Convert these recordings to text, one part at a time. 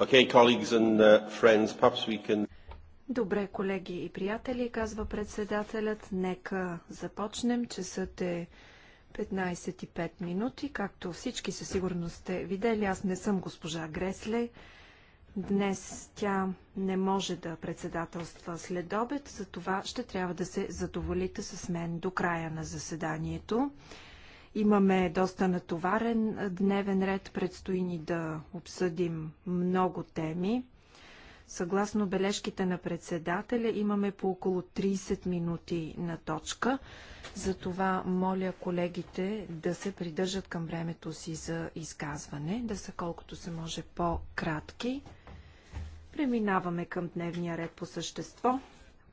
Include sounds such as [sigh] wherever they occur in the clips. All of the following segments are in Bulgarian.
Okay, colleagues and uh, friends, perhaps we can... Добре, колеги и приятели, казва председателят, нека започнем. Часът е 15.5 минути. Както всички със сигурност сте видели, аз не съм госпожа Гресле. Днес тя не може да председателства след обед, затова ще трябва да се задоволите с мен до края на заседанието. Имаме доста натоварен дневен ред, предстои ни да обсъдим много теми. Съгласно бележките на председателя имаме по около 30 минути на точка. Затова моля колегите да се придържат към времето си за изказване, да са колкото се може по-кратки. Преминаваме към дневния ред по същество.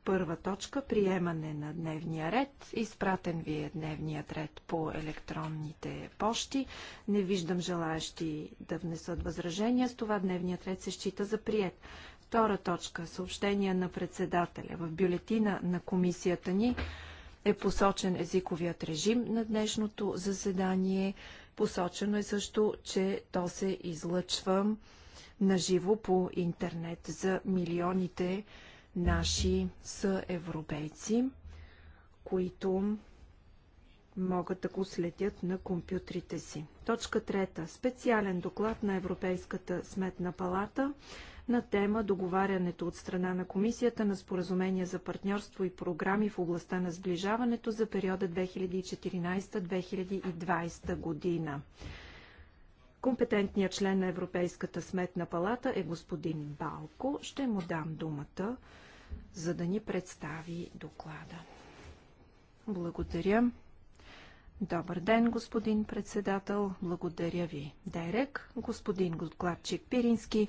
Първа точка – приемане на дневния ред. Изпратен ви е дневният ред по електронните пощи. Не виждам желаящи да внесат възражения. С това дневният ред се счита за прият. Втора точка – съобщение на председателя. В бюлетина на комисията ни е посочен езиковият режим на днешното заседание. Посочено е също, че то се излъчва наживо по интернет за милионите наши съевропейци, които могат да го следят на компютрите си. Точка трета. Специален доклад на Европейската сметна палата на тема договарянето от страна на Комисията на споразумения за партньорство и програми в областта на сближаването за периода 2014-2020 година. Компетентният член на Европейската сметна палата е господин Балко. Ще му дам думата за да ни представи доклада. Благодаря. Добър ден, господин председател. Благодаря ви, Дерек, господин Гладчик Пирински,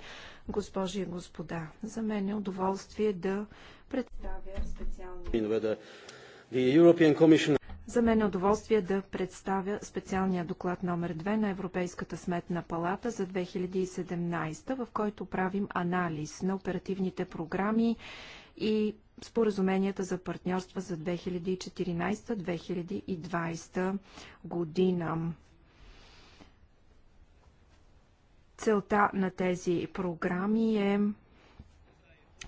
госпожи и господа. За мен е удоволствие да представя специално... За мен е удоволствие да представя специалния доклад номер 2 на Европейската сметна палата за 2017, в който правим анализ на оперативните програми и споразуменията за партньорства за 2014-2020 година. Целта на тези програми е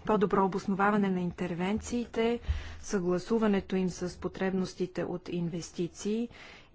по-добро обосноваване на интервенциите, съгласуването им с потребностите от инвестиции,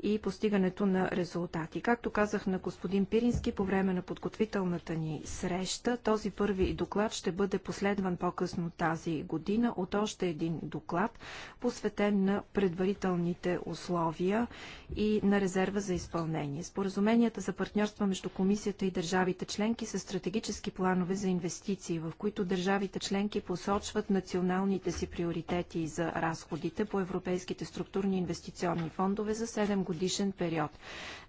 и постигането на резултати. Както казах на господин Пирински по време на подготвителната ни среща, този първи доклад ще бъде последван по-късно тази година от още един доклад, посветен на предварителните условия и на резерва за изпълнение. Споразуменията за партньорство между комисията и държавите членки са стратегически планове за инвестиции, в които държавите членки посочват националните си приоритети за разходите по европейските структурни инвестиционни фондове за 7 години годишен период.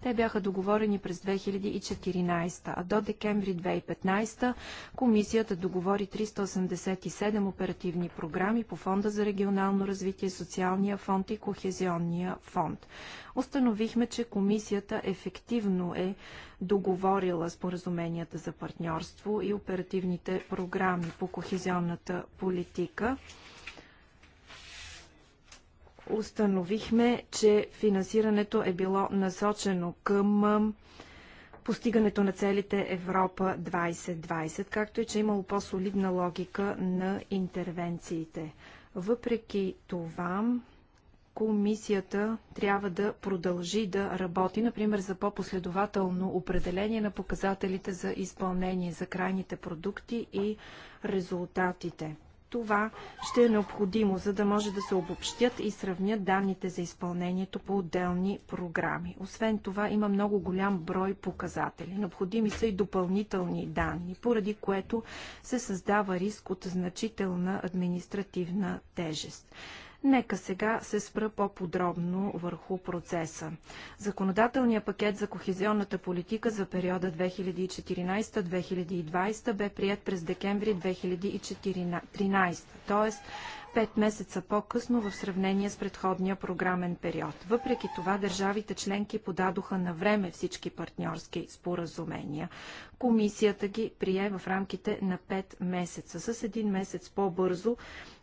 Те бяха договорени през 2014, а до декември 2015 комисията договори 387 оперативни програми по Фонда за регионално развитие, Социалния фонд и Кохезионния фонд. Установихме, че комисията ефективно е договорила споразуменията за партньорство и оперативните програми по кохезионната политика установихме, че финансирането е било насочено към постигането на целите Европа 2020, както и че е имало по-солидна логика на интервенциите. Въпреки това, комисията трябва да продължи да работи, например, за по-последователно определение на показателите за изпълнение, за крайните продукти и резултатите. Това ще е необходимо, за да може да се обобщят и сравнят данните за изпълнението по отделни програми. Освен това, има много голям брой показатели. Необходими са и допълнителни данни, поради което се създава риск от значителна административна тежест. Нека сега се спра по-подробно върху процеса. Законодателният пакет за кохезионната политика за периода 2014-2020 бе прият през декември 2013, т.е. 5 месеца по-късно в сравнение с предходния програмен период. Въпреки това, държавите членки подадоха на време всички партньорски споразумения комисията ги прие в рамките на 5 месеца, с един месец по-бързо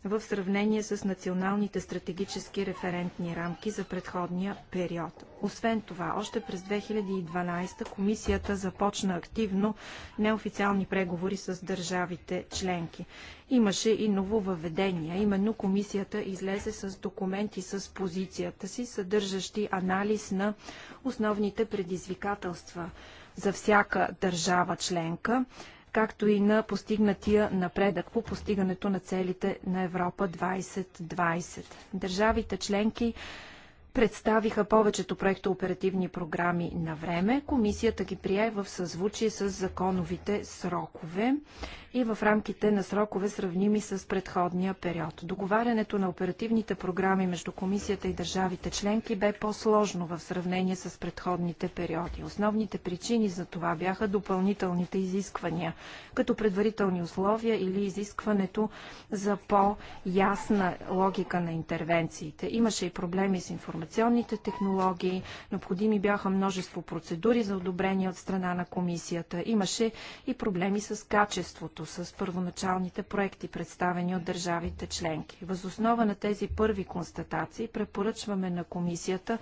в сравнение с националните стратегически референтни рамки за предходния период. Освен това, още през 2012 комисията започна активно неофициални преговори с държавите членки. Имаше и нововъведения. Именно комисията излезе с документи с позицията си, съдържащи анализ на основните предизвикателства за всяка държава членка, както и на постигнатия напредък по постигането на целите на Европа 2020. Държавите членки представиха повечето проекто оперативни програми на време. Комисията ги прие в съзвучие с законовите срокове и в рамките на срокове сравними с предходния период. Договарянето на оперативните програми между комисията и държавите членки бе по-сложно в сравнение с предходните периоди. Основните причини за това бяха допълнителните изисквания, като предварителни условия или изискването за по-ясна логика на интервенциите. Имаше и проблеми с информационните технологии, необходими бяха множество процедури за одобрение от страна на комисията. Имаше и проблеми с качеството началото с първоначалните проекти, представени от държавите членки. Възоснова на тези първи констатации препоръчваме на комисията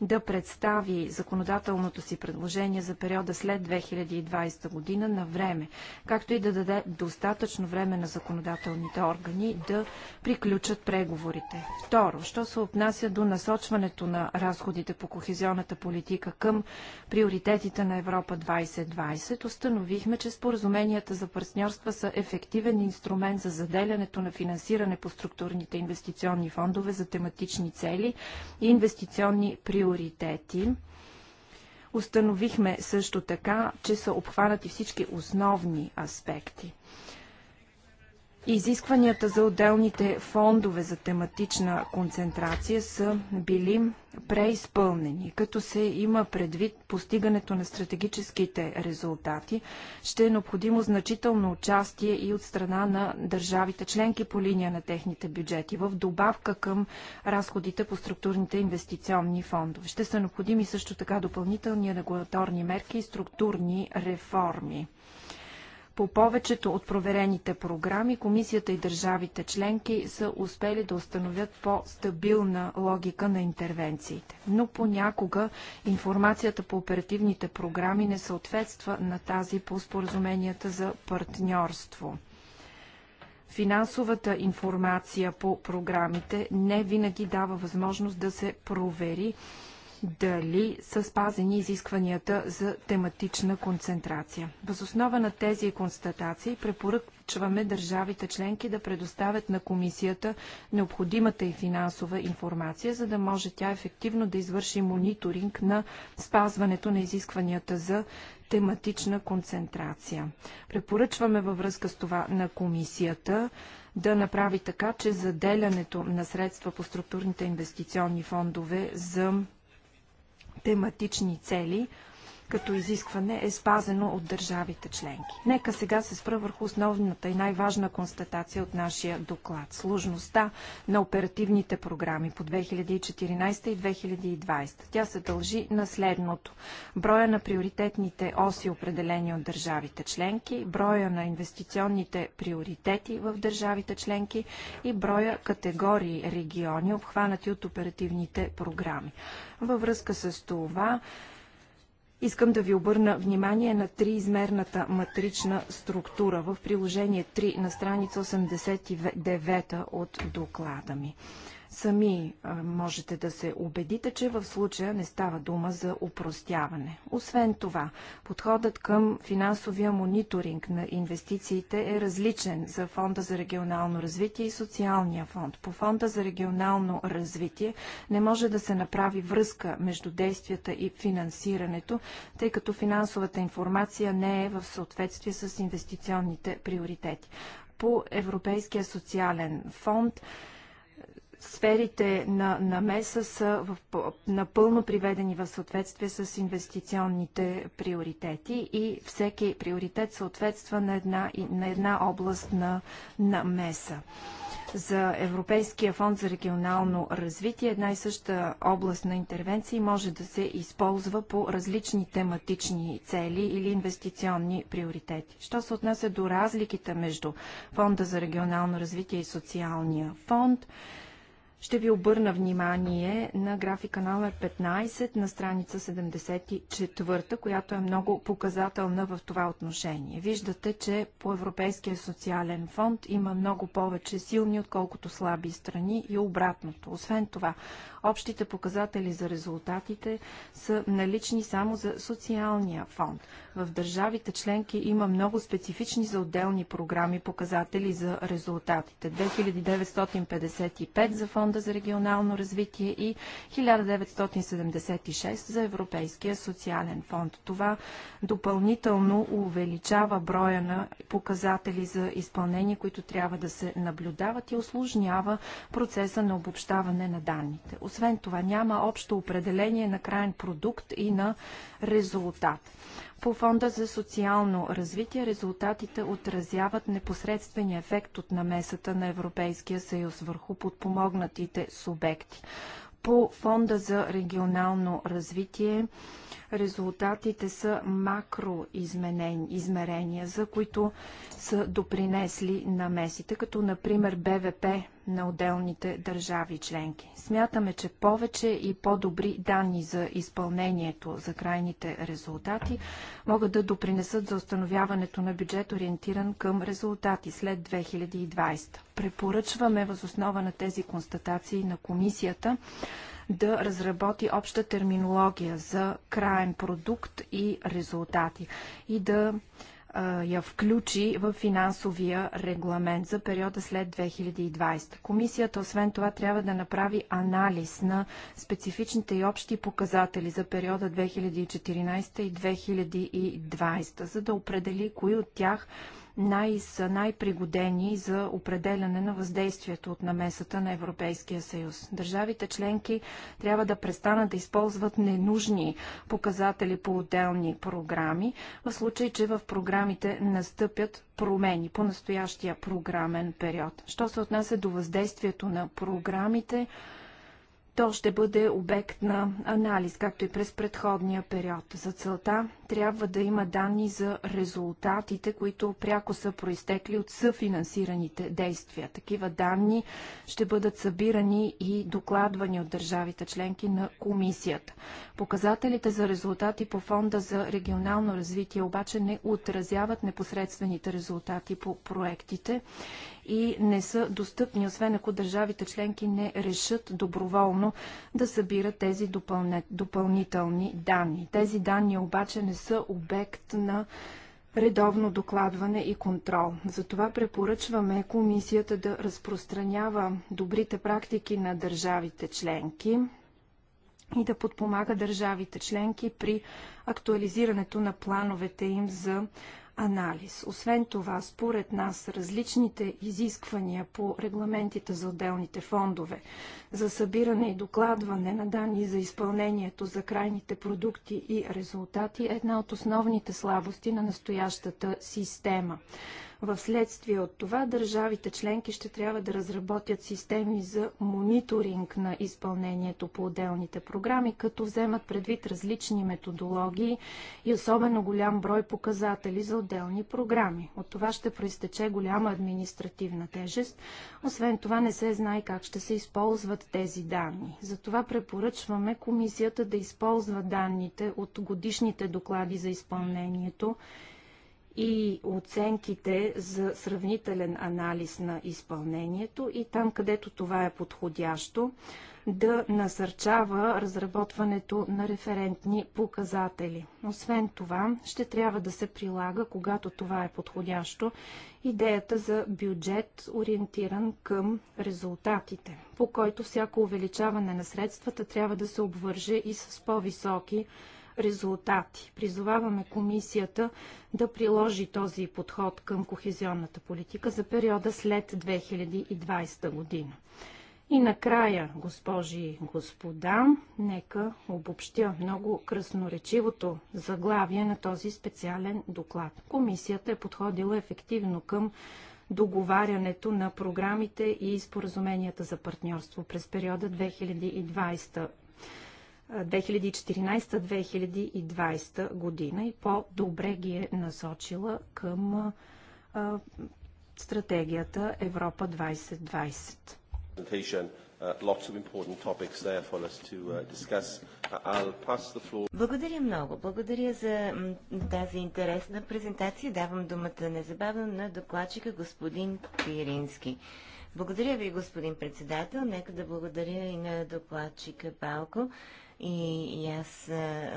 да представи законодателното си предложение за периода след 2020 година на време, както и да даде достатъчно време на законодателните органи да приключат преговорите. Второ, що се отнася до насочването на разходите по кохезионната политика към приоритетите на Европа 2020, установихме, че споразуменията за партньорство средства са ефективен инструмент за заделянето на финансиране по структурните инвестиционни фондове за тематични цели и инвестиционни приоритети. Установихме също така, че са обхванати всички основни аспекти Изискванията за отделните фондове за тематична концентрация са били преизпълнени. Като се има предвид постигането на стратегическите резултати, ще е необходимо значително участие и от страна на държавите членки по линия на техните бюджети, в добавка към разходите по структурните инвестиционни фондове. Ще са необходими също така допълнителни регулаторни мерки и структурни реформи. По повечето от проверените програми, комисията и държавите членки са успели да установят по-стабилна логика на интервенциите. Но понякога информацията по оперативните програми не съответства на тази по споразуменията за партньорство финансовата информация по програмите не винаги дава възможност да се провери дали са спазени изискванията за тематична концентрация. Възоснова на тези констатации препоръчваме държавите членки да предоставят на комисията необходимата и финансова информация, за да може тя ефективно да извърши мониторинг на спазването на изискванията за тематична концентрация. Препоръчваме във връзка с това на комисията да направи така, че заделянето на средства по структурните инвестиционни фондове за тематични цели – като изискване е спазено от държавите членки. Нека сега се спра върху основната и най-важна констатация от нашия доклад – сложността на оперативните програми по 2014 и 2020. Тя се дължи на следното. Броя на приоритетните оси, определени от държавите членки, броя на инвестиционните приоритети в държавите членки и броя категории региони, обхванати от оперативните програми. Във връзка с това, Искам да ви обърна внимание на триизмерната матрична структура в приложение 3 на страница 89 от доклада ми. Сами можете да се убедите, че в случая не става дума за упростяване. Освен това, подходът към финансовия мониторинг на инвестициите е различен за Фонда за регионално развитие и Социалния фонд. По Фонда за регионално развитие не може да се направи връзка между действията и финансирането, тъй като финансовата информация не е в съответствие с инвестиционните приоритети. По Европейския социален фонд сферите на намеса са в, напълно приведени в съответствие с инвестиционните приоритети и всеки приоритет съответства на една, на една област на намеса. За Европейския фонд за регионално развитие една и съща област на интервенции може да се използва по различни тематични цели или инвестиционни приоритети. Що се отнася до разликите между Фонда за регионално развитие и социалния фонд, ще ви обърна внимание на графика номер 15 на страница 74, която е много показателна в това отношение. Виждате, че по Европейския социален фонд има много повече силни, отколкото слаби страни и обратното. Освен това, Общите показатели за резултатите са налични само за социалния фонд. В държавите членки има много специфични за отделни програми показатели за резултатите. 2955 за Фонда за регионално развитие и 1976 за Европейския социален фонд. Това допълнително увеличава броя на показатели за изпълнение, които трябва да се наблюдават и осложнява процеса на обобщаване на данните. Освен това, няма общо определение на крайен продукт и на резултат. По Фонда за социално развитие резултатите отразяват непосредствения ефект от намесата на Европейския съюз върху подпомогнатите субекти. По Фонда за регионално развитие Резултатите са макроизмерения, за които са допринесли намесите, като например БВП на отделните държави членки. Смятаме, че повече и по-добри данни за изпълнението за крайните резултати могат да допринесат за установяването на бюджет ориентиран към резултати след 2020. Препоръчваме възоснова на тези констатации на комисията да разработи обща терминология за краен продукт и резултати и да я включи в финансовия регламент за периода след 2020. Комисията, освен това, трябва да направи анализ на специфичните и общи показатели за периода 2014 и 2020, за да определи кои от тях най- са най-пригодени за определяне на въздействието от намесата на Европейския съюз. Държавите членки трябва да престанат да използват ненужни показатели по отделни програми, в случай, че в програмите настъпят промени по настоящия програмен период. Що се отнася до въздействието на програмите, то ще бъде обект на анализ, както и през предходния период. За целта трябва да има данни за резултатите, които пряко са проистекли от съфинансираните действия. Такива данни ще бъдат събирани и докладвани от държавите членки на комисията. Показателите за резултати по фонда за регионално развитие обаче не отразяват непосредствените резултати по проектите и не са достъпни, освен ако държавите членки не решат доброволно да събират тези допълнителни данни. Тези данни обаче не са обект на редовно докладване и контрол. Затова препоръчваме комисията да разпространява добрите практики на държавите членки и да подпомага държавите членки при актуализирането на плановете им за анализ. Освен това, според нас, различните изисквания по регламентите за отделните фондове за събиране и докладване на данни за изпълнението за крайните продукти и резултати е една от основните слабости на настоящата система. В следствие от това държавите членки ще трябва да разработят системи за мониторинг на изпълнението по отделните програми, като вземат предвид различни методологии и особено голям брой показатели за отделни програми. От това ще проистече голяма административна тежест. Освен това не се знае как ще се използват тези данни. Затова препоръчваме комисията да използва данните от годишните доклади за изпълнението и оценките за сравнителен анализ на изпълнението и там, където това е подходящо, да насърчава разработването на референтни показатели. Освен това, ще трябва да се прилага, когато това е подходящо, идеята за бюджет, ориентиран към резултатите, по който всяко увеличаване на средствата трябва да се обвърже и с по-високи резултати. Призоваваме комисията да приложи този подход към кохезионната политика за периода след 2020 година. И накрая, госпожи и господа, нека обобщя много красноречивото заглавие на този специален доклад. Комисията е подходила ефективно към договарянето на програмите и споразуменията за партньорство през периода 2020 2014-2020 година и по-добре ги е насочила към а, стратегията Европа 2020. Uh, uh, uh, благодаря много. Благодаря за тази интересна презентация. Давам думата незабавно на докладчика господин Пирински. Благодаря ви, господин председател. Нека да благодаря и на докладчика Балко и, и аз а,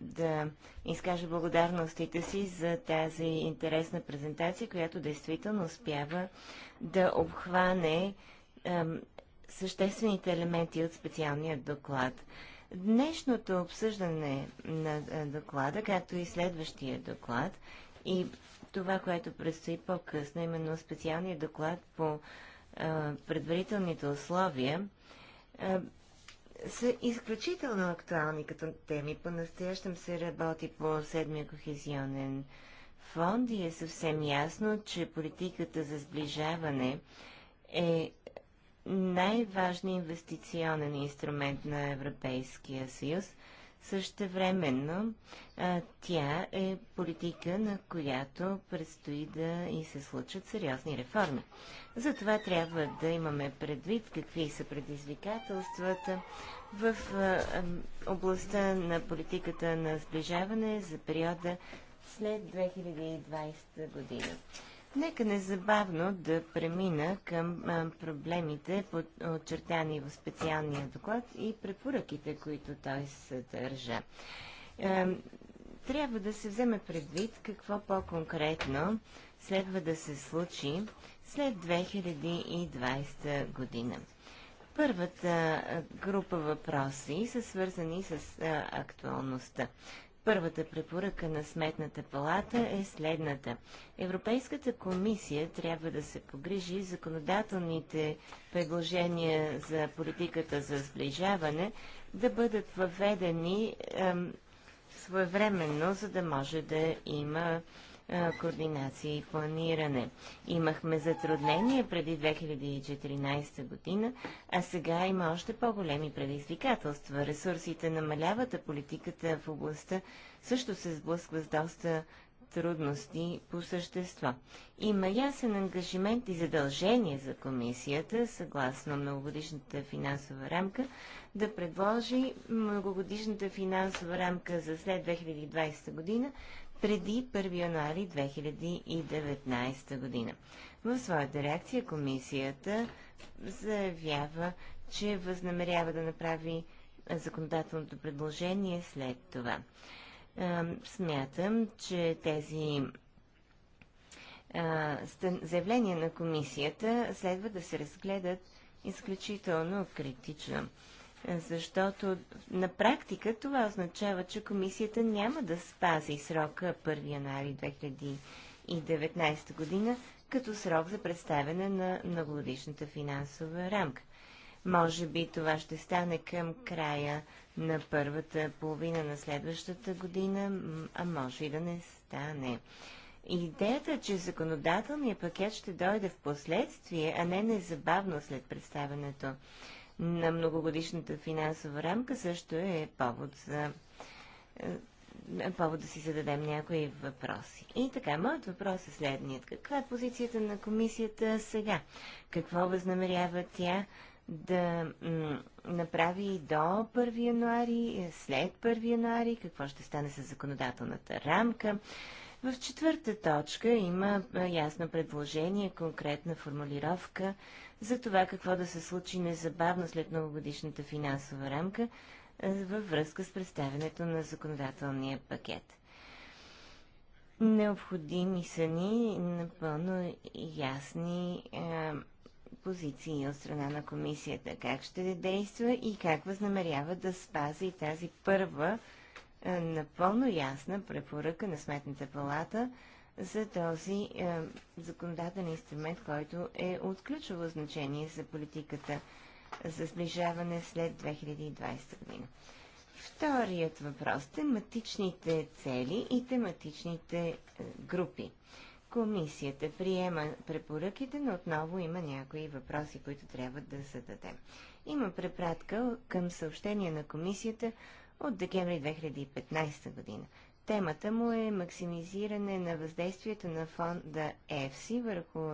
да изкажа благодарностите си за тази интересна презентация, която действително успява да обхване а, съществените елементи от специалния доклад. Днешното обсъждане на доклада, както и следващия доклад и това, което предстои по-късно, именно специалния доклад по а, предварителните условия, са изключително актуални като теми. По-настоящем се работи по седмия кохезионен фонд и е съвсем ясно, че политиката за сближаване е най-важният инвестиционен инструмент на Европейския съюз Същевременно тя е политика, на която предстои да и се случат сериозни реформи. Затова трябва да имаме предвид какви са предизвикателствата в областта на политиката на сближаване за периода след 2020 година. Нека незабавно да премина към проблемите, очертани в специалния доклад и препоръките, които той съдържа. Е, трябва да се вземе предвид какво по-конкретно следва да се случи след 2020 година. Първата група въпроси са свързани с актуалността. Първата препоръка на Сметната палата е следната. Европейската комисия трябва да се погрижи законодателните предложения за политиката за сближаване да бъдат въведени своевременно, за да може да има координация и планиране. Имахме затруднения преди 2014 година, а сега има още по-големи предизвикателства. Ресурсите намаляват, а политиката в областта също се сблъсква с доста трудности по същество. Има ясен ангажимент и задължение за комисията, съгласно многогодишната финансова рамка, да предложи многогодишната финансова рамка за след 2020 година преди 1 януари 2019 година. В своята реакция комисията заявява, че възнамерява да направи законодателното предложение след това. Смятам, че тези заявления на комисията следва да се разгледат изключително критично. Защото на практика това означава, че комисията няма да спази срока 1 януари 2019 година като срок за представяне на многогодишната финансова рамка. Може би това ще стане към края на първата половина на следващата година, а може и да не стане. Идеята, че законодателният пакет ще дойде в последствие, а не незабавно след представянето на многогодишната финансова рамка също е повод за е, повод да си зададем някои въпроси. И така, моят въпрос е следният. Каква е позицията на комисията сега? Какво възнамерява тя да направи до 1 януари, след 1 януари, какво ще стане с законодателната рамка? В четвърта точка има е, ясно предложение, конкретна формулировка за това какво да се случи незабавно след новогодишната финансова рамка във връзка с представянето на законодателния пакет. Необходими са ни напълно ясни е, позиции от страна на комисията, как ще действа и как възнамерява да спази тази първа е, напълно ясна препоръка на Сметната палата – за този е, законодателен инструмент, който е от ключово значение за политиката за сближаване след 2020 година. Вторият въпрос – тематичните цели и тематичните е, групи. Комисията приема препоръките, но отново има някои въпроси, които трябва да зададем. Има препратка към съобщение на комисията от декември 2015 година. Темата му е максимизиране на въздействието на фонда ЕФСИ върху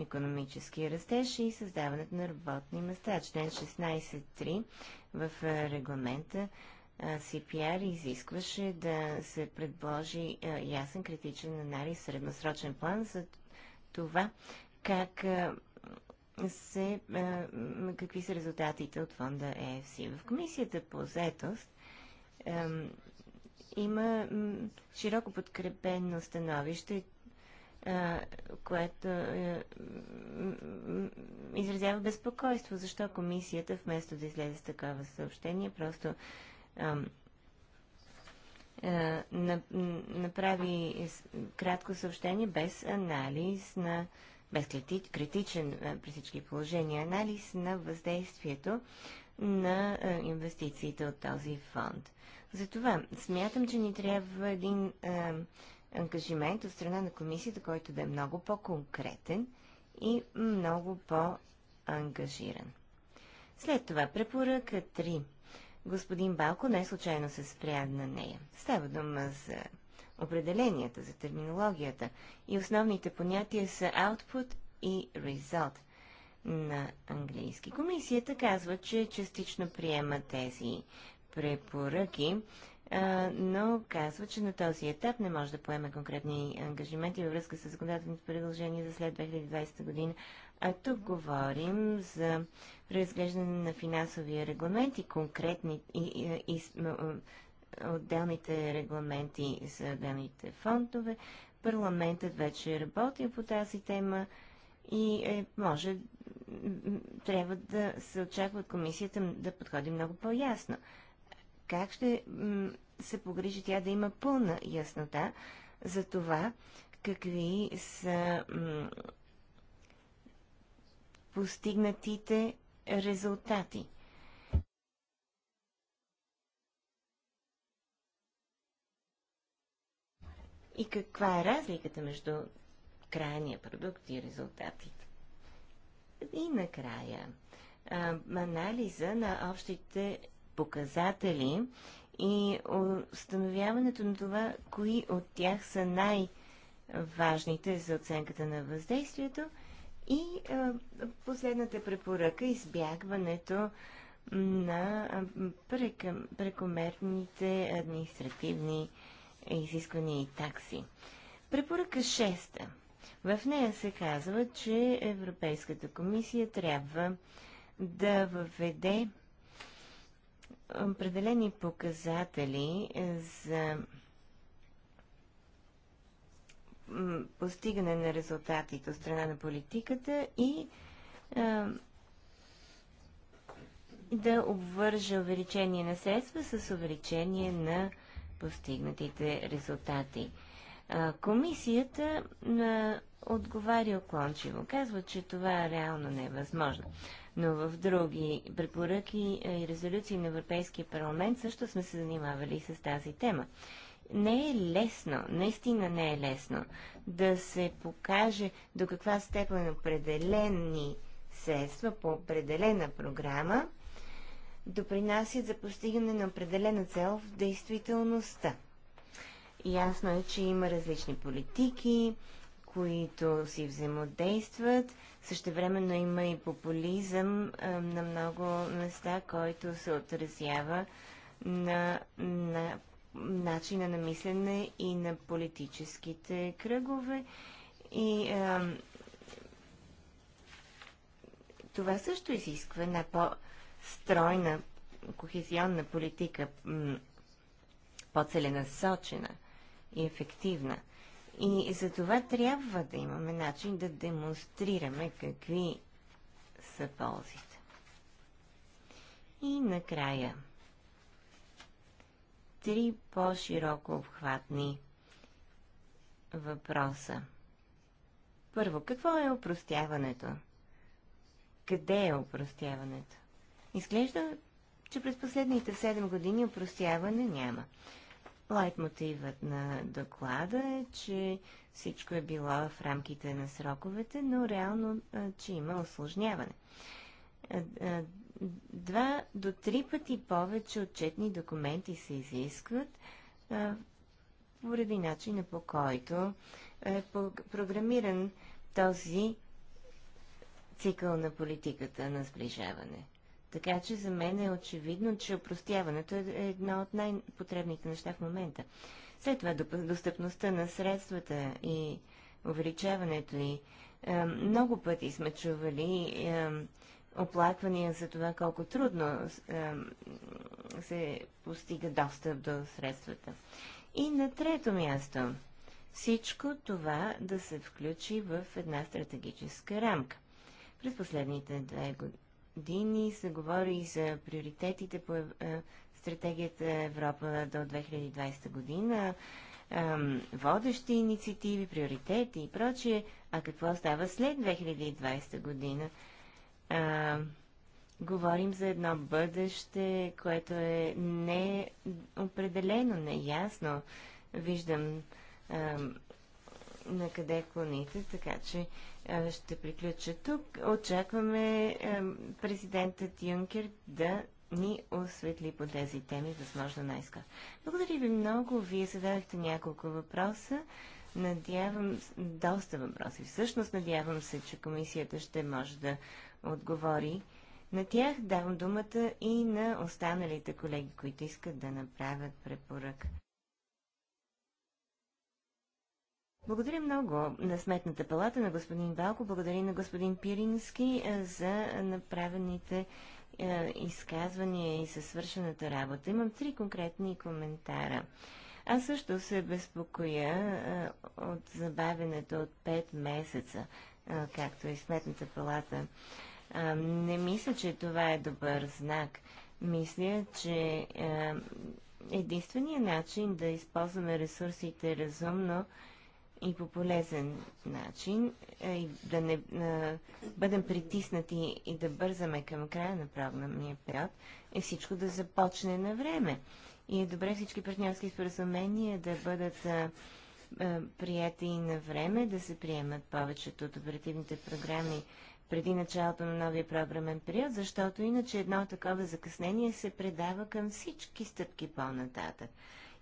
економически растеж и създаването на работни места. Член 16.3 в регламента CPR изискваше да се предложи ясен критичен анализ, средносрочен план за това как се, какви са резултатите от фонда ЕФС. В комисията по заетост има широко подкрепено становище, което е, изразява безпокойство, защо комисията вместо да излезе с такова съобщение, просто е, направи кратко съобщение без анализ на без критичен е, при всички положения анализ на въздействието на инвестициите от този фонд. Затова смятам, че ни трябва един а, е, ангажимент от страна на комисията, който да е много по-конкретен и много по-ангажиран. След това препоръка 3. Господин Балко не случайно се спря на нея. Става дума за определенията, за терминологията и основните понятия са output и result на английски. Комисията казва, че частично приема тези препоръки, но казва, че на този етап не може да поеме конкретни ангажименти във връзка с законодателните предложения за след 2020 година. А тук говорим за преразглеждане на финансовия регламент и конкретни и, и, и, отделните регламенти за отделните фондове. Парламентът вече е работил по тази тема и е, може трябва да се очаква от комисията да подходи много по-ясно. Как ще се погрижи тя да има пълна яснота за това, какви са постигнатите резултати? И каква е разликата между крайния продукт и резултатите? И накрая, анализа на общите показатели и установяването на това, кои от тях са най-важните за оценката на въздействието. И а, последната препоръка избягването на прекъм, прекомерните административни изисквания и такси. Препоръка 6. В нея се казва, че Европейската комисия трябва да въведе определени показатели е, за постигане на резултатите от страна на политиката и а, е, да обвържа увеличение на средства с увеличение на постигнатите резултати. А, комисията е, отговаря оклончиво. Казва, че това реално не е възможно но в други препоръки е, и резолюции на Европейския парламент също сме се занимавали с тази тема. Не е лесно, наистина не е лесно да се покаже до каква степен определени средства по определена програма допринасят за постигане на определена цел в действителността. Ясно е, че има различни политики, които си взаимодействат. Същевременно има и популизъм а, на много места, който се отразява на, на начина на мислене и на политическите кръгове. И а, това също изисква една по-стройна, кохезионна политика, по-целенасочена и ефективна. И за това трябва да имаме начин да демонстрираме какви са ползите. И накрая. Три по-широко обхватни въпроса. Първо, какво е упростяването? Къде е упростяването? Изглежда, че през последните 7 години опростяване няма. Лайт мотивът на доклада е, че всичко е било в рамките на сроковете, но реално, че има осложняване. Два до три пъти повече отчетни документи се изискват поради начина по който е програмиран този цикъл на политиката на сближаване. Така че за мен е очевидно, че опростяването е едно от най-потребните неща в момента. След това достъпността на средствата и увеличаването и е, много пъти сме чували е, оплаквания за това колко трудно е, се постига достъп до средствата. И на трето място, всичко това да се включи в една стратегическа рамка. През последните две години години се говори и за приоритетите по е, е, стратегията Европа до 2020 година, водещи инициативи, приоритети и прочие. А какво става след 2020 година? говорим за едно бъдеще, което е неопределено, неясно. Виждам на къде клоните, така че е, ще приключа тук. Очакваме е, президентът Юнкер да ни осветли по тези теми, възможно най-скоро. Благодаря ви много. Вие зададахте няколко въпроса. Надявам, доста въпроси. Всъщност надявам се, че комисията ще може да отговори на тях. Давам думата и на останалите колеги, които искат да направят препорък. Благодаря много на Сметната палата, на господин Балко, благодаря на господин Пирински е, за направените е, изказвания и със свършената работа. Имам три конкретни коментара. Аз също се безпокоя е, от забавенето от 5 месеца, както и Сметната палата. Не мисля, че това е добър знак. Мисля, че единственият начин да използваме ресурсите разумно е и по полезен начин, е, и да не а, е, бъдем притиснати и да бързаме към края на програмния период, е всичко да започне на време. И е добре всички партньорски споразумения да бъдат а, е, а, прияти и на време, да се приемат повечето от оперативните програми преди началото на новия програмен период, защото иначе едно такова закъснение се предава към всички стъпки по-нататък.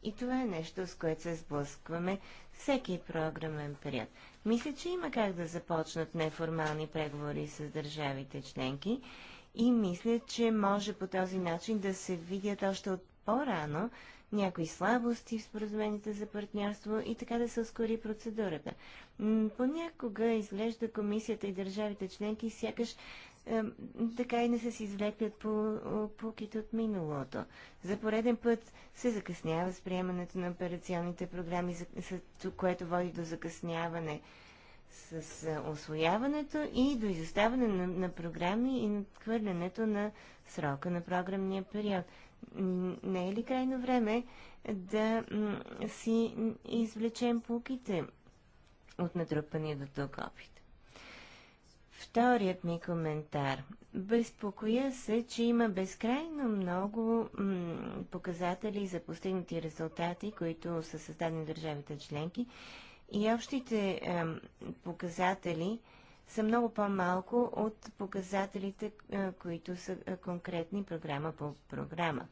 И това е нещо, с което се сблъскваме всеки програмен период. Мисля, че има как да започнат неформални преговори с държавите членки и мисля, че може по този начин да се видят още от по-рано някои слабости в споразумените за партньорство и така да се ускори процедурата. Понякога изглежда комисията и държавите членки сякаш така и не са си извлекли по пуките от миналото. За пореден път се закъснява с приемането на операционните програми, което води до закъсняване с е, освояването и до изоставане на, на програми и надхвърлянето на срока на програмния период. Не е ли крайно време да си извлечем пуките от натрупания до тук опит? Вторият ми коментар. Безпокоя се, че има безкрайно много показатели за постигнати резултати, които са създадени държавите членки и общите е, показатели са много по-малко от показателите, е, които са е, конкретни програма по програма.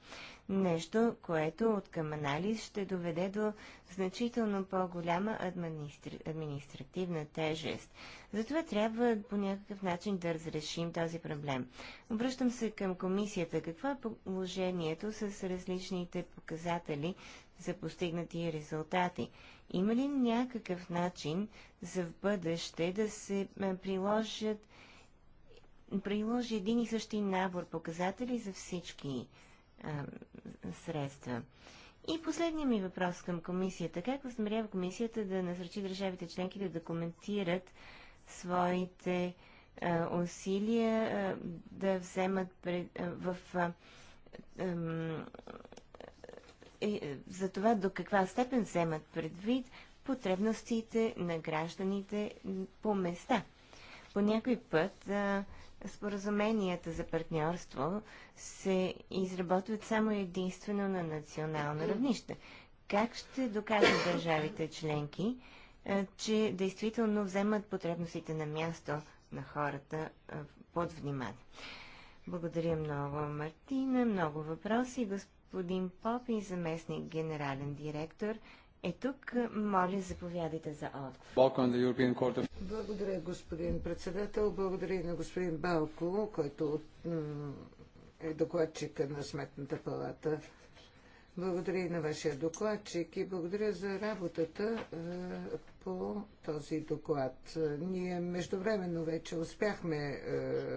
Нещо, което от към анализ ще доведе до значително по-голяма администра... административна тежест. Затова трябва по някакъв начин да разрешим този проблем. Обръщам се към комисията. Какво е положението с различните показатели за постигнати резултати? Има ли някакъв начин за в бъдеще да се приложат приложи един и същи набор показатели за всички а, средства. И последният ми въпрос към комисията. Как възмерява комисията да насръчи държавите членки да документират своите а, усилия а, да вземат пред, а, в. А, а, е, е, за това до каква степен вземат предвид потребностите на гражданите по места. По някой път а, споразуменията за партньорство се изработват само единствено на национално равнище. Как ще докажат държавите членки, че действително вземат потребностите на място на хората под внимание? Благодаря много, Мартина. Много въпроси. Господин Попин, заместник генерален директор – е тук. Е, моля, заповядайте за отговор. Благодаря, господин председател. Благодаря и на господин Балко, който е докладчика на Сметната палата. Благодаря и на вашия докладчик и благодаря за работата е, по този доклад. Ние междувременно вече успяхме е,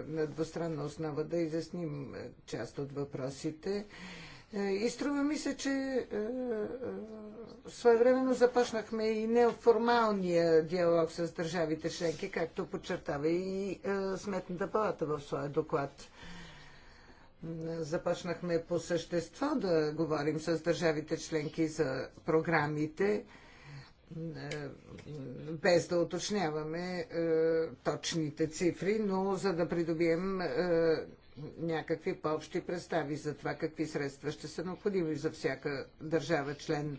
на двустранна основа да изясним част от въпросите. Е, и струва ми се, че е, е, своевременно започнахме и неформалния диалог с държавите членки, както подчертава и Сметната палата в своя доклад. Започнахме по същество да говорим с държавите членки за програмите, без да уточняваме точните цифри, но за да придобием някакви по-общи представи за това какви средства ще са необходими за всяка държава член.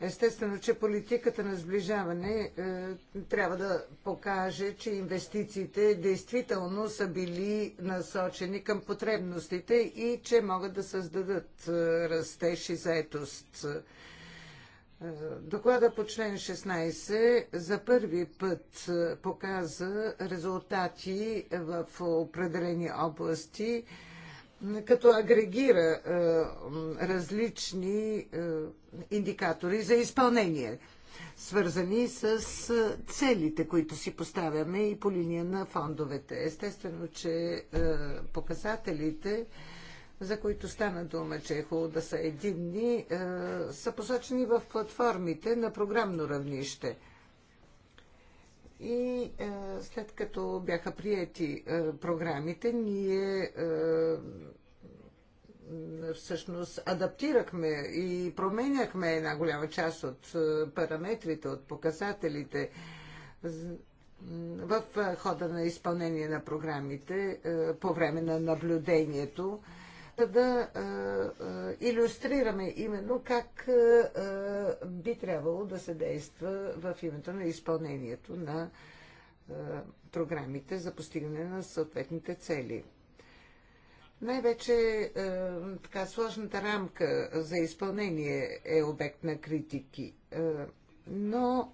Естествено, че политиката на сближаване е, трябва да покаже, че инвестициите действително са били насочени към потребностите и че могат да създадат е, растеж и заетост. Доклада по член 16 за първи път е, показа резултати в определени области, като агрегира е, различни е, индикатори за изпълнение, свързани с целите, които си поставяме и по линия на фондовете. Естествено, че показателите за които стана дума, че е хубаво да са единни, е, са посочени в платформите на програмно равнище. И е, след като бяха приети е, програмите, ние е, всъщност адаптирахме и променяхме една голяма част от е, параметрите, от показателите в хода на изпълнение на програмите е, по време на наблюдението за да иллюстрираме именно как би трябвало да се действа в името на изпълнението на програмите за постигане на съответните цели. Най-вече така сложната рамка за изпълнение е обект на критики, но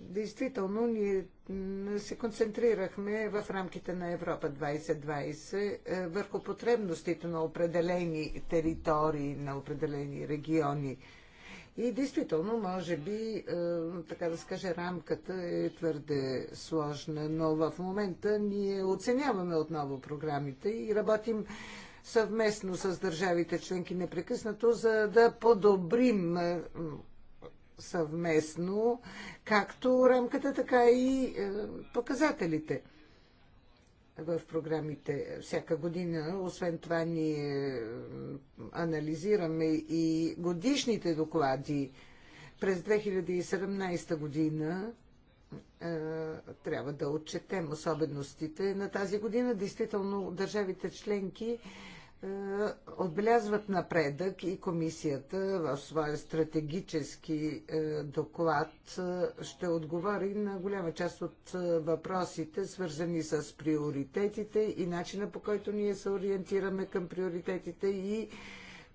действително ние се концентрирахме в рамките на Европа 2020 е, върху потребностите на определени територии, на определени региони. И действително, може би, е, така да скаже, рамката е твърде сложна, но в момента ние оценяваме отново програмите и работим съвместно с държавите членки непрекъснато, за да подобрим е, съвместно, както рамката, така и е, показателите в програмите. Всяка година, освен това, ние е, анализираме и годишните доклади. През 2017 година е, трябва да отчетем особеностите на тази година. Действително, държавите членки е, отбелязват напредък и комисията в своя стратегически е, доклад е, ще отговори на голяма част от въпросите, свързани с приоритетите и начина по който ние се ориентираме към приоритетите и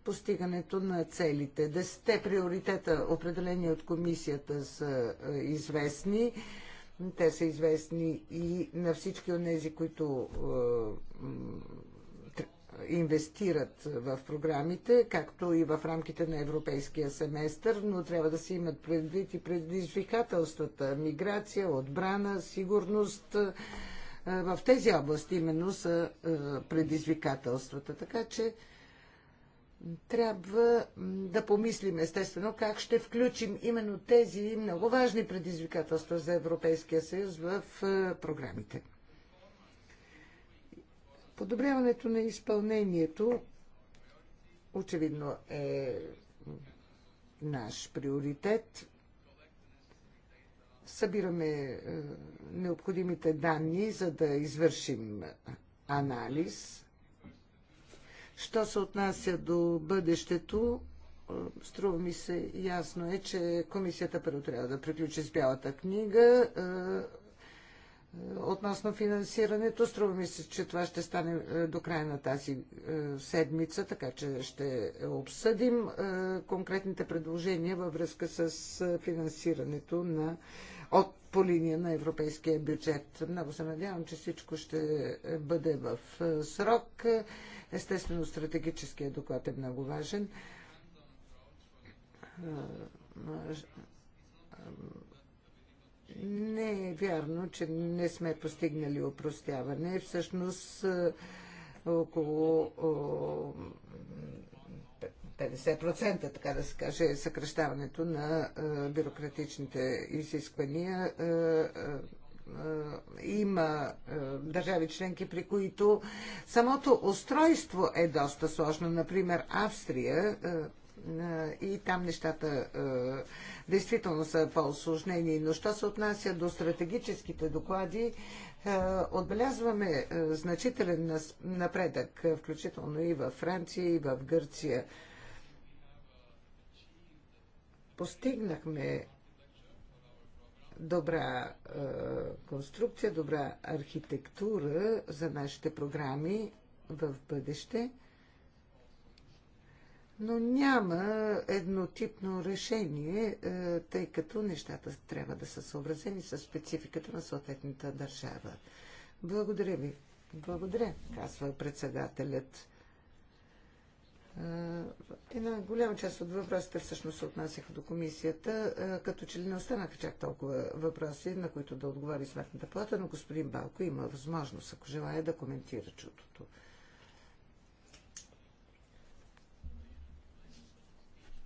постигането на целите. Десетте приоритета, определени от комисията, са известни. Те са известни и на всички от тези, които инвестират в програмите, както и в рамките на европейския семестър, но трябва да се имат предвид и предизвикателствата миграция, отбрана, сигурност. Е, в тези области именно са е, предизвикателствата. Така че трябва да помислим естествено как ще включим именно тези много важни предизвикателства за Европейския съюз в е, програмите. Подобряването на изпълнението очевидно е наш приоритет. Събираме е, необходимите данни, за да извършим анализ. Що се отнася до бъдещето, е, струва ми се ясно е, че комисията първо трябва да приключи с бялата книга е, относно финансирането. Струва ми се, че това ще стане е, до края на тази е, седмица, така че ще обсъдим е, конкретните предложения във връзка с финансирането на от по линия на европейския бюджет. Много се надявам, че всичко ще бъде в срок. Естествено, стратегическия доклад е много важен не е вярно, че не сме постигнали опростяване. Всъщност е, около 50%, така да се каже, е съкръщаването на е, бюрократичните изисквания. Има държави членки, при които самото устройство е доста сложно. Например, Австрия и там нещата действително са по-осложнени. Но що се отнася до стратегическите доклади, отбелязваме значителен напредък, включително и във Франция, и в Гърция. Постигнахме добра конструкция, добра архитектура за нашите програми в бъдеще – но няма еднотипно решение, е, тъй като нещата трябва да са съобразени с спецификата на съответната държава. Благодаря ви. Благодаря, казва председателят. Е, една голяма част от въпросите всъщност се отнасяха до комисията, е, като че ли не останаха чак толкова въпроси, на които да отговори Сметната плата, но господин Балко има възможност, ако желая, да коментира чутото.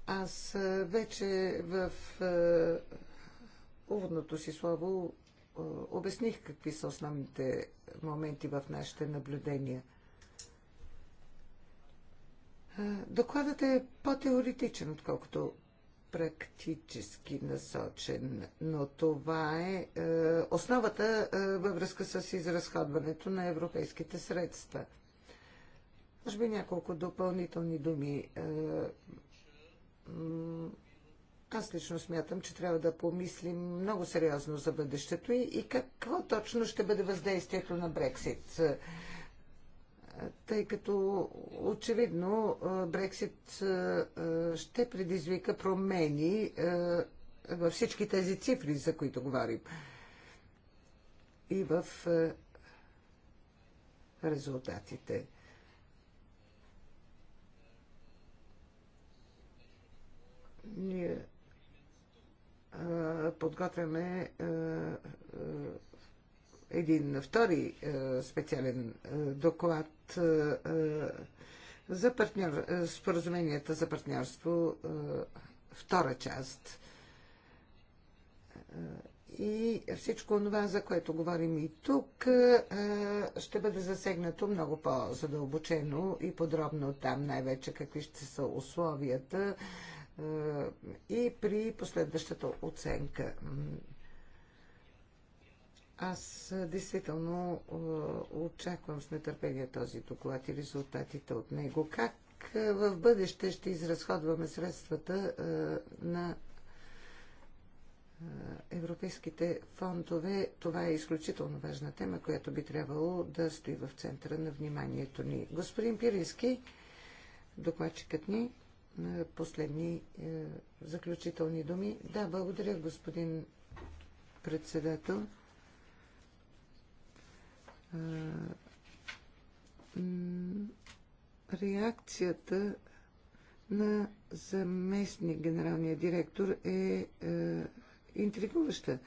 Аз вече в уводното си слово обясних какви са основните моменти в нашите наблюдения. Докладът е по-теоретичен, отколкото практически насочен, но това е, е основата е, във връзка с изразходването на европейските средства. Може би няколко допълнителни думи. Е, аз лично смятам, че трябва да помислим много сериозно за бъдещето и, и какво точно ще бъде въздействието на Брексит. Е, тъй като очевидно е, Брексит е, ще предизвика промени във всички тези цифри, за които говорим. И в резултатите. ние подготвяме един втори специален доклад за партньор, споразуменията за партньорство, втора част. И всичко това, за което говорим и тук, ще бъде засегнато много по-задълбочено и подробно там, най-вече какви ще са условията и при последващата оценка. Аз действително очаквам с нетърпение този доклад и резултатите от него. Как в бъдеще ще изразходваме средствата на европейските фондове? Това е изключително важна тема, която би трябвало да стои в центъра на вниманието ни. Господин Пирински, докладчикът ни последни е, заключителни думи. Да, благодаря, господин председател. Е, реакцията на заместник генералния директор е, е интригуваща.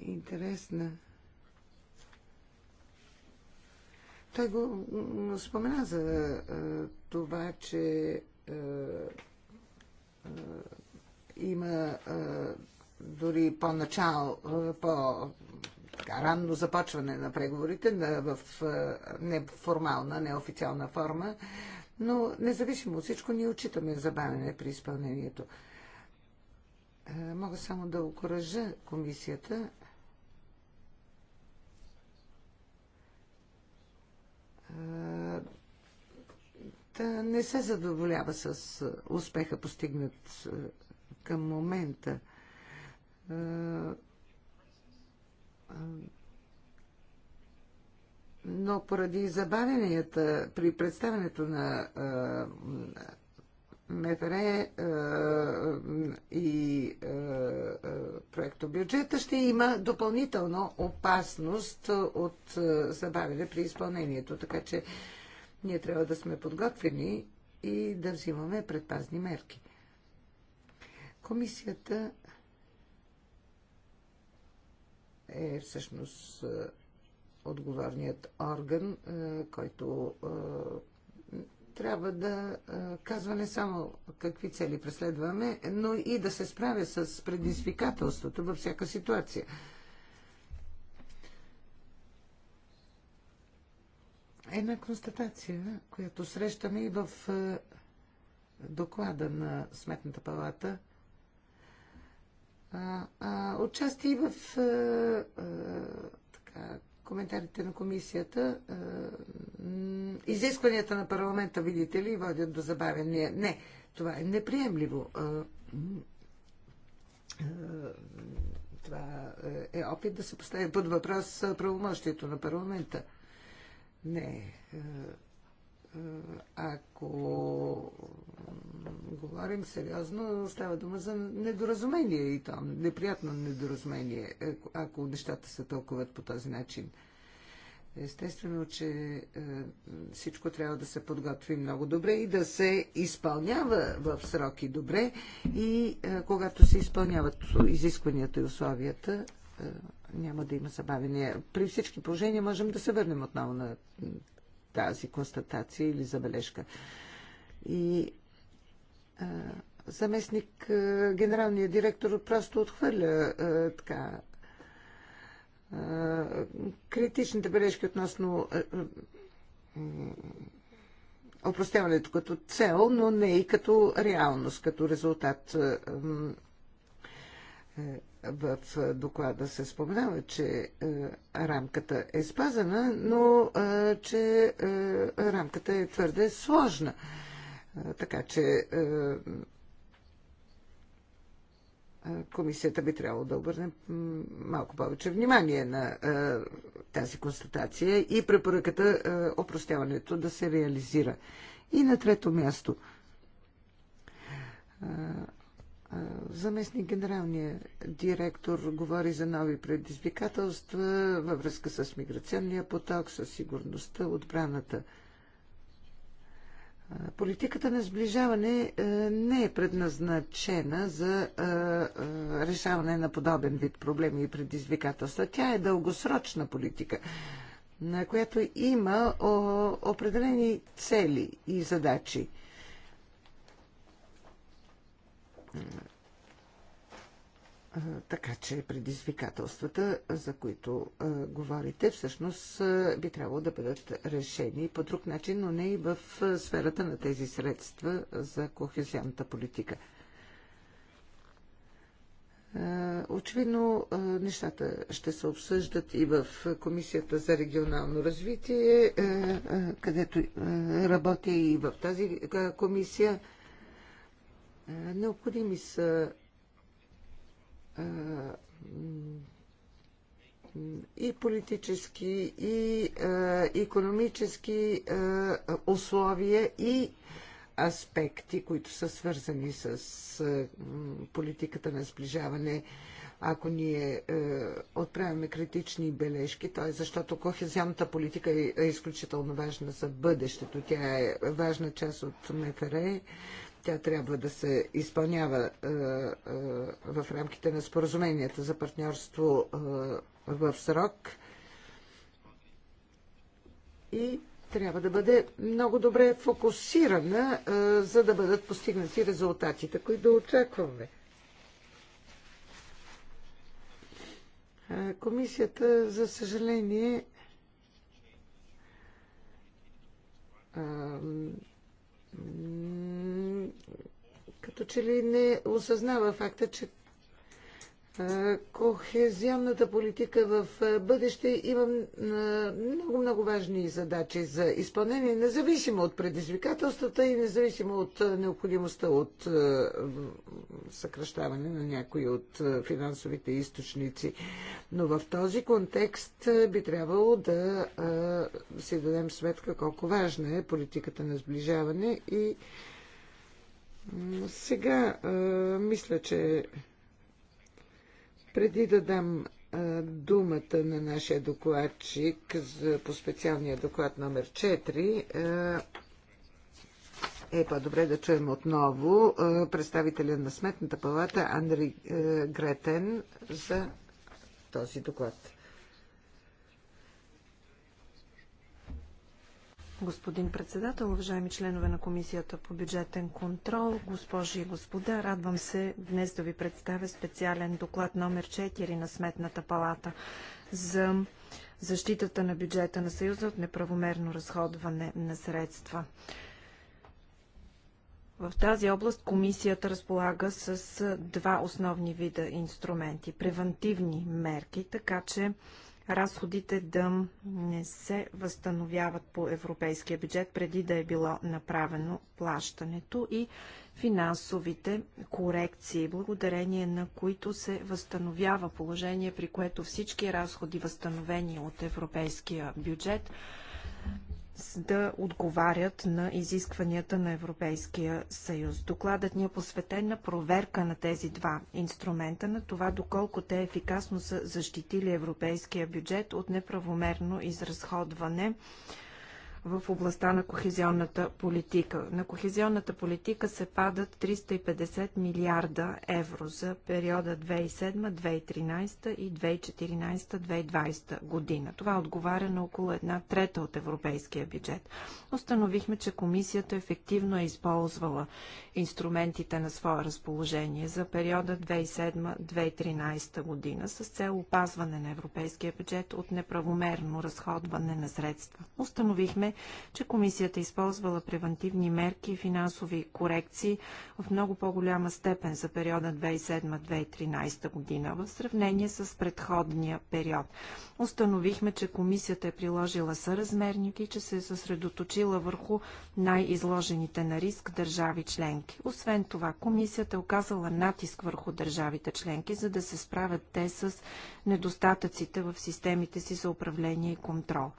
Интересна Той го спомена за е, това, че е, е, има дори по-начало, по ранно започване на преговорите в неформална, неофициална форма, но независимо от всичко ние отчитаме забавяне при изпълнението. Мога само да окоръжа комисията да не се задоволява с успеха постигнат към момента. Но поради забавенията при представянето на МВР е, и е, е, проекто бюджета ще има допълнително опасност от забавяне при изпълнението. Така че ние трябва да сме подготвени и да взимаме предпазни мерки. Комисията е всъщност отговорният орган, който трябва да казва не само какви цели преследваме, но и да се справя с предизвикателството във всяка ситуация. Една констатация, която срещаме и в доклада на Сметната палата, а, а, отчасти и в а, а, така, коментарите на комисията, е, изискванията на парламента, видите ли, водят до забавяния. Не, това е неприемливо. Е, е, това е опит да се постави под въпрос правомощието на парламента. Не, ако говорим сериозно, става дума за недоразумение и то неприятно недоразумение, е, ако нещата се тълкуват по този начин. Естествено, че е, всичко трябва да се подготви много добре и да се изпълнява в сроки добре и е, когато се изпълняват изискванията и условията, няма да има забавения. При всички положения можем да се върнем отново на тази констатация или забележка. И а, заместник а, генералният директор просто отхвърля а, така а, критичните бележки относно опростяването като цел, но не и като реалност, като резултат. А, е, в е, доклада се споменава, че е, рамката е спазена, но че рамката е твърде сложна. Така че комисията би трябвало да обърне малко повече внимание на тази констатация и препоръката опростяването да се реализира. И на трето място Заместник генералния директор говори за нови предизвикателства във връзка с миграционния поток, с сигурността, отбраната. Политиката на сближаване не е предназначена за решаване на подобен вид проблеми и предизвикателства. Тя е дългосрочна политика, на която има определени цели и задачи така че предизвикателствата, за които а, говорите, всъщност а, би трябвало да бъдат решени по друг начин, но не и в а, сферата на тези средства за кохезионната политика. А, очевидно, а, нещата ще се обсъждат и в Комисията за регионално развитие, а, а, където а, работя и в тази а, комисия. А, необходими са и политически, и економически условия и аспекти, които са свързани с политиката на сближаване. Ако ние отправяме критични бележки, т.е. е защото кохезионната политика е, е, изключително важна за бъдещето. Тя е важна част от МФР. Тя трябва да се изпълнява е, е, в рамките на споразуменията за партньорство е, в срок и трябва да бъде много добре фокусирана, за да бъдат постигнати резултатите, които очакваме. Комисията, за съжаление, като че ли не осъзнава факта, че Кохезионната политика в бъдеще има много-много важни задачи за изпълнение, независимо от предизвикателствата и независимо от необходимостта от съкръщаване на някои от финансовите източници. Но в този контекст би трябвало да си дадем сметка колко важна е политиката на сближаване и сега мисля, че преди да дам думата на нашия докладчик за, по специалния доклад номер 4, е по-добре да чуем отново представителя на Сметната палата а, Гретен за този доклад. Господин председател, уважаеми членове на Комисията по бюджетен контрол, госпожи и господа, радвам се днес да ви представя специален доклад номер 4 на Сметната палата за защитата на бюджета на Съюза от неправомерно разходване на средства. В тази област комисията разполага с два основни вида инструменти. Превентивни мерки, така че разходите да не се възстановяват по европейския бюджет преди да е било направено плащането и финансовите корекции, благодарение на които се възстановява положение, при което всички разходи, възстановени от европейския бюджет, да отговарят на изискванията на Европейския съюз. Докладът ни е посветен на проверка на тези два инструмента, на това доколко те ефикасно са защитили европейския бюджет от неправомерно изразходване в областта на кохезионната политика. На кохезионната политика се падат 350 милиарда евро за периода 2007-2013 и 2014-2020 година. Това отговаря на около една трета от европейския бюджет. Установихме, че комисията ефективно е използвала инструментите на свое разположение за периода 2007-2013 година с цел опазване на европейския бюджет от неправомерно разходване на средства. Установихме, Виждаме, че комисията е използвала превентивни мерки и финансови корекции в много по-голяма степен за периода 2007-2013 година в сравнение с предходния период. Установихме, че комисията е приложила съразмерник и че се е съсредоточила върху най-изложените на риск държави членки. Освен това, комисията е оказала натиск върху държавите членки, за да се справят те с недостатъците в системите си за управление и контрол.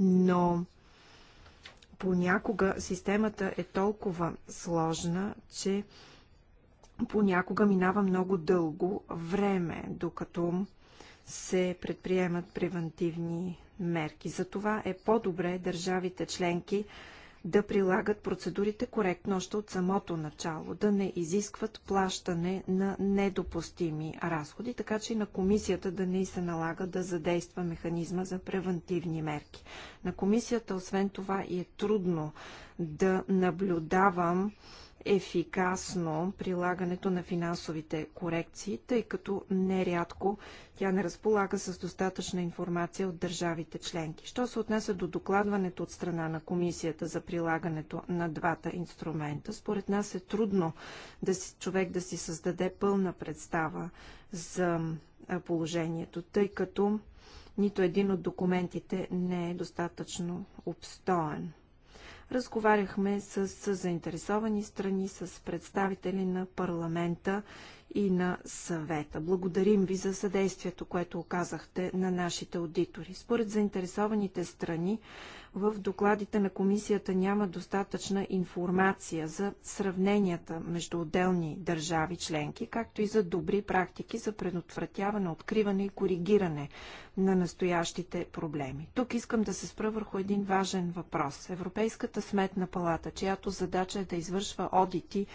Но понякога системата е толкова сложна, че понякога минава много дълго време, докато се предприемат превентивни мерки. Затова е по-добре държавите членки да прилагат процедурите коректно още от самото начало, да не изискват плащане на недопустими разходи, така че и на комисията да не се налага да задейства механизма за превентивни мерки. На комисията, освен това, и е трудно да наблюдавам ефикасно прилагането на финансовите корекции, тъй като нерядко тя не разполага с достатъчна информация от държавите членки. Що се отнесе до докладването от страна на комисията за прилагането на двата инструмента, според нас е трудно да си, човек да си създаде пълна представа за положението, тъй като нито един от документите не е достатъчно обстоен. Разговаряхме с, с заинтересовани страни, с представители на парламента и на съвета. Благодарим ви за съдействието, което оказахте на нашите аудитори. Според заинтересованите страни, в докладите на комисията няма достатъчна информация за сравненията между отделни държави членки, както и за добри практики за предотвратяване, откриване и коригиране на настоящите проблеми. Тук искам да се спра върху един важен въпрос. Европейската сметна палата, чиято задача е да извършва одити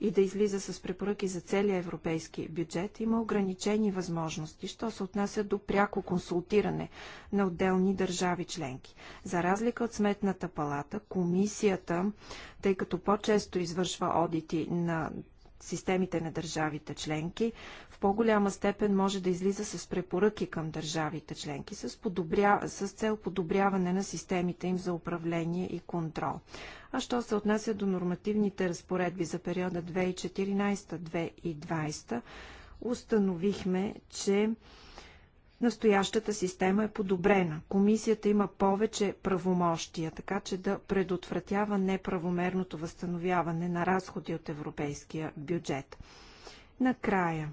и да излиза с препоръки за целия Европейски европейски бюджет, има ограничени възможности, що се отнася до пряко консултиране на отделни държави членки. За разлика от Сметната палата, комисията, тъй като по-често извършва одити на системите на държавите членки, в по-голяма степен може да излиза с препоръки към държавите членки, с, подобря... с цел подобряване на системите им за управление и контрол. А що се отнася до нормативните разпоредби за периода 2014-2020, установихме, че настоящата система е подобрена. Комисията има повече правомощия, така че да предотвратява неправомерното възстановяване на разходи от европейския бюджет. Накрая,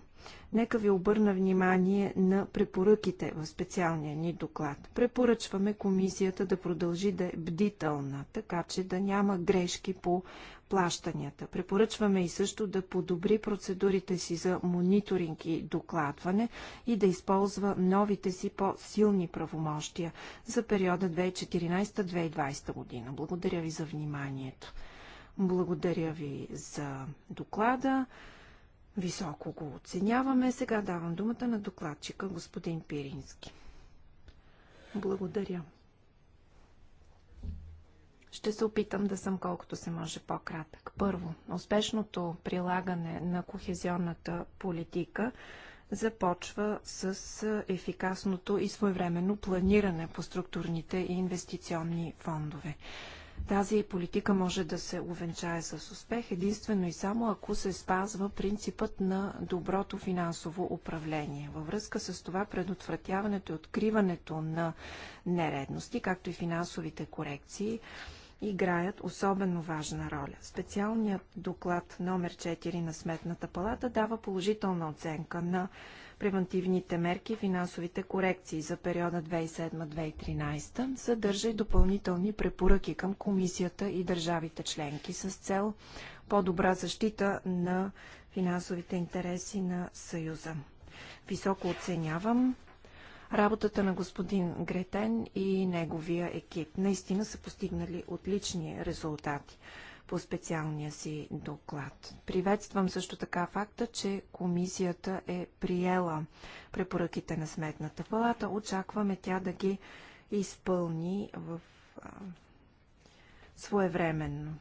нека ви обърна внимание на препоръките в специалния ни доклад. Препоръчваме комисията да продължи да е бдителна, така че да няма грешки по плащанията. Препоръчваме и също да подобри процедурите си за мониторинг и докладване и да използва новите си по-силни правомощия за периода 2014-2020 година. Благодаря ви за вниманието. Благодаря ви за доклада. Високо го оценяваме. Сега давам думата на докладчика господин Пирински. Благодаря. Ще се опитам да съм колкото се може по-кратък. Първо, успешното прилагане на кохезионната политика започва с ефикасното и своевременно планиране по структурните и инвестиционни фондове. Тази политика може да се увенчае с успех единствено и само ако се спазва принципът на доброто финансово управление. Във връзка с това предотвратяването и откриването на нередности, както и финансовите корекции, играят особено важна роля. Специалният доклад номер 4 на Сметната палата дава положителна оценка на превентивните мерки и финансовите корекции за периода 2007-2013, съдържа и допълнителни препоръки към комисията и държавите членки с цел по-добра защита на финансовите интереси на Съюза. Високо оценявам работата на господин Гретен и неговия екип. Наистина са постигнали отлични резултати по специалния си доклад. Приветствам също така факта, че комисията е приела препоръките на Сметната палата. Очакваме тя да ги изпълни в а, своевременно.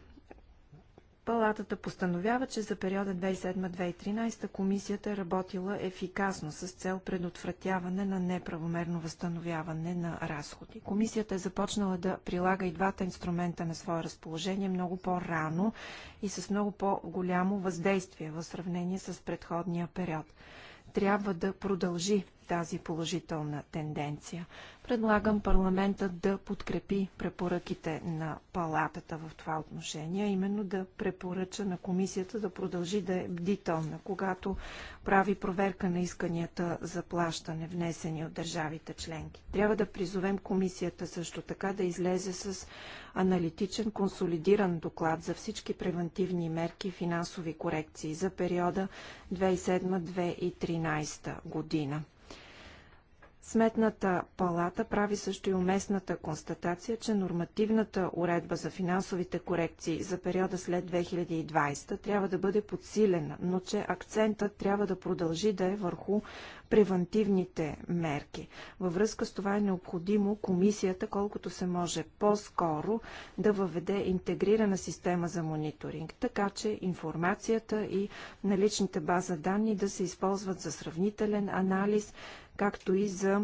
Палатата постановява, че за периода 2007-2013 комисията е работила ефикасно с цел предотвратяване на неправомерно възстановяване на разходи. Комисията е започнала да прилага и двата инструмента на свое разположение много по-рано и с много по-голямо въздействие в сравнение с предходния период. Трябва да продължи тази положителна тенденция. Предлагам парламентът да подкрепи препоръките на палатата в това отношение, именно да препоръча на комисията да продължи да е бдителна, когато прави проверка на исканията за плащане, внесени от държавите членки. Трябва да призовем комисията също така да излезе с аналитичен консолидиран доклад за всички превентивни мерки и финансови корекции за периода 2007-2013 година. Сметната палата прави също и уместната констатация, че нормативната уредба за финансовите корекции за периода след 2020 трябва да бъде подсилена, но че акцентът трябва да продължи да е върху превентивните мерки. Във връзка с това е необходимо комисията, колкото се може по-скоро, да въведе интегрирана система за мониторинг, така че информацията и наличните база данни да се използват за сравнителен анализ, както и за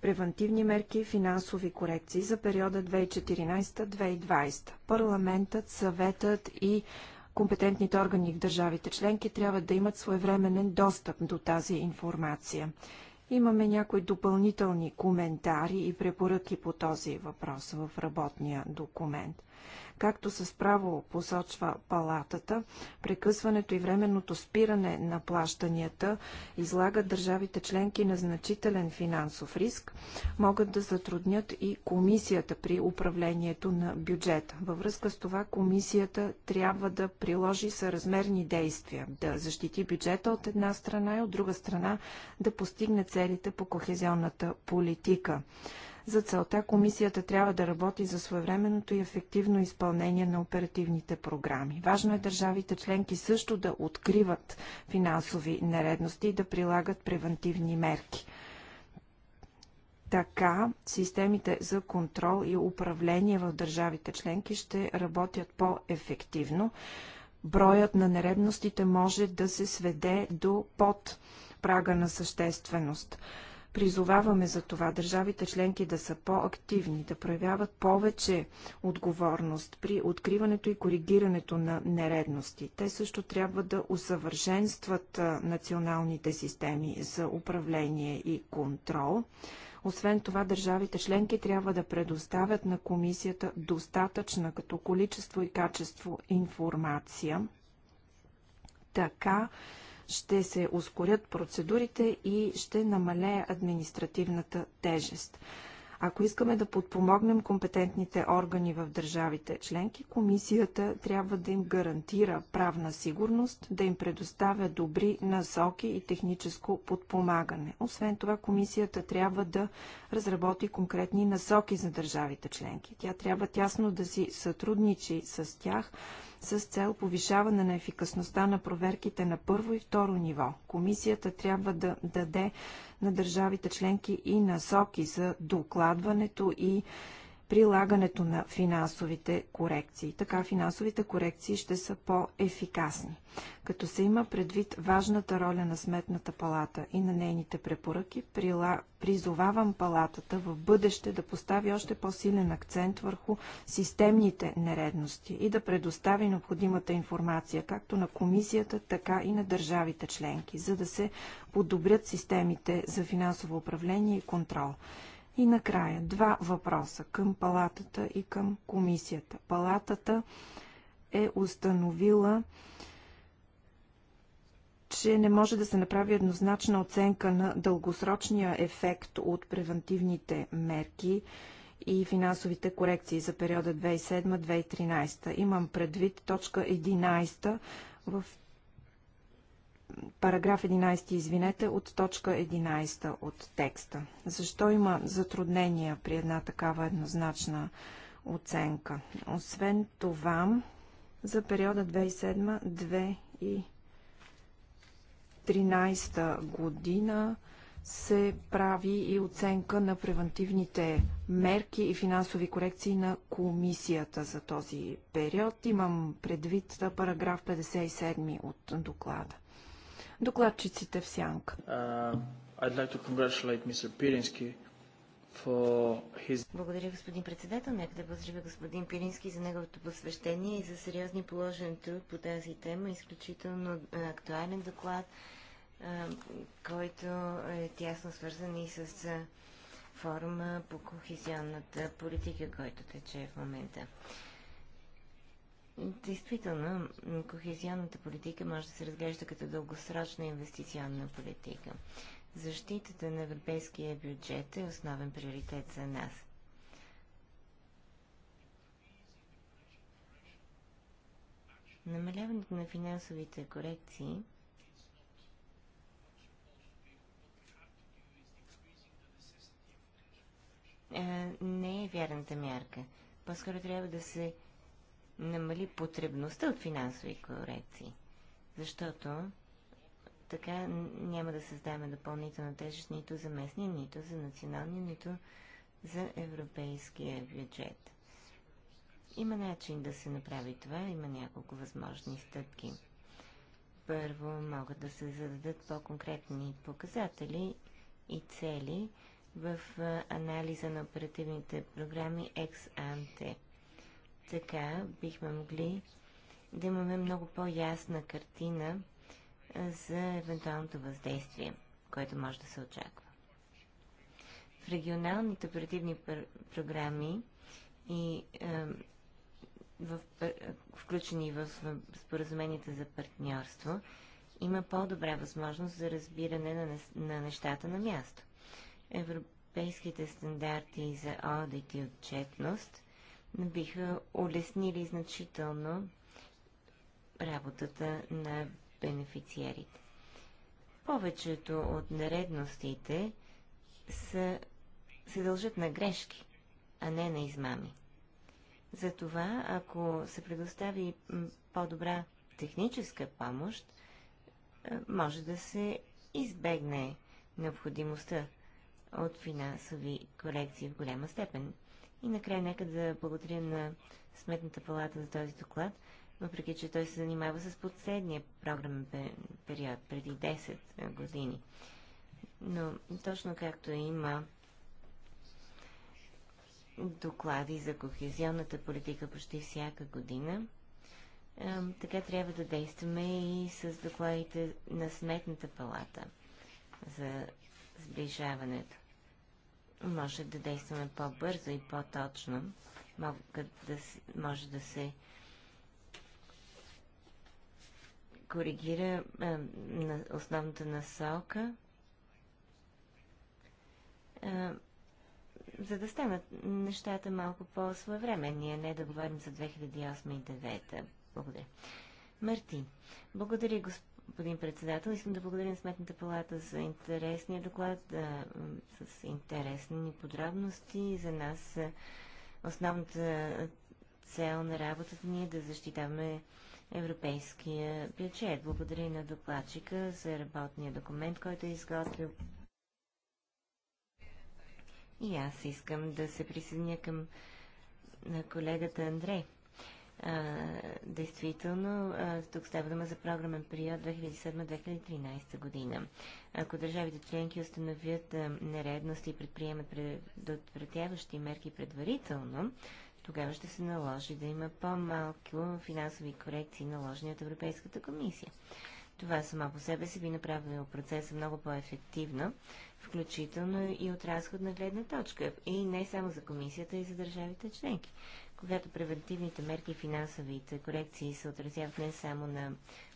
превентивни мерки и финансови корекции за периода 2014-2020. Парламентът, съветът и компетентните органи в държавите членки трябва да имат своевременен достъп до тази информация. Имаме някои допълнителни коментари и препоръки по този въпрос в работния документ. Както с право посочва палатата, прекъсването и временното спиране на плащанията излагат държавите членки на значителен финансов риск, могат да затруднят и комисията при управлението на бюджета. Във връзка с това комисията трябва да приложи съразмерни действия, да защити бюджета от една страна и от друга страна да постигне целите по кохезионната политика. За целта комисията трябва да работи за своевременното и ефективно изпълнение на оперативните програми. Важно е държавите членки също да откриват финансови нередности и да прилагат превентивни мерки. Така системите за контрол и управление в държавите членки ще работят по-ефективно. Броят на нередностите може да се сведе до под прага на същественост. Призоваваме за това държавите членки да са по-активни, да проявяват повече отговорност при откриването и коригирането на нередности. Те също трябва да усъвършенстват националните системи за управление и контрол. Освен това, държавите членки трябва да предоставят на комисията достатъчна като количество и качество информация. Така ще се ускорят процедурите и ще намалее административната тежест. Ако искаме да подпомогнем компетентните органи в държавите членки, комисията трябва да им гарантира правна сигурност, да им предоставя добри насоки и техническо подпомагане. Освен това, комисията трябва да разработи конкретни насоки за държавите членки. Тя трябва тясно да си сътрудничи с тях с цел повишаване на ефикасността на проверките на първо и второ ниво. Комисията трябва да даде на държавите членки и насоки за докладването и прилагането на финансовите корекции. Така финансовите корекции ще са по-ефикасни. Като се има предвид важната роля на Сметната палата и на нейните препоръки, прила... призовавам палатата в бъдеще да постави още по-силен акцент върху системните нередности и да предостави необходимата информация както на комисията, така и на държавите членки, за да се подобрят системите за финансово управление и контрол. И накрая два въпроса към палатата и към комисията. Палатата е установила, че не може да се направи еднозначна оценка на дългосрочния ефект от превентивните мерки и финансовите корекции за периода 2007-2013. Имам предвид точка 11 в параграф 11, извинете, от точка 11 от текста. Защо има затруднения при една такава еднозначна оценка? Освен това, за периода 2007-2013 година се прави и оценка на превентивните мерки и финансови корекции на комисията за този период. Имам предвид параграф 57 от доклада докладчиците в сянка. Uh, Благодаря, господин председател. Нека да поздравя господин Пирински за неговото посвещение и за сериозни положен труд по тази тема. Изключително актуален доклад, който е тясно свързан и с форма по кохезионната политика, който тече в момента. Действително, кохезионната политика може да се разглежда като дългосрочна инвестиционна политика. Защитата на европейския бюджет е основен приоритет за нас. Намаляването на финансовите корекции е, не е вярната мярка. По-скоро трябва да се намали потребността от финансови корекции. Защото така няма да създаваме допълнителна тежест нито за местния, нито за националния, нито за европейския бюджет. Има начин да се направи това, има няколко възможни стъпки. Първо, могат да се зададат по-конкретни показатели и цели в анализа на оперативните програми ex-ante така бихме могли да имаме много по-ясна картина за евентуалното въздействие, което може да се очаква. В регионалните оперативни пр програми и е, в, включени в споразуменията за партньорство, има по-добра възможност за разбиране на, на нещата на място. Европейските стандарти за одит и отчетност биха улеснили значително работата на бенефициерите. Повечето от наредностите са, се дължат на грешки, а не на измами. Затова, ако се предостави по-добра техническа помощ, е, може да се избегне необходимостта от финансови корекции в голяма степен. И накрая нека да благодаря на Сметната палата за този доклад, въпреки че той се занимава с последния програмен период, преди 10 е, години. Но точно както има доклади за кохезионната политика почти всяка година, е, така трябва да действаме и с докладите на Сметната палата за сближаването може да действаме по-бързо и по-точно. Да, може да се коригира е, на основната насока, е, за да станат нещата малко по-своевременни, а не да говорим за 2008 и 2009. Благодаря. Мартин, благодаря, госп господин председател. Искам да благодаря на Сметната палата за интересния доклад, да, с интересни подробности. За нас е, основната цел на работата ни е да защитаваме европейския бюджет. Благодаря и на докладчика за работния документ, който е изготвил. И аз искам да се присъединя към на колегата Андрей. А, действително, а, тук става дума за програмен период 2007-2013 година. Ако държавите членки установят а, нередности и предприемат предотвратяващи мерки предварително, тогава ще се наложи да има по-малко финансови корекции, наложени от Европейската комисия. Това само по себе си би направило процеса много по-ефективно, включително и от разходна гледна точка. И не само за комисията, и за държавите членки когато превентивните мерки и финансовите корекции се отразяват не само на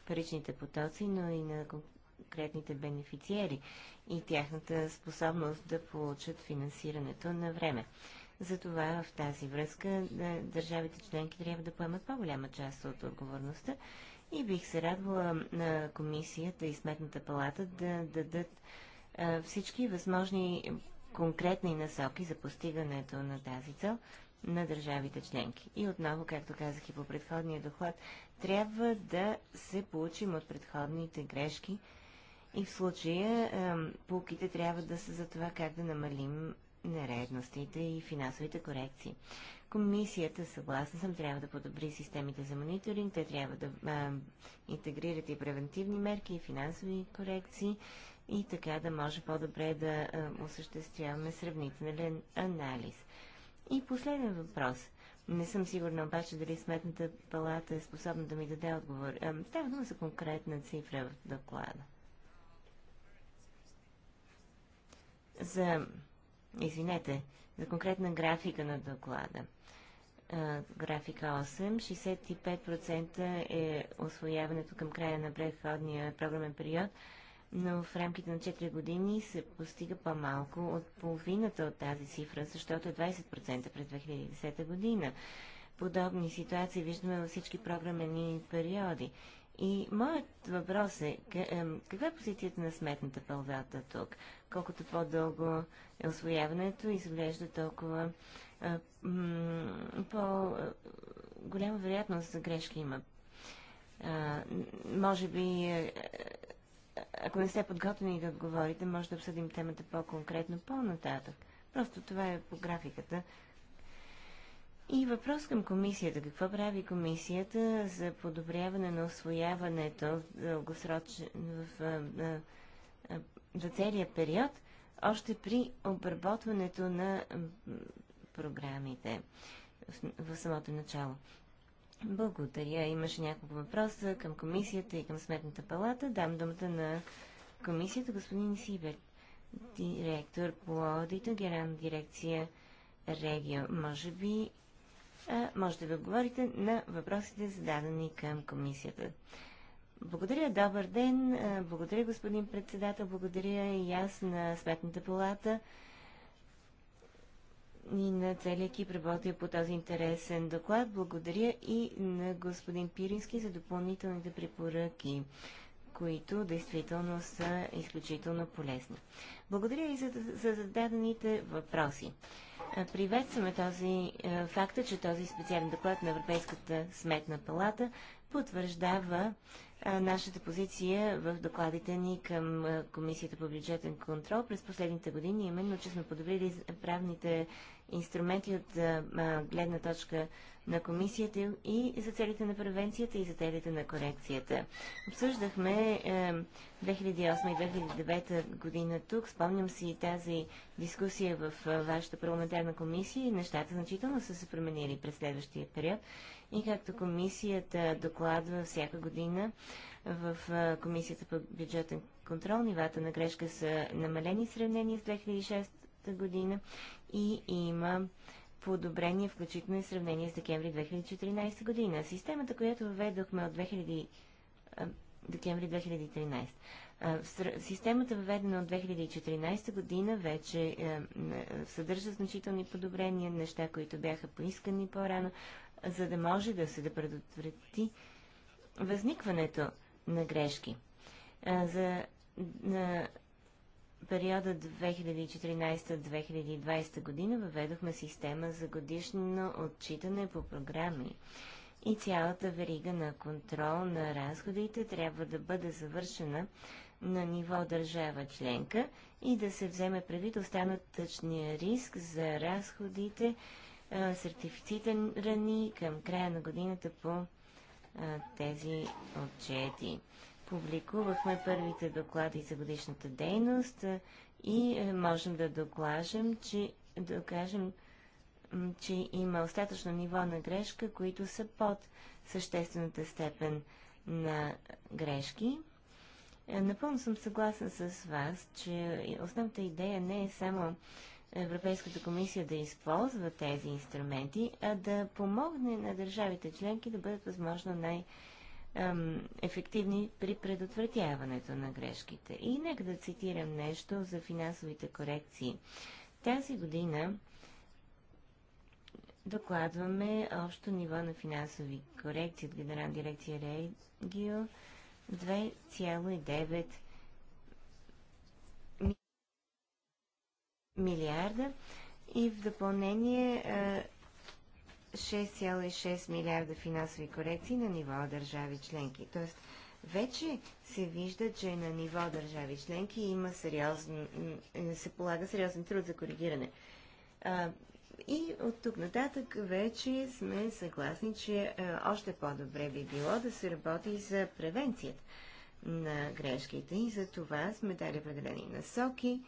паричните потоци, но и на конкретните бенефициери и тяхната способност да получат финансирането на време. Затова в тази връзка държавите членки трябва да поемат по-голяма част от отговорността и бих се радвала на комисията и сметната палата да дадат всички възможни конкретни насоки за постигането на тази цел, на държавите членки. И отново, както казах и по предходния доклад, трябва да се получим от предходните грешки и в случая полките трябва да са за това как да намалим нередностите и финансовите корекции. Комисията, съгласна съм, трябва да подобри системите за мониторинг, те трябва да а, интегрират и превентивни мерки, и финансови корекции, и така да може по-добре да а, осъществяваме сравнителен анализ. И последен въпрос. Не съм сигурна обаче дали Сметната палата е способна да ми даде отговор. Става дума за конкретна цифра в доклада. За, извинете, за конкретна графика на доклада. графика 8, 65% е освояването към края на предходния програмен период, но в рамките на 4 години се постига по-малко от половината от тази цифра, защото е 20% през 2010 година. Подобни ситуации виждаме във всички програмени периоди. И моят въпрос е, каква е позицията на сметната палата тук? Колкото по-дълго е освояването, изглежда толкова по-голяма вероятност за грешки има. може би е, ако не сте подготвени да отговорите, може да обсъдим темата по-конкретно по-нататък. Просто това е по графиката. И въпрос към комисията. Какво прави комисията за подобряване на освояването дългосрочен, в, в, в за целия период, още при обработването на програмите в, в самото начало? Благодаря. Имаше няколко въпроса към комисията и към сметната палата. Дам думата на комисията господин Сибер, директор по аудита, генерална дирекция Регио. Може би а, може да ви отговорите на въпросите, зададени към комисията. Благодаря, добър ден. Благодаря, господин председател. Благодаря и аз на Сметната палата и на целия екип работил по този интересен доклад. Благодаря и на господин Пирински за допълнителните препоръки, които действително са изключително полезни. Благодаря и за, за зададените въпроси. Приветстваме този факт, че този специален доклад на Европейската сметна палата потвърждава нашата позиция в докладите ни към Комисията по бюджетен контрол през последните години, именно, че сме подобрили правните инструменти от гледна точка на комисията и за целите на превенцията и за целите на корекцията. Обсъждахме 2008 е, и 2009 година тук. Спомням си тази дискусия в вашата парламентарна комисия и нещата значително са се променили през следващия период. И както комисията докладва всяка година в комисията по бюджетен контрол, нивата на грешка са намалени в сравнение с 2006 година и има подобрение, включително и в сравнение с декември 2014 година. Системата, която въведохме от 2000, декември 2013. Системата, въведена от 2014 година, вече е, е, съдържа значителни подобрения, неща, които бяха поискани по-рано, за да може да се да предотврати възникването на грешки. За на периода 2014-2020 година въведохме система за годишно отчитане по програми и цялата верига на контрол на разходите трябва да бъде завършена на ниво държава членка и да се вземе предвид остатъчния риск за разходите сертифицирани към края на годината по тези отчети. Публикувахме първите доклади за годишната дейност и можем да докажем, че, докажем, че има остатъчно ниво на грешка, които са под съществената степен на грешки. Е, напълно съм съгласен с вас, че основната идея не е само Европейската комисия да използва тези инструменти, а да помогне на държавите членки да бъдат възможно най- ефективни при предотвратяването на грешките. И нека да цитирам нещо за финансовите корекции. Тази година докладваме общо ниво на финансови корекции от Генерална дирекция Регио 2,9 милиарда и в допълнение 6,6 милиарда финансови корекции на ниво държави членки. Тоест, вече се вижда, че на ниво държави членки има сериозен, се полага сериозен труд за коригиране. и от тук нататък вече сме съгласни, че още по-добре би било да се работи за превенцията на грешките и за това сме дали определени насоки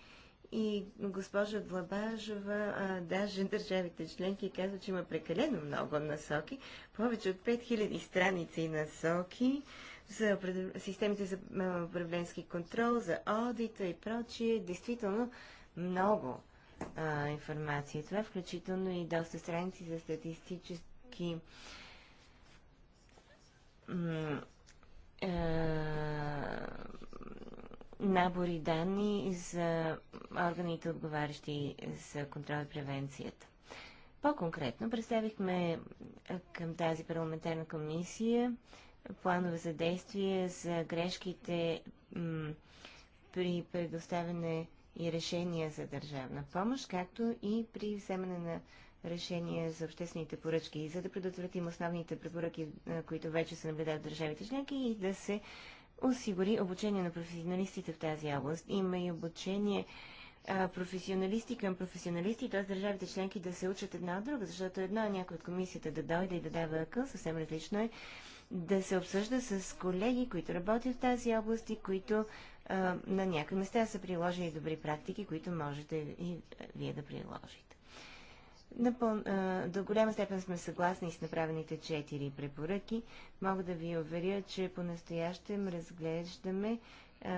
и госпожа Длабажова, а, даже държавите членки казват, че има прекалено много насоки, повече от 5000 страници насоки за системите за управленски контрол, за одита и прочие. Действително много а, информация. Това включително и доста страници за статистически а, набори данни за органите, отговарящи за контрол и превенцията. По-конкретно представихме е, към тази парламентарна комисия планове за действие за грешките при предоставяне и решения за държавна помощ, както и при вземане на решения за обществените поръчки, за да предотвратим основните препоръки, е, които вече се наблюдават в държавите членки и да се осигури обучение на професионалистите в тази област. Има и обучение а, професионалисти към професионалисти, т.е. държавите членки да се учат една от друга, защото едно е някой от комисията да дойде и да дава акъл, съвсем различно е да се обсъжда с колеги, които работят в тази област и които а, на някои места са приложили добри практики, които можете и вие да приложите. Напъл... До голяма степен сме съгласни с направените четири препоръки. Мога да ви уверя, че по-настоящем разглеждаме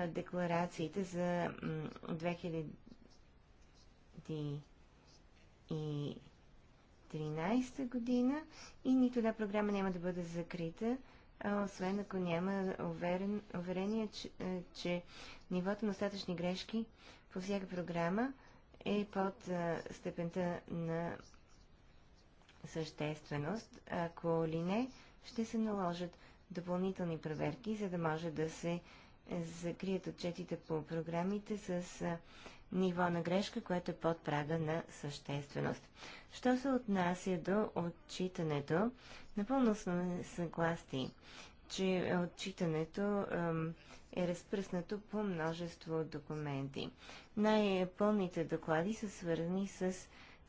декларациите за 2013 година и нито една програма няма да бъде закрита, освен ако няма уверен... уверение, че, че нивото на остатъчни грешки по всяка програма е под степента на същественост. Ако ли не, ще се наложат допълнителни проверки, за да може да се закрият отчетите по програмите с ниво на грешка, което е под прага на същественост. Що се отнася до отчитането, напълно сме съгласни, че отчитането ем, е разпръснато по множество документи. Най-пълните доклади са свързани с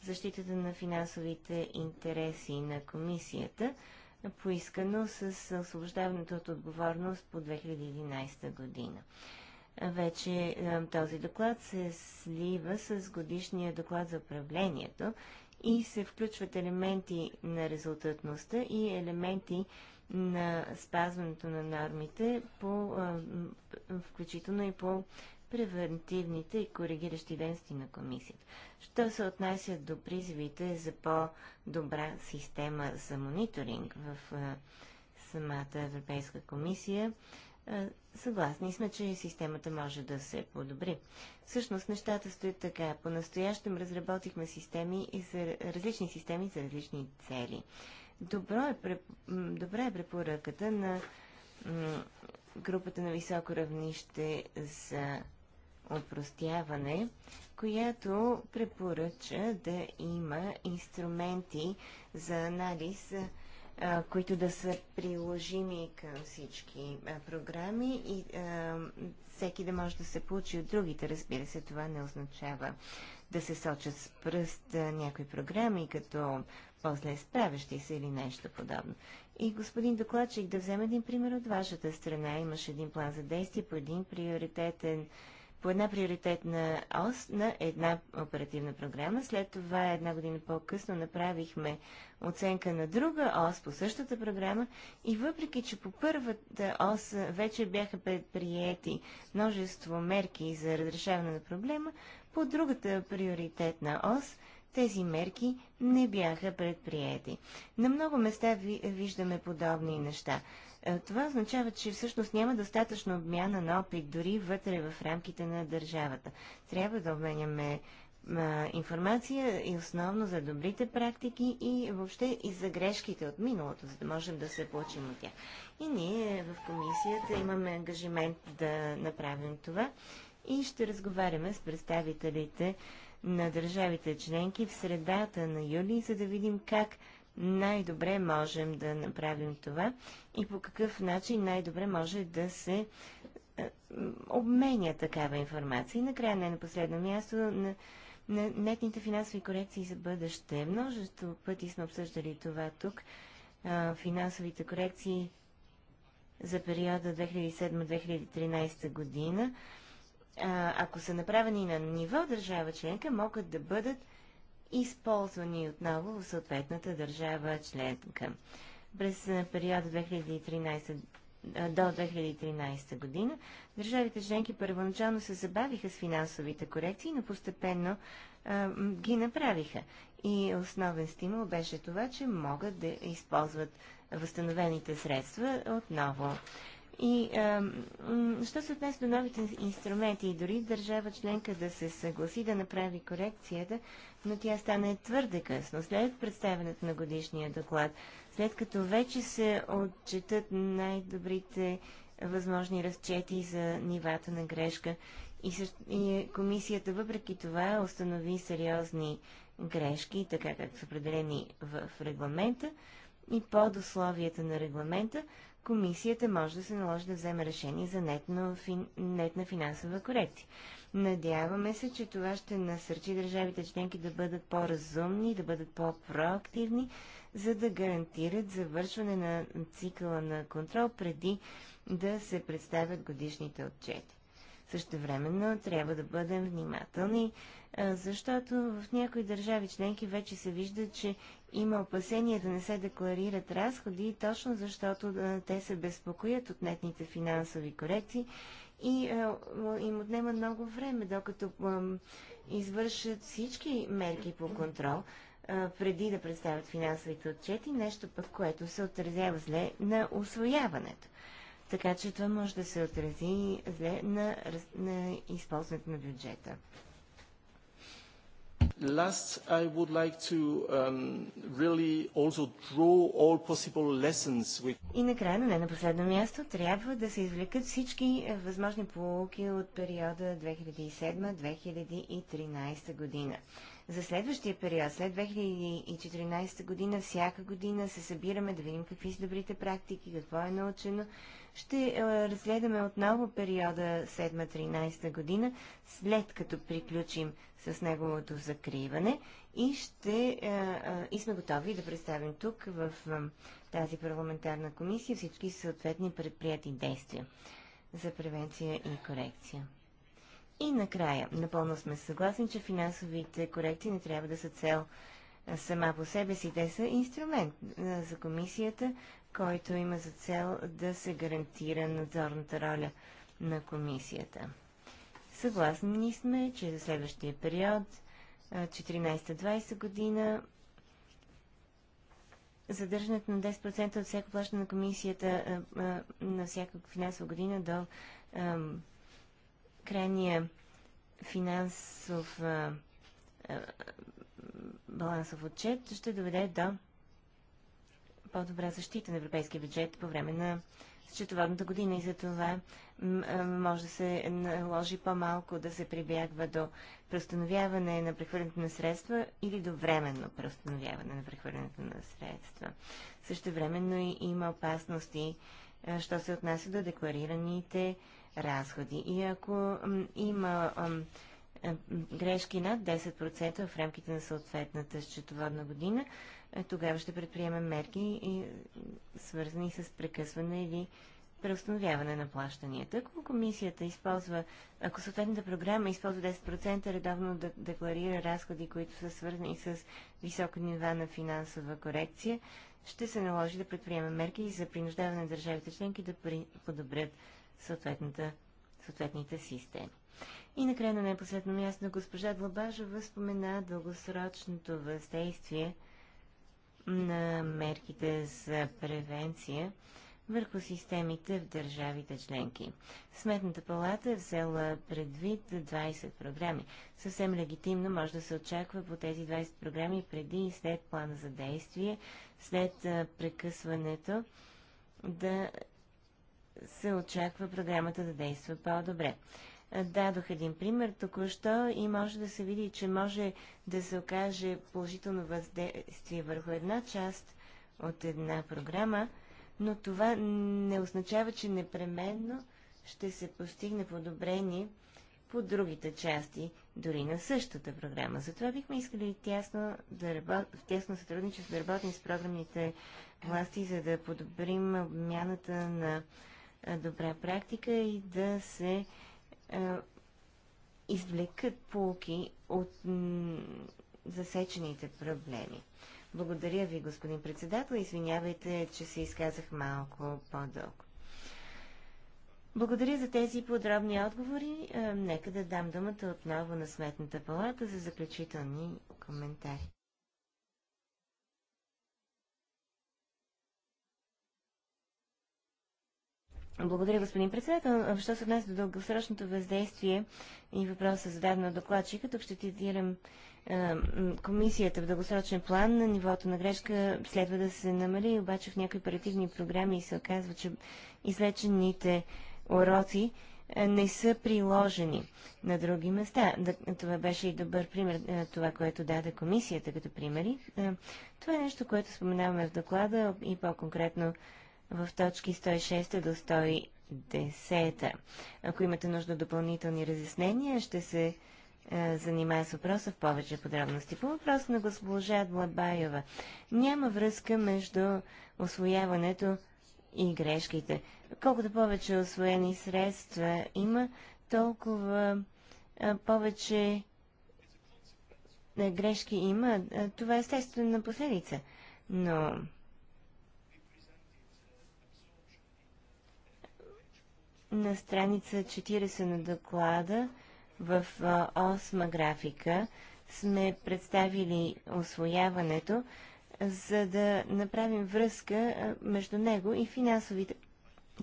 защитата на финансовите интереси на комисията, поискано с освобождаването от отговорност по 2011 година. Вече е, този доклад се слива с годишния доклад за управлението и се включват елементи на резултатността и елементи на спазването на нормите, по, включително и по превентивните и коригиращи дейности на комисията. Що се отнася до призивите за по-добра система за мониторинг в самата Европейска комисия, Съгласни сме, че системата може да се подобри. Всъщност нещата стоят така. По-настоящем разработихме системи и за различни системи за различни цели. Добро е, преп... добре е препоръката на групата на високо равнище за опростяване, която препоръча да има инструменти за анализ, които да са приложими към всички програми и всеки да може да се получи от другите. Разбира се, това не означава да се сочат с пръст някои програми, като после справящи се или нещо подобно. И господин докладчик, да взема един пример от вашата страна. Имаш един план за действие по един приоритетен по една приоритетна ос на една оперативна програма. След това една година по-късно направихме оценка на друга ос по същата програма и въпреки, че по първата ос вече бяха предприяти множество мерки за разрешаване на проблема, по другата приоритетна ос – тези мерки не бяха предприяти. На много места виждаме подобни неща. Е, това означава, че всъщност няма достатъчно обмяна на опит, дори вътре в рамките на държавата. Трябва да обменяме информация и основно за добрите практики и въобще и за грешките от миналото, за да можем да се получим от тях. И ние в комисията имаме ангажимент да направим това и ще разговаряме с представителите на държавите членки в средата на юли, за да видим как най-добре можем да направим това и по какъв начин най-добре може да се е, обменя такава информация. И накрая, не на последно място, на, на нетните финансови корекции за бъдеще. Множество пъти сме обсъждали това тук. Е, финансовите корекции за периода 2007-2013 година ако са направени на ниво държава членка, могат да бъдат използвани отново в съответната държава членка. През периода 2013 до 2013 година държавите членки първоначално се забавиха с финансовите корекции, но постепенно а, ги направиха. И основен стимул беше това, че могат да използват възстановените средства отново. И а, що се отнесе до новите инструменти и дори държава членка да се съгласи да направи корекцията, но тя стане твърде късно, след представянето на годишния доклад, след като вече се отчетат най-добрите възможни разчети за нивата на грешка и, също, и е, комисията въпреки това установи сериозни грешки, така както са определени в регламента и под условията на регламента, комисията може да се наложи да вземе решение за нетно, фин, нетна финансова корекция. Надяваме се, че това ще насърчи държавите членки да бъдат по-разумни, да бъдат по-проактивни, за да гарантират завършване на цикъла на контрол преди да се представят годишните отчети. Също времено трябва да бъдем внимателни, защото в някои държави членки вече се вижда, че има опасения да не се декларират разходи, точно защото те се безпокоят от нетните финансови корекции и им отнема много време, докато извършат всички мерки по контрол преди да представят финансовите отчети, нещо пък, което се отразява зле на освояването. Така че това може да се отрази зле на, на използването на бюджета. Last, I would like to um, really also draw all possible lessons with... И накрая, но не на последно място, трябва да се извлекат всички е, възможни полуки от периода 2007-2013 година за следващия период, след 2014 година, всяка година се събираме да видим какви са добрите практики, какво е научено. Ще е, разгледаме отново периода 7-13 година, след като приключим с неговото закриване и, ще, е, е, и сме готови да представим тук в тази парламентарна комисия всички съответни предприяти действия за превенция и корекция. И накрая, напълно сме съгласни, че финансовите корекции не трябва да са цел сама по себе си. Те са инструмент за комисията, който има за цел да се гарантира надзорната роля на комисията. Съгласни сме, че за следващия период 14-20 година задържането на 10% от всяко плащане на комисията на всяка финансова година до крайния финансов а, а, балансов отчет ще доведе до по-добра защита на европейския бюджет по време на счетоводната година и за това може да се наложи по-малко да се прибягва до преустановяване на прехвърлянето на средства или до временно преустановяване на прехвърлянето на средства. Също времено има опасности, що се отнася до декларираните разходи. И ако има грешки над 10% в рамките на съответната счетоводна година, е, тогава ще предприемем мерки, свързани с прекъсване или преустановяване на плащанията. Ако комисията използва, ако съответната програма използва 10% редовно да декларира разходи, които са свързани с висока нива на финансова корекция, ще се наложи да предприемем мерки за принуждаване на държавите членки да подобрят съответните системи. И накрая на най-последно място госпожа Длабажова спомена дългосрочното въздействие на мерките за превенция върху системите в държавите членки. Сметната палата е взела предвид 20 програми. Съвсем легитимно може да се очаква по тези 20 програми преди и след плана за действие, след прекъсването да се очаква програмата да действа по-добре. Е, дадох един пример току-що и може да се види, че може да се окаже положително въздействие върху една част от една програма, но това не означава, че непременно ще се постигне подобрение по другите части, дори на същата програма. Затова бихме искали тясно да работ... в тясно сътрудничество да работим с програмните власти, за да подобрим обмяната на е, добра практика и да се е, извлекат полки от засечените проблеми. Благодаря ви, господин председател. Извинявайте, че се изказах малко по-дълго. Благодаря за тези подробни отговори. Е, нека да дам думата отново на Сметната палата за заключителни коментари. Благодаря, господин председател. Що се отнася до дългосрочното въздействие и въпроса зададен от докладчика, тук ще цитирам комисията в дългосрочен план на нивото на грешка следва да се намали, обаче в някои оперативни програми се оказва, че излечените уроци не са приложени на други места. Това беше и добър пример, това, което даде комисията като примери. Това е нещо, което споменаваме в доклада и по-конкретно в точки 106 до 110. Ако имате нужда допълнителни разяснения, ще се е, занимая с въпроса в повече подробности. По въпрос на госпожа Длабаева. Няма връзка между освояването и грешките. Колкото повече освоени средства има, толкова е, повече е, грешки има. Това е естествена последица. Но на страница 40 на доклада в осма графика сме представили освояването, за да направим връзка между него и финансовите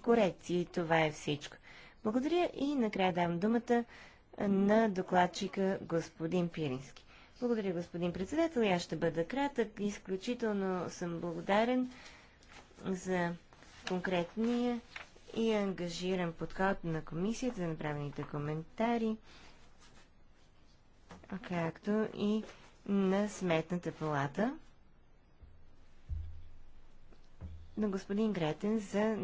корекции. Това е всичко. Благодаря и накрая давам думата на докладчика господин Пирински. Благодаря, господин председател. Аз ще бъда кратък. Изключително съм благодарен за конкретния и ангажиран подход на комисията за направените коментари, както и на Сметната палата на господин Гретен за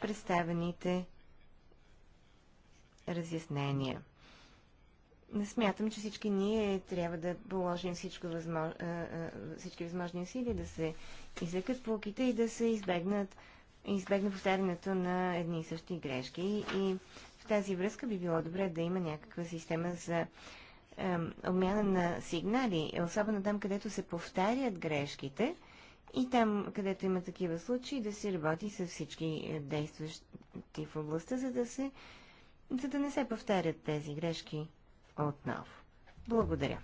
представените разяснения. Смятам, че всички ние трябва да положим всичко възможно, всички възможни усилия да се извлекат полките и да се избегнат избегне повтарянето на едни и същи грешки. И в тази връзка би било добре да има някаква система за обмяна на сигнали, особено там, където се повтарят грешките и там, където има такива случаи, да се работи с всички е, действащи в областта, за да, се, за да не се повтарят тези грешки отново. Благодаря.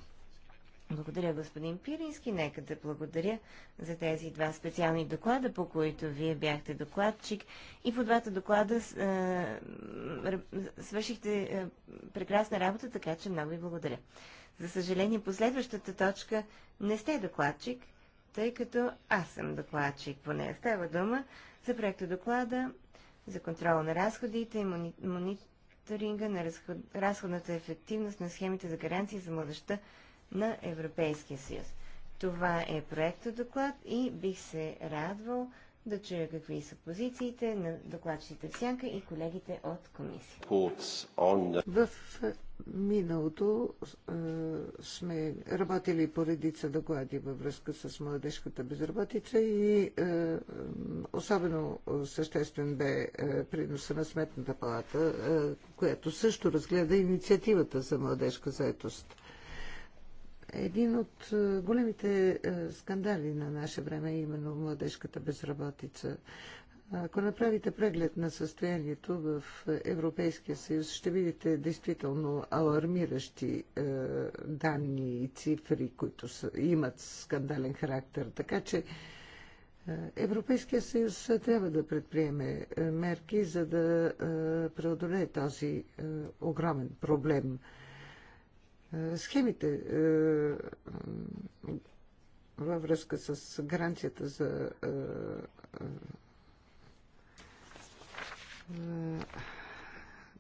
Благодаря, господин Пирински. Нека да благодаря за тези два специални доклада, по които вие бяхте докладчик. И по двата доклада е, свършихте е, прекрасна работа, така че много ви благодаря. За съжаление, последващата точка не сте докладчик, тъй като аз съм докладчик поне в Става дума за проекта доклада за контрол на разходите и мониторинга на разход... разходната ефективност на схемите за гаранции за младеща на Европейския съюз. Това е проекто доклад и бих се радвал да чуя какви са позициите на докладчите в сянка и колегите от комисия. В миналото е, сме работили по редица доклади във връзка с младежката безработица и е, особено съществен бе е, приноса на Сметната палата, е, която също разгледа инициативата за младежка заетост. Един от е, големите е, скандали на наше време е именно младежката безработица. Ако направите преглед на състоянието в Европейския съюз, ще видите действително алармиращи е, данни и цифри, които са, имат скандален характер. Така че Европейския съюз трябва да предприеме мерки, за да преодолее този огромен проблем – е, схемите е, във връзка с гаранцията за е,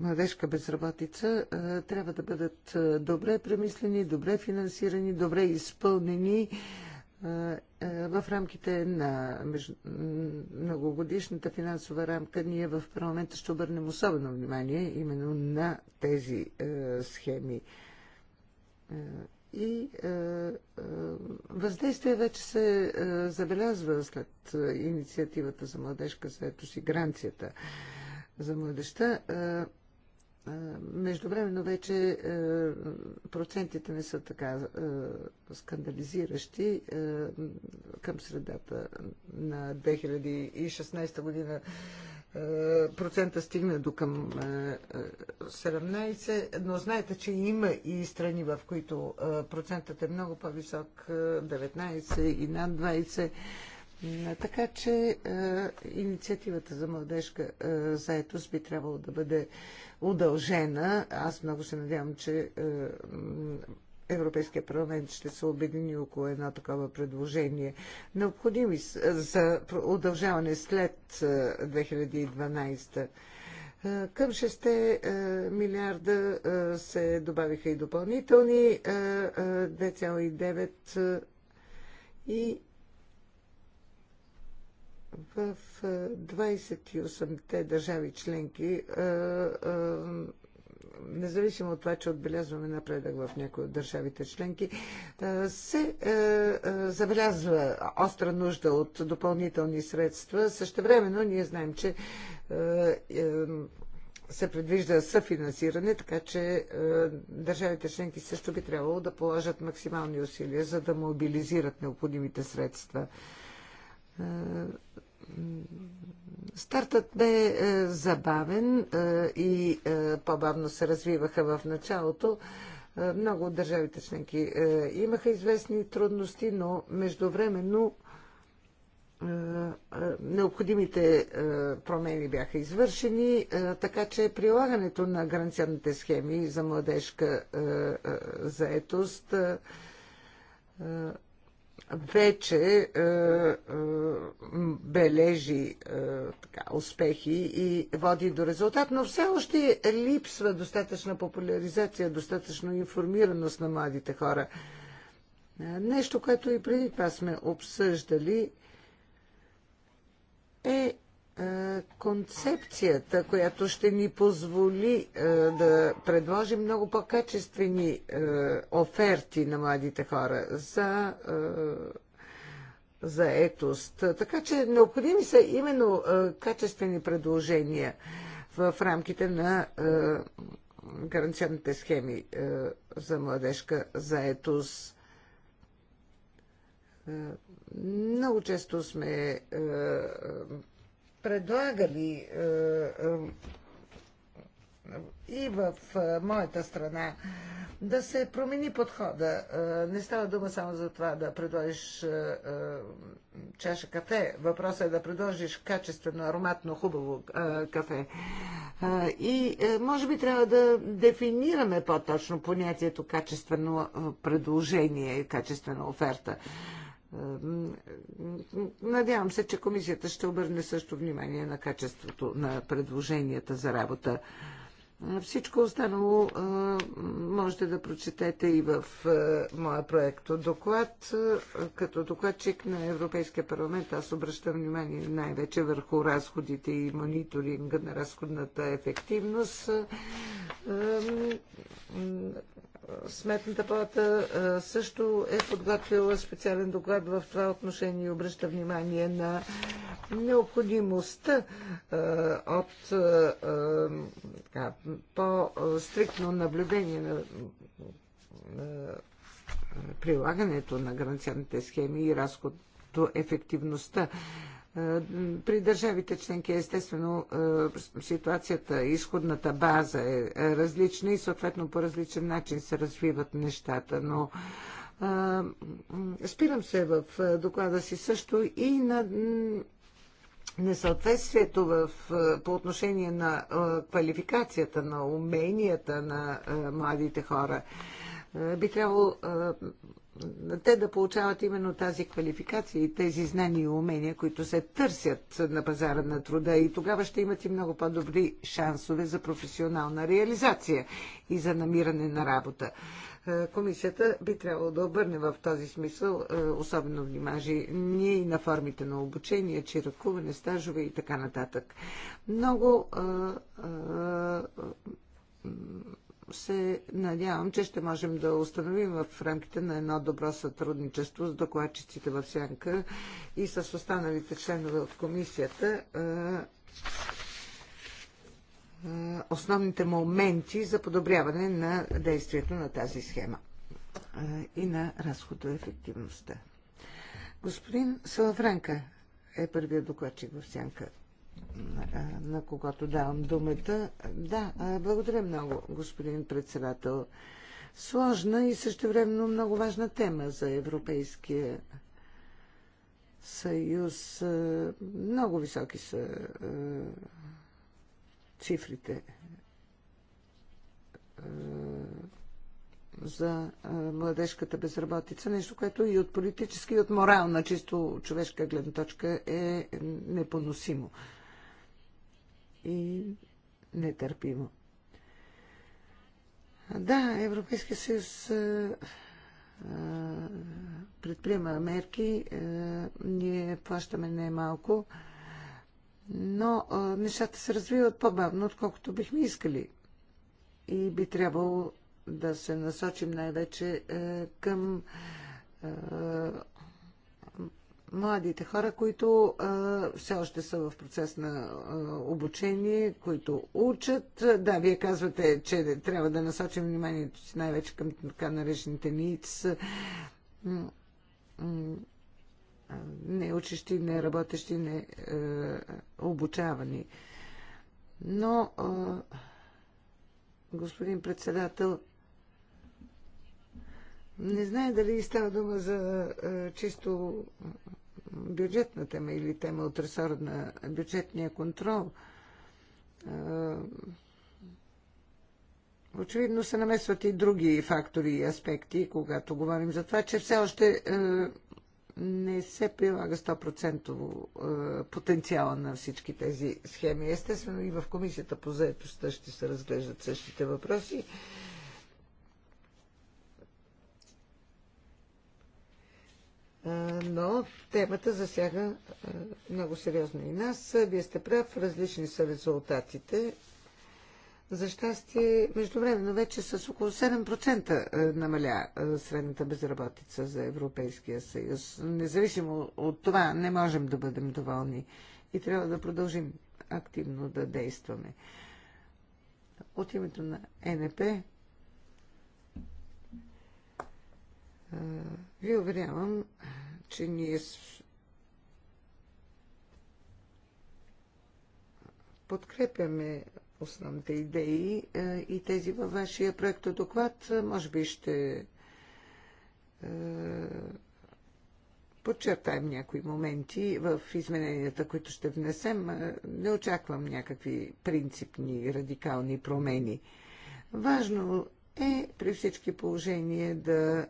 младежка безработица трябва да бъдат добре премислени, добре финансирани, добре изпълнени в рамките на многогодишната финансова рамка ние в парламента ще обърнем особено внимание именно на тези схеми. Е, и е, е, въздействие вече се забелязва след инициативата за младежка заетост и гранцията за младеща. Междувременно вече процентите не са така скандализиращи. Към средата на 2016 година процента стигна до към 17, е, е, но знаете, че има и страни, в които е, процентът е много по-висок, 19 и над 20. Така че е, инициативата за младежка е, заетост би трябвало да бъде удължена. Аз много се надявам, че Европейския парламент ще се обедини около едно такова предложение. Необходими за удължаване след 2012 е, е, към 6 е, милиарда се добавиха и допълнителни 2,9 и в 28-те държави членки независимо от това, че отбелязваме напредък в някои от държавите членки, се забелязва остра нужда от допълнителни средства. Същевременно ние знаем, че се предвижда съфинансиране, така че е, държавите членки също би трябвало да положат максимални усилия, за да мобилизират необходимите средства. Стартът бе е, забавен е, и е, по-бавно се развиваха в началото. Много от държавите членки имаха известни трудности, но междувременно необходимите промени бяха извършени, така че прилагането на гаранционните схеми за младежка заетост вече е, е, бележи е, така, успехи и води до резултат, но все още липсва достатъчна популяризация, достатъчно информираност на младите хора. Е, нещо, което и преди това сме обсъждали, е концепцията, която ще ни позволи да предложим много по-качествени оферти на младите хора за за етост. Така че необходими са именно качествени предложения в рамките на гаранционните схеми за младежка заетост. Много често сме предлагали е, е, и в е, моята страна да се промени подхода. Не става дума само за това да предложиш чаша кафе. Въпросът е да предложиш качествено, ароматно, хубаво кафе. И може би трябва да дефинираме по-точно понятието качествено предложение, качествена оферта. Надявам се, че комисията ще обърне също внимание на качеството на предложенията за работа. Всичко останало можете да прочетете и в моя проект доклад. Като докладчик на Европейския парламент аз обръщам внимание най-вече върху разходите и мониторинга на разходната ефективност. Сметната палата също е подготвила специален доклад в това отношение и обръща внимание на необходимостта от по-стриктно наблюдение на прилагането на гаранционните схеми и разходто ефективността е, при държавите членки, естествено, е, ситуацията, изходната база е, е различна и съответно по различен начин се развиват нещата, но спирам се в доклада си също и на несъответствието в, по отношение на квалификацията, на уменията на младите хора. Би трябвало те да получават именно тази квалификация и тези знания и умения, които се търсят на пазара на труда и тогава ще имат и много по-добри шансове за професионална реализация и за намиране на работа. Е, комисията би трябвало да обърне в този смисъл е, особено внимание ние и на формите на обучение, чиракуване, стажове и така нататък. Много а, е, а, се надявам, че ще можем да установим в рамките на едно добро сътрудничество с докладчиците в Сянка и с останалите членове от комисията основните моменти за подобряване на действието на тази схема и на разходоефективността. Господин Салафранка е първият докладчик в Сянка на когато давам думата. Да, благодаря много, господин председател. Сложна и същевременно много важна тема за Европейския съюз. Много високи са цифрите за младежката безработица, нещо, което и от политически, и от морална, чисто човешка гледна точка е непоносимо и нетърпимо. Да, Европейския съюз предприема мерки, ние плащаме немалко, но нещата се развиват по-бавно, отколкото бихме искали. И би трябвало да се насочим най-вече към младите хора, които все още са в процес на обучение, които учат. Да, вие казвате, че трябва да насочим вниманието си най-вече към така наречените ниц. Не учещи, не работещи, не обучавани. Но, господин председател, не знае дали става дума за чисто бюджетна тема или тема от ресора на бюджетния контрол. Очевидно се намесват и други фактори и аспекти, когато говорим за това, че все още не се прилага 100% потенциала на всички тези схеми. Естествено и в комисията по заедостта ще се разглеждат същите въпроси. но темата засяга много сериозно и нас. Вие сте прав, различни са резултатите. За щастие, междувременно вече с около 7% намаля средната безработица за Европейския съюз. Независимо от това, не можем да бъдем доволни и трябва да продължим активно да действаме. От името на НП ви уверявам, че ние подкрепяме основните идеи и тези във вашия проект доклад. Може би ще подчертаем някои моменти в измененията, които ще внесем. Не очаквам някакви принципни, радикални промени. Важно е при всички положения да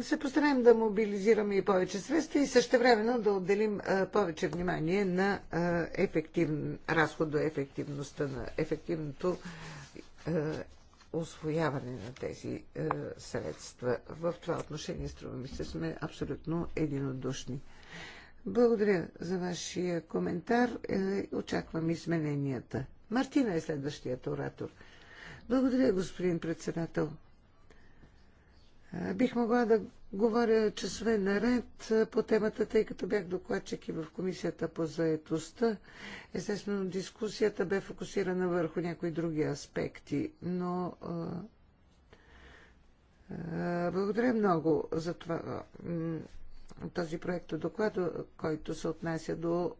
се постараем да мобилизираме и повече средства и също времено да отделим повече внимание на ефективн, ефективността на ефективното освояване на тези средства. В това отношение, струва ми се, сме абсолютно единодушни. Благодаря за вашия коментар. Е, очаквам измененията. Мартина е следващият оратор. Благодаря, господин председател. Бих могла да говоря часове наред по темата, тъй като бях докладчик и в комисията по заетостта. Естествено, дискусията бе фокусирана върху някои други аспекти, но благодаря много за това, този проект доклад, който се отнася до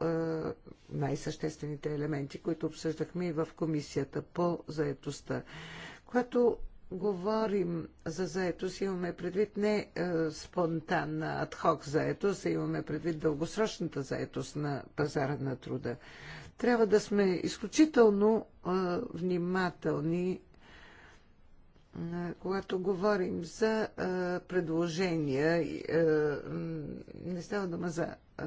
най-съществените елементи, които обсъждахме и в комисията по заетостта. Когато говорим за заетост, имаме предвид не е, спонтанна адхок заетост, а имаме предвид дългосрочната заетост на пазара на труда. Трябва да сме изключително е, внимателни, е, когато говорим за е, предложения. Е, не става дума за е,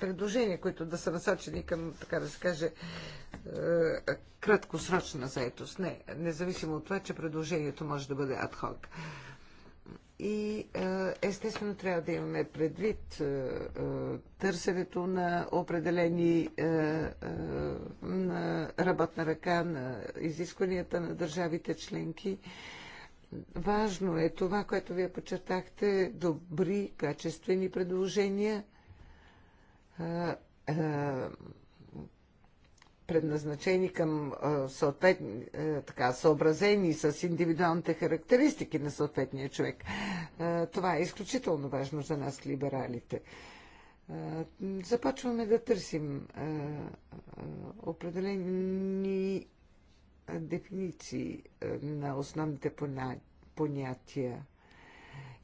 предложения, които да са насочени към, така да се каже, е, краткосрочна заетост. Не, независимо от това, че предложението може да бъде адхок. И е, естествено трябва да имаме предвид е, търсенето на определени на работна ръка, на изискванията на държавите членки. Важно е това, което вие подчертахте, добри, качествени предложения, предназначени към съответни, така, съобразени с индивидуалните характеристики на съответния човек. Това е изключително важно за нас, либералите. Започваме да търсим определени дефиниции на основните понятия.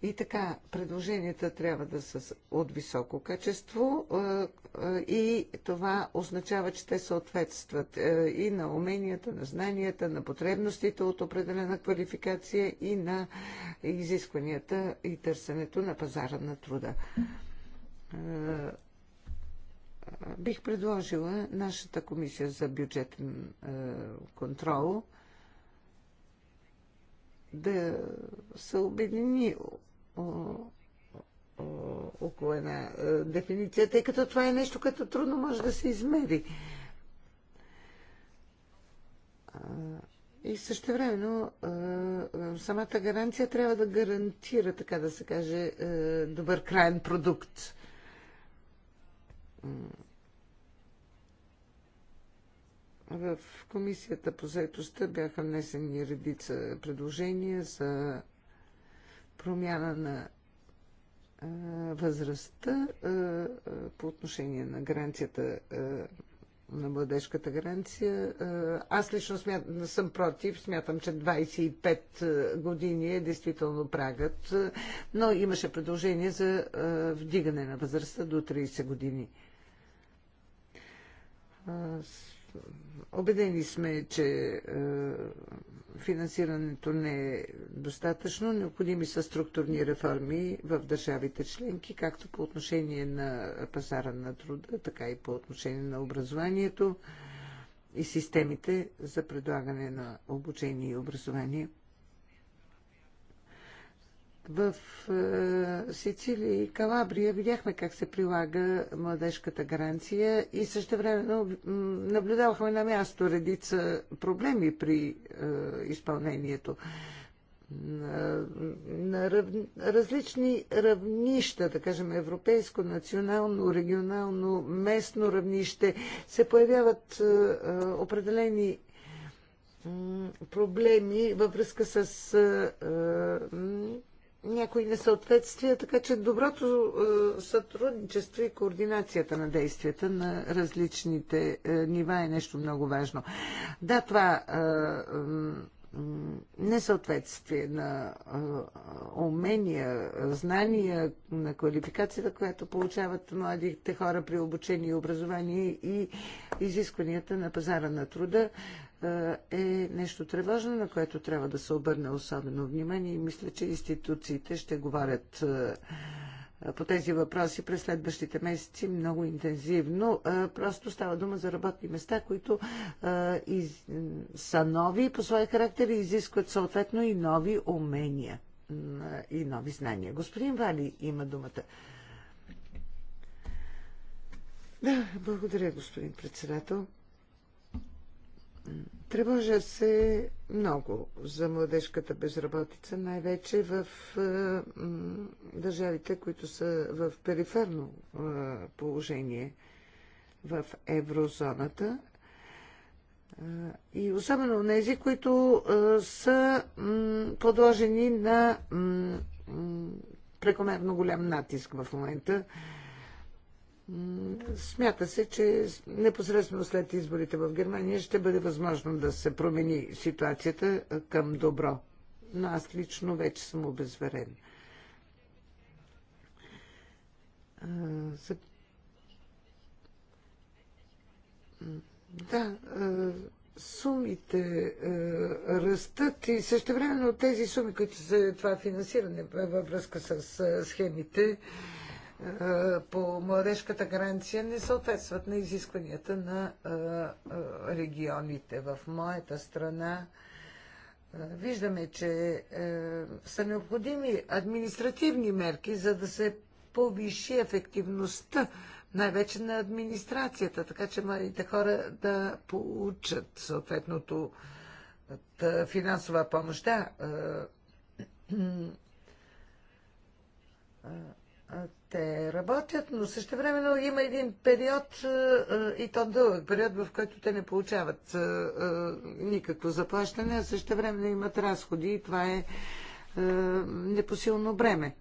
И така, предложенията трябва да са от високо качество е, е, и това означава, че те съответстват е, и на уменията, на знанията, на потребностите от определена квалификация и на изискванията и търсенето на пазара на труда. Бих предложила нашата комисия за бюджетен контрол да се обедини около една е, дефиниция, тъй като това е нещо, което трудно може да се измери. И също времено самата гаранция трябва да гарантира, така да се каже, е, добър крайен продукт. В комисията по заедостта бяха внесени редица предложения за промяна на възрастта по отношение на гаранцията на младежката гаранция. Аз лично смятам, съм против. Смятам, че 25 години е действително прагът, но имаше предложение за вдигане на възрастта до 30 години. Обедени сме, че финансирането не е достатъчно. Необходими са структурни реформи в държавите членки, както по отношение на пазара на труда, така и по отношение на образованието и системите за предлагане на обучение и образование. В е, Сицилия и Калабрия видяхме как се прилага младежката гаранция и също време наблюдавахме на място редица проблеми при е, изпълнението на рав... различни равнища, да кажем европейско, национално, регионално, местно равнище, се появяват е, определени проблеми във връзка с някои несъответствия, така че доброто е, сътрудничество и координацията на действията на различните е, нива е нещо много важно. Да, това е, несъответствие на умения, знания, на квалификацията, която получават младите хора при обучение и образование и изискванията на пазара на труда е нещо тревожно, на което трябва да се обърне особено внимание и мисля, че институциите ще говорят по тези въпроси през следващите месеци много интензивно. Просто става дума за работни места, които са нови по своя характер и изискват съответно и нови умения и нови знания. Господин Вали има думата. Да, благодаря, господин председател. Тревожа се много за младежката безработица, най-вече в е, държавите, които са в периферно е, положение в еврозоната. Е, и особено тези, които е, са м, подложени на м, прекомерно голям натиск в момента. Смята се, че непосредствено след изборите в Германия ще бъде възможно да се промени ситуацията към добро. Но аз лично вече съм обезверен. Да, сумите растат и същевременно тези суми, които са това финансиране във връзка с схемите, по младежката гаранция не съответстват на изискванията на регионите. В моята страна виждаме, че са необходими административни мерки, за да се повиши ефективността най-вече на администрацията, така че младите хора да получат съответното финансова помощ. Да, [clears throat] те работят, но също времено има един период и то дълъг период, в който те не получават никакво заплащане, а също времено имат разходи и това е непосилно бреме.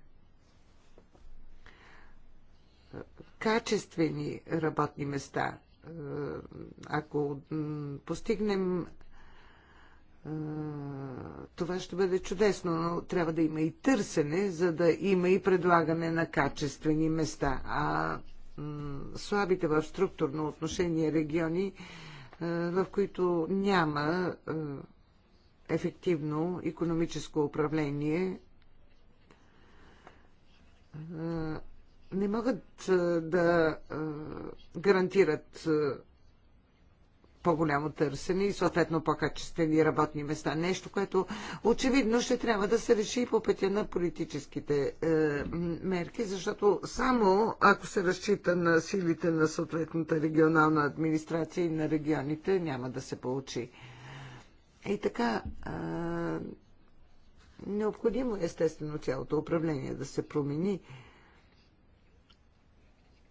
Качествени работни места. Ако постигнем това ще бъде чудесно, но трябва да има и търсене, за да има и предлагане на качествени места. А слабите в структурно отношение региони, в които няма ефективно економическо управление, не могат да гарантират по-голямо търсене и съответно по-качествени работни места. Нещо, което очевидно ще трябва да се реши и по пътя на политическите е, мерки, защото само ако се разчита на силите на съответната регионална администрация и на регионите, няма да се получи. И така, е, необходимо е, естествено цялото управление да се промени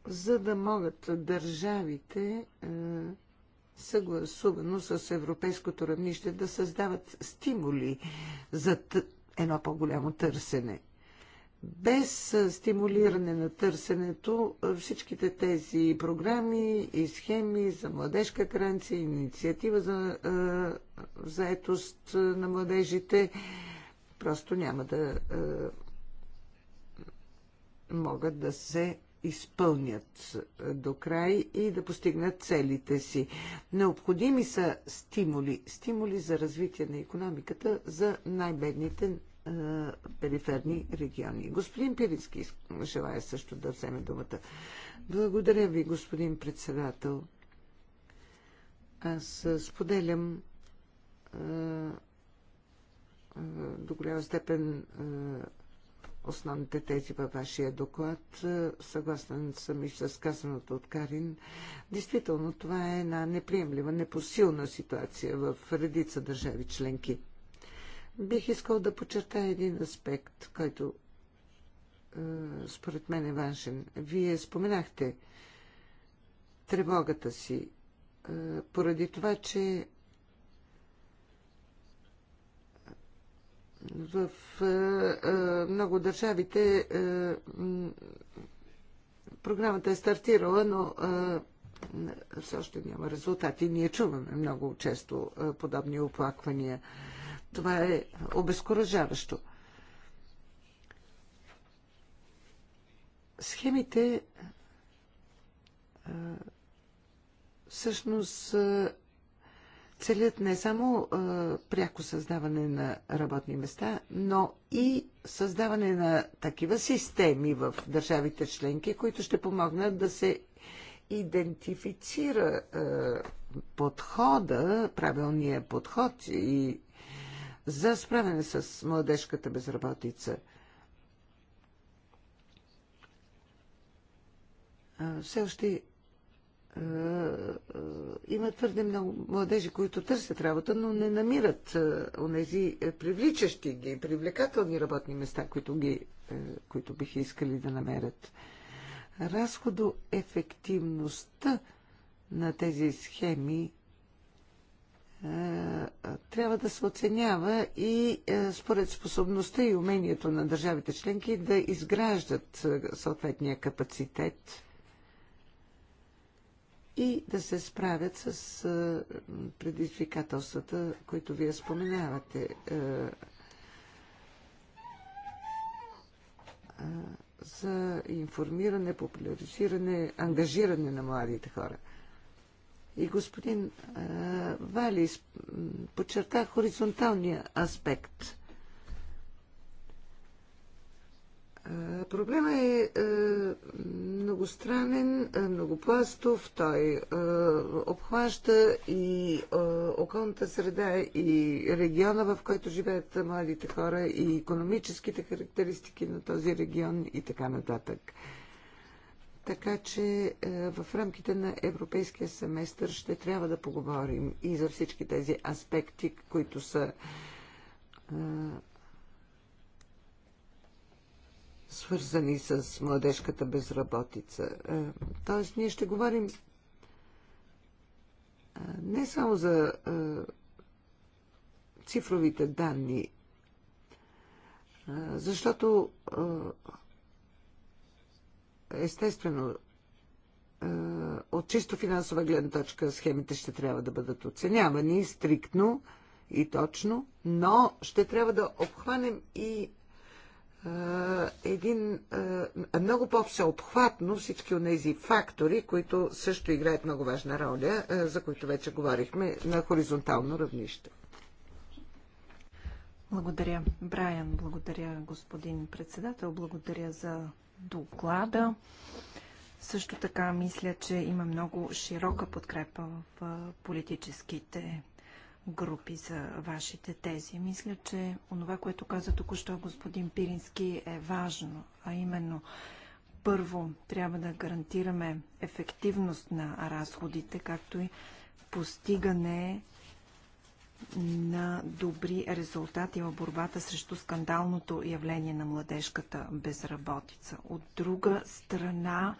за да могат държавите е, съгласувано с европейското равнище да създават стимули за едно по-голямо търсене. Без стимулиране на търсенето всичките тези програми и схеми за младежка гаранция, инициатива за е, заетост на младежите просто няма да е, могат да се изпълнят до край и да постигнат целите си. Необходими са стимули, стимули за развитие на економиката за най-бедните е, периферни региони. Господин Пирински желая също да вземе думата. Благодаря ви, господин председател. Аз споделям е, е, до голяма степен е, основните тези във вашия доклад. Е, съгласен съм и с казаното от Карин. Действително, това е една неприемлива, непосилна ситуация в редица държави членки. Бих искал да подчертая един аспект, който е, според мен е важен. Вие споменахте тревогата си е, поради това, че В е, е, много държавите е, програмата е стартирала, но все още няма резултати. Ние чуваме много често подобни оплаквания. Това е обезкуражаващо. Схемите всъщност целят не само а, пряко създаване на работни места, но и създаване на такива системи в държавите членки, които ще помогнат да се идентифицира а, подхода, правилния подход и за справяне с младежката безработица. А, все още е, е, има твърде много младежи, които търсят работа, но не намират е, онези привличащи ги, привлекателни работни места, които, ги, които бих искали да намерят. Разходоефективността на тези схеми трябва да се оценява и според способността и умението на държавите членки да изграждат съответния капацитет и да се справят с предизвикателствата, които вие споменавате. За информиране, популяризиране, ангажиране на младите хора. И господин Вали подчерта хоризонталния аспект – Проблема е многостранен, многопластов. Той обхваща и околната среда, и региона, в който живеят младите хора, и економическите характеристики на този регион и така нататък. Така че в рамките на европейския семестър ще трябва да поговорим и за всички тези аспекти, които са свързани с младежката безработица. Е, тоест, ние ще говорим е, не само за е, цифровите данни, защото естествено от чисто финансова гледна точка схемите ще трябва да бъдат оценявани стриктно и точно, но ще трябва да обхванем и един, много по-всеобхватно всички от тези фактори, които също играят много важна роля, за които вече говорихме, на хоризонтално равнище. Благодаря, Брайан. Благодаря, господин председател. Благодаря за доклада. Също така мисля, че има много широка подкрепа в политическите групи за вашите тези. Мисля, че онова, което каза току-що господин Пирински е важно, а именно първо трябва да гарантираме ефективност на разходите, както и постигане на добри резултати в борбата срещу скандалното явление на младежката безработица. От друга страна,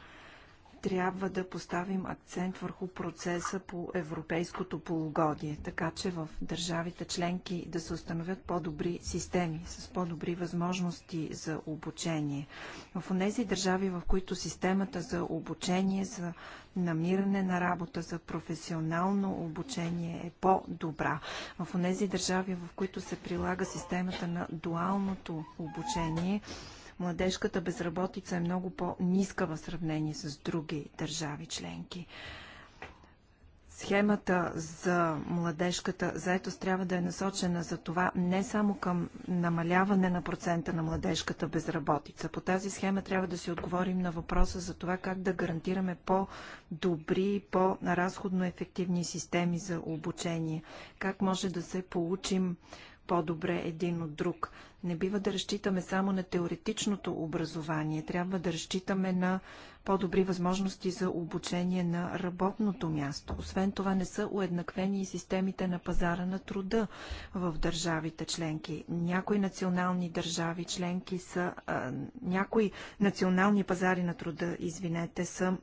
трябва да поставим акцент върху процеса по европейското полугодие, така че в държавите членки да се установят по-добри системи, с по-добри възможности за обучение. В тези държави, в които системата за обучение, за намиране на работа, за професионално обучение е по-добра. В тези държави, в които се прилага системата на дуалното обучение, младежката безработица е много по-ниска в сравнение с други държави членки. Схемата за младежката заетост трябва да е насочена за това не само към намаляване на процента на младежката безработица. По тази схема трябва да си отговорим на въпроса за това как да гарантираме по-добри, по-разходно ефективни системи за обучение. Как може да се получим по-добре един от друг. Не бива да разчитаме само на теоретичното образование, трябва да разчитаме на по-добри възможности за обучение на работното място. Освен това не са уеднаквени и системите на пазара на труда в държавите членки. Някои национални държави членки са, а, някои национални пазари на труда, извинете, са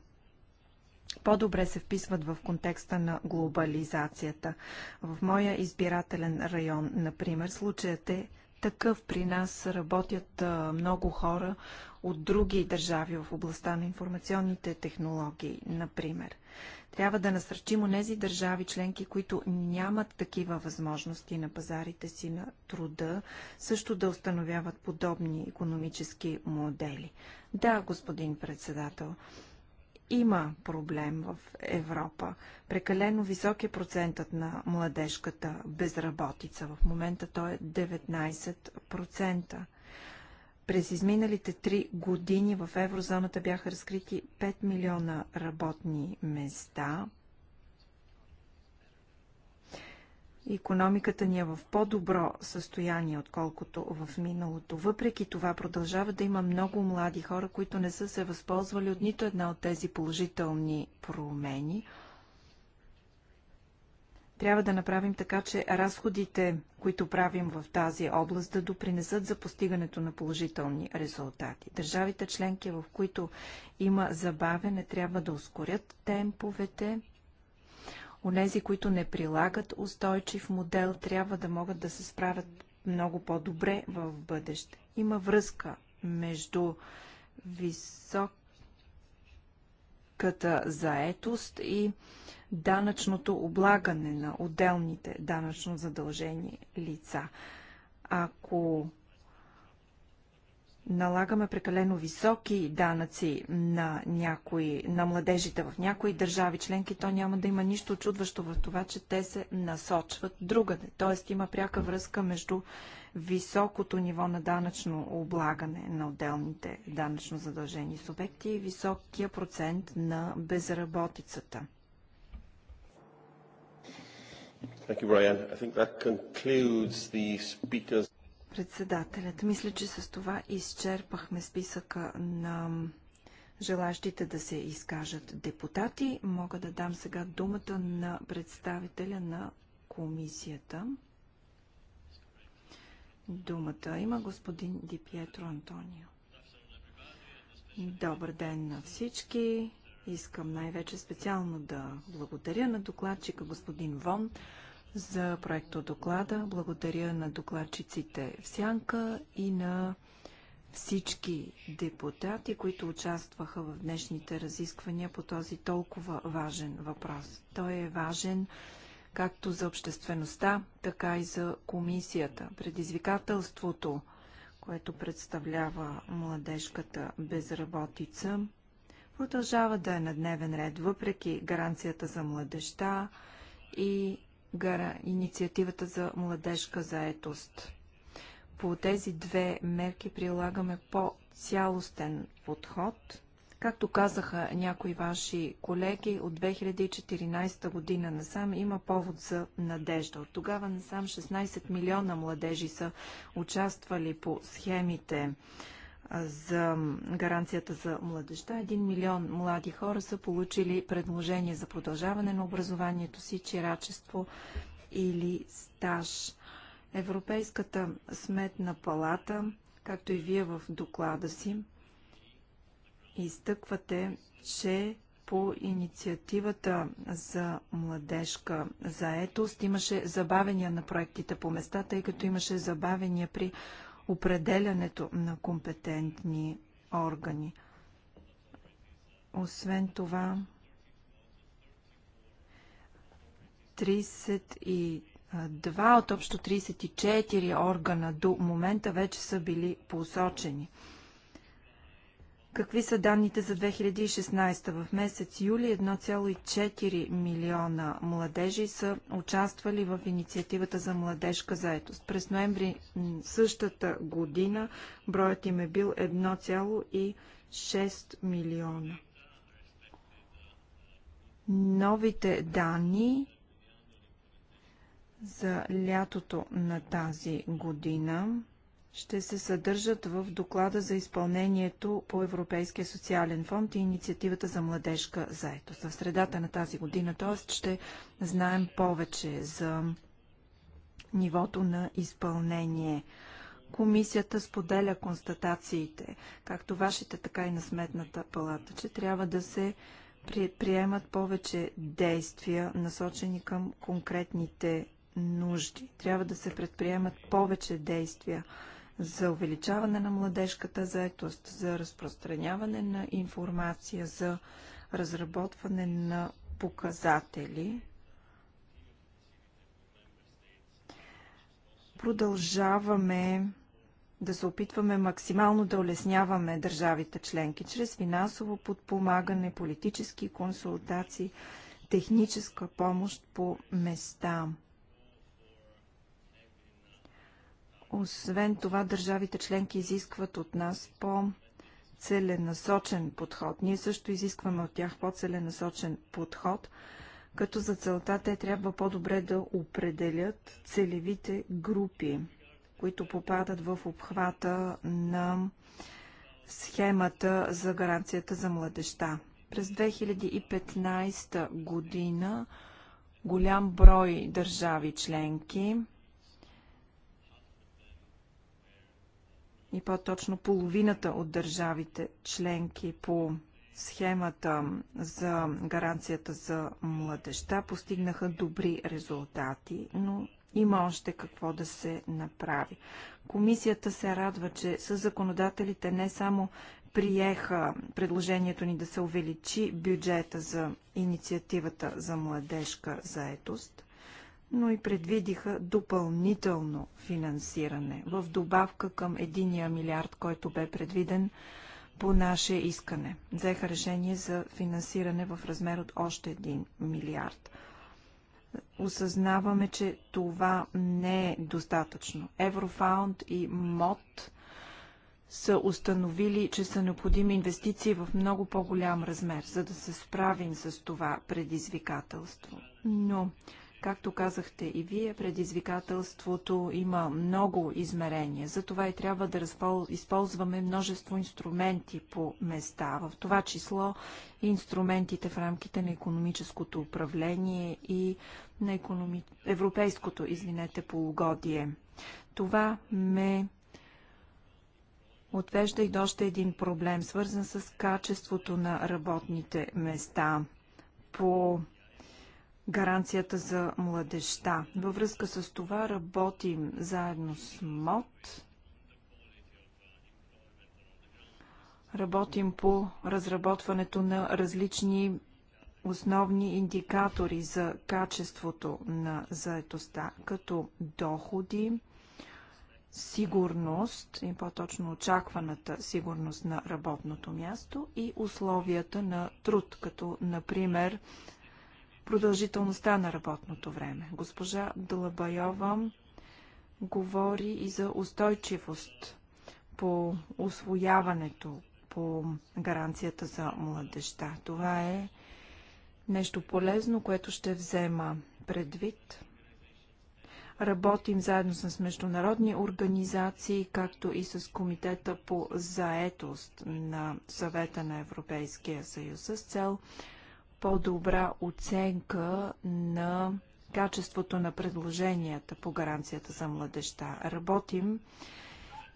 по-добре се вписват в контекста на глобализацията. В моя избирателен район, например, случаят е такъв. При нас работят много хора от други държави в областта на информационните технологии, например. Трябва да насърчим онези държави членки, които нямат такива възможности на пазарите си на труда, също да установяват подобни економически модели. Да, господин председател, има проблем в Европа. Прекалено висок е процентът на младежката безработица. В момента той е 19%. През изминалите три години в еврозоната бяха разкрити 5 милиона работни места – Економиката ни е в по-добро състояние, отколкото в миналото. Въпреки това продължава да има много млади хора, които не са се възползвали от нито една от тези положителни промени. Трябва да направим така, че разходите, които правим в тази област, да допринесат за постигането на положителни резултати. Държавите членки, в които има забавене, трябва да ускорят темповете, Онези, които не прилагат устойчив модел, трябва да могат да се справят много по-добре в бъдеще. Има връзка между високата заетост и данъчното облагане на отделните данъчно задължени лица. Ако налагаме прекалено високи данъци на, някои, на младежите в някои държави членки, то няма да има нищо чудващо в това, че те се насочват другаде. Тоест има пряка връзка между високото ниво на данъчно облагане на отделните данъчно задължени субекти и високия процент на безработицата. Thank you, Brian. I think that concludes the speakers. Председателят, мисля, че с това изчерпахме списъка на желащите да се изкажат депутати. Мога да дам сега думата на представителя на комисията. Думата има господин Ди Пьетро Антонио. Добър ден на всички. Искам най-вече специално да благодаря на докладчика господин Вон за проекто доклада. Благодаря на докладчиците в Сянка и на всички депутати, които участваха в днешните разисквания по този толкова важен въпрос. Той е важен както за обществеността, така и за комисията. Предизвикателството, което представлява младежката безработица, продължава да е на дневен ред, въпреки гаранцията за младеща и гара, инициативата за младежка заетост. По тези две мерки прилагаме по-цялостен подход. Както казаха някои ваши колеги, от 2014 година насам има повод за надежда. От тогава насам 16 милиона младежи са участвали по схемите за гаранцията за младеща. Един милион млади хора са получили предложение за продължаване на образованието си, чирачество или стаж. Европейската сметна палата, както и вие в доклада си, изтъквате, че по инициативата за младежка заетост имаше забавения на проектите по места, тъй като имаше забавения при определянето на компетентни органи. Освен това, 32 от общо 34 органа до момента вече са били посочени – Какви са данните за 2016? В месец юли 1,4 милиона младежи са участвали в инициативата за младежка заетост. През ноември същата година броят им е бил 1,6 милиона. Новите данни за лятото на тази година ще се съдържат в доклада за изпълнението по Европейския социален фонд и инициативата за младежка заетост. В средата на тази година, т.е. ще знаем повече за нивото на изпълнение. Комисията споделя констатациите, както вашите, така и на Сметната палата, че трябва да се приемат повече действия, насочени към конкретните нужди. Трябва да се предприемат повече действия за увеличаване на младежката заетост, за разпространяване на информация, за разработване на показатели. Продължаваме да се опитваме максимално да улесняваме държавите членки чрез финансово подпомагане, политически консултации, техническа помощ по места. Освен това, държавите членки изискват от нас по целенасочен подход. Ние също изискваме от тях по-целенасочен подход, като за целта те трябва по-добре да определят целевите групи, които попадат в обхвата на схемата за гаранцията за младеща. През 2015 година голям брой държави членки и по-точно половината от държавите членки по схемата за гаранцията за младеща постигнаха добри резултати, но има още какво да се направи. Комисията се радва, че с законодателите не само приеха предложението ни да се увеличи бюджета за инициативата за младежка заетост, но и предвидиха допълнително финансиране в добавка към единия милиард, който бе предвиден по наше искане. Взеха решение за финансиране в размер от още един милиард. Осъзнаваме, че това не е достатъчно. Еврофаунд и МОД са установили, че са необходими инвестиции в много по-голям размер, за да се справим с това предизвикателство. Но Както казахте и вие, предизвикателството има много измерения. Затова и трябва да разпол... използваме множество инструменти по места. В това число и инструментите в рамките на економическото управление и на економи... европейското, извинете, полугодие. Това ме отвежда и до още един проблем, свързан с качеството на работните места. По гаранцията за младеща. Във връзка с това работим заедно с МОД. Работим по разработването на различни основни индикатори за качеството на заетостта, като доходи, сигурност и по-точно очакваната сигурност на работното място и условията на труд, като например продължителността на работното време. Госпожа Долабайова говори и за устойчивост по освояването, по гаранцията за младеща. Това е нещо полезно, което ще взема предвид. Работим заедно с международни организации, както и с Комитета по заетост на Съвета на Европейския съюз с цел по-добра оценка на качеството на предложенията по гаранцията за младеща. Работим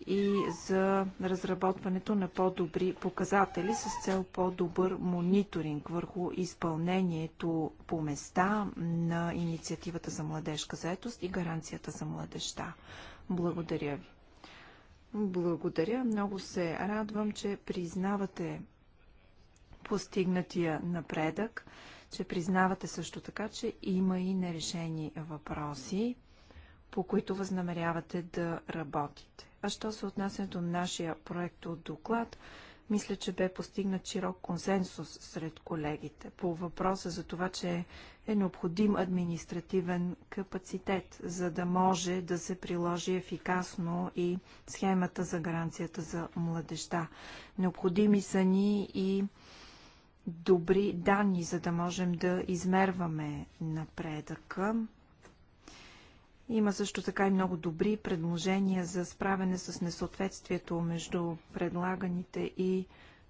и за разработването на по-добри показатели с цел по-добър мониторинг върху изпълнението по места на инициативата за младежка заетост и гаранцията за младеща. Благодаря ви. Благодаря. Много се радвам, че признавате постигнатия напредък, че признавате също така, че има и нерешени въпроси, по които възнамерявате да работите. А що се отнася до нашия проект от доклад, мисля, че бе постигнат широк консенсус сред колегите по въпроса за това, че е необходим административен капацитет, за да може да се приложи ефикасно и схемата за гаранцията за младеща. Необходими са ни и добри данни, за да можем да измерваме напредъка. Има също така и много добри предложения за справяне с несъответствието между предлаганите и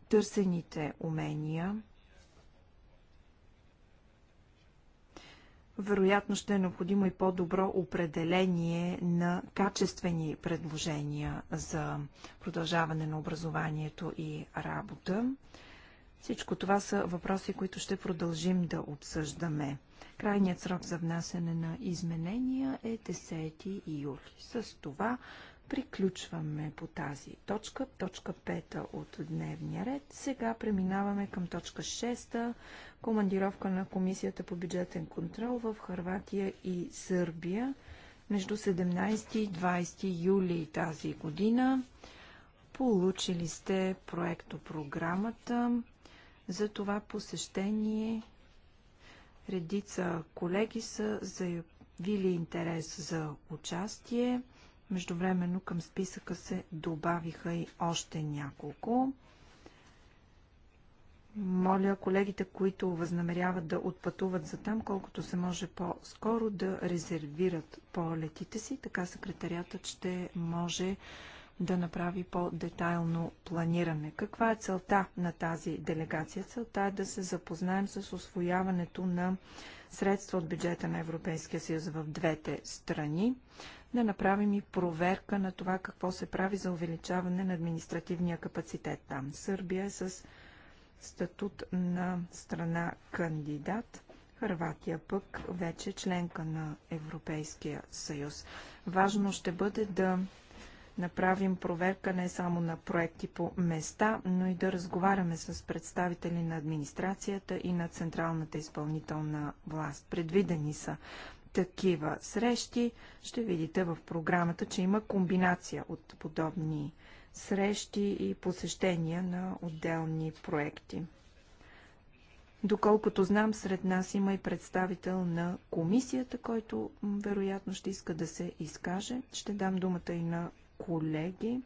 търсените умения. Вероятно ще е необходимо и по-добро определение на качествени предложения за продължаване на образованието и работа. Всичко това са въпроси, които ще продължим да обсъждаме. Крайният срок за внасяне на изменения е 10 юли. С това приключваме по тази точка, точка 5 от дневния ред. Сега преминаваме към точка 6, командировка на Комисията по бюджетен контрол в Харватия и Сърбия между 17 и 20 юли тази година. Получили сте проектопрограмата програмата за това посещение редица колеги са заявили интерес за участие. Междувременно към списъка се добавиха и още няколко. Моля колегите, които възнамеряват да отпътуват за там, колкото се може по-скоро да резервират полетите си, така секретариатът ще може да направи по-детайлно планиране. Каква е целта на тази делегация? Целта е да се запознаем с освояването на средства от бюджета на Европейския съюз в двете страни, да направим и проверка на това какво се прави за увеличаване на административния капацитет там. Сърбия е с статут на страна кандидат. Хърватия пък вече членка на Европейския съюз. Важно ще бъде да направим проверка не само на проекти по места, но и да разговаряме с представители на администрацията и на Централната изпълнителна власт. Предвидени са такива срещи. Ще видите в програмата, че има комбинация от подобни срещи и посещения на отделни проекти. Доколкото знам, сред нас има и представител на комисията, който вероятно ще иска да се изкаже. Ще дам думата и на колеги.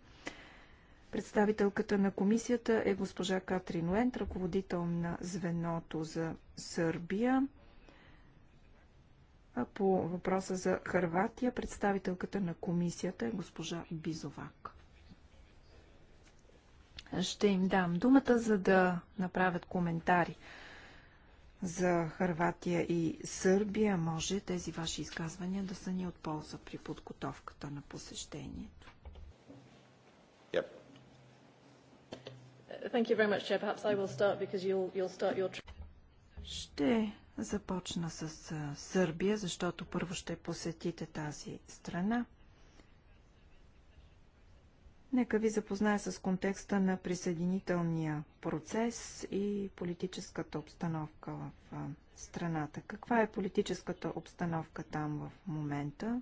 Представителката на комисията е госпожа Катрин Лент, ръководител на звеното за Сърбия. А по въпроса за Харватия, представителката на комисията е госпожа Бизовак. Ще им дам думата, за да направят коментари за Харватия и Сърбия. Може тези ваши изказвания да са ни от полза при подготовката на посещението. Thank you very much, Chair. Perhaps I will start because you'll, you'll start your... Ще започна с Сърбия, защото първо ще посетите тази страна. Нека ви запозная с контекста на присъединителния процес и политическата обстановка в страната. Каква е политическата обстановка там в момента?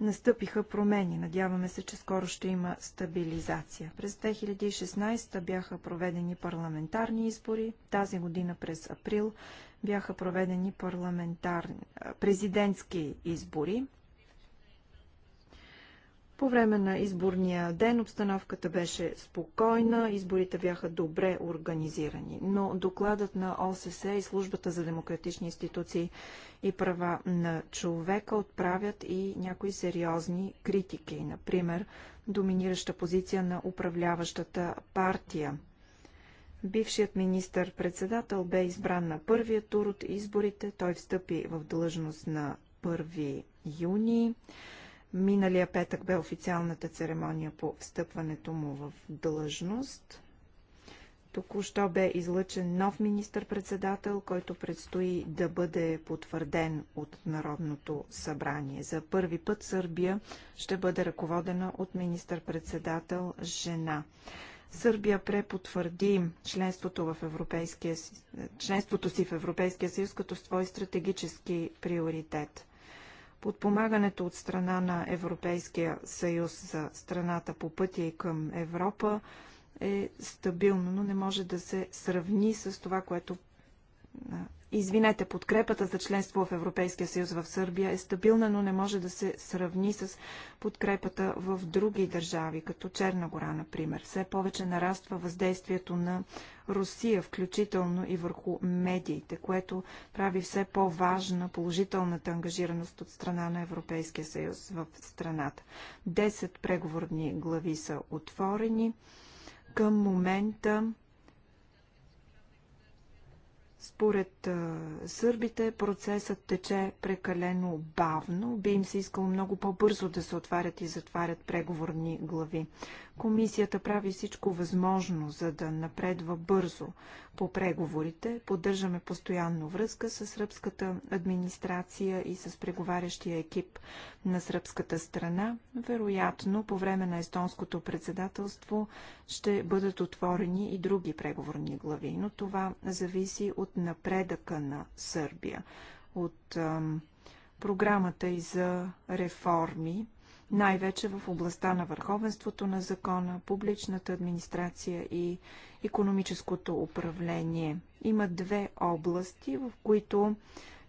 настъпиха промени. Надяваме се, че скоро ще има стабилизация. През 2016 бяха проведени парламентарни избори. Тази година през април бяха проведени парламентарни президентски избори. По време на изборния ден обстановката беше спокойна, изборите бяха добре организирани, но докладът на ОССЕ и Службата за демократични институции и права на човека отправят и някои сериозни критики, например доминираща позиция на управляващата партия. Бившият министър-председател бе избран на първия тур от изборите, той встъпи в длъжност на 1 юни. Миналия петък бе официалната церемония по встъпването му в длъжност. Току-що бе излъчен нов министър-председател, който предстои да бъде потвърден от Народното събрание. За първи път Сърбия ще бъде ръководена от министър-председател жена. Сърбия препотвърди членството, в Европейския, членството си в Европейския съюз като свой стратегически приоритет подпомагането от страна на Европейския съюз за страната по пътя и към Европа е стабилно, но не може да се сравни с това, което Извинете, подкрепата за членство в Европейския съюз в Сърбия е стабилна, но не може да се сравни с подкрепата в други държави, като Черна гора, например. Все повече нараства въздействието на Русия, включително и върху медиите, което прави все по-важна положителната ангажираност от страна на Европейския съюз в страната. Десет преговорни глави са отворени. Към момента според а, сърбите процесът тече прекалено бавно. Би им се искало много по-бързо да се отварят и затварят преговорни глави. Комисията прави всичко възможно, за да напредва бързо по преговорите. Поддържаме постоянно връзка с сръбската администрация и с преговарящия екип на сръбската страна. Вероятно, по време на естонското председателство ще бъдат отворени и други преговорни глави, но това зависи от напредъка на Сърбия, от програмата и за реформи, най-вече в областта на върховенството на закона, публичната администрация и економическото управление. Има две области, в които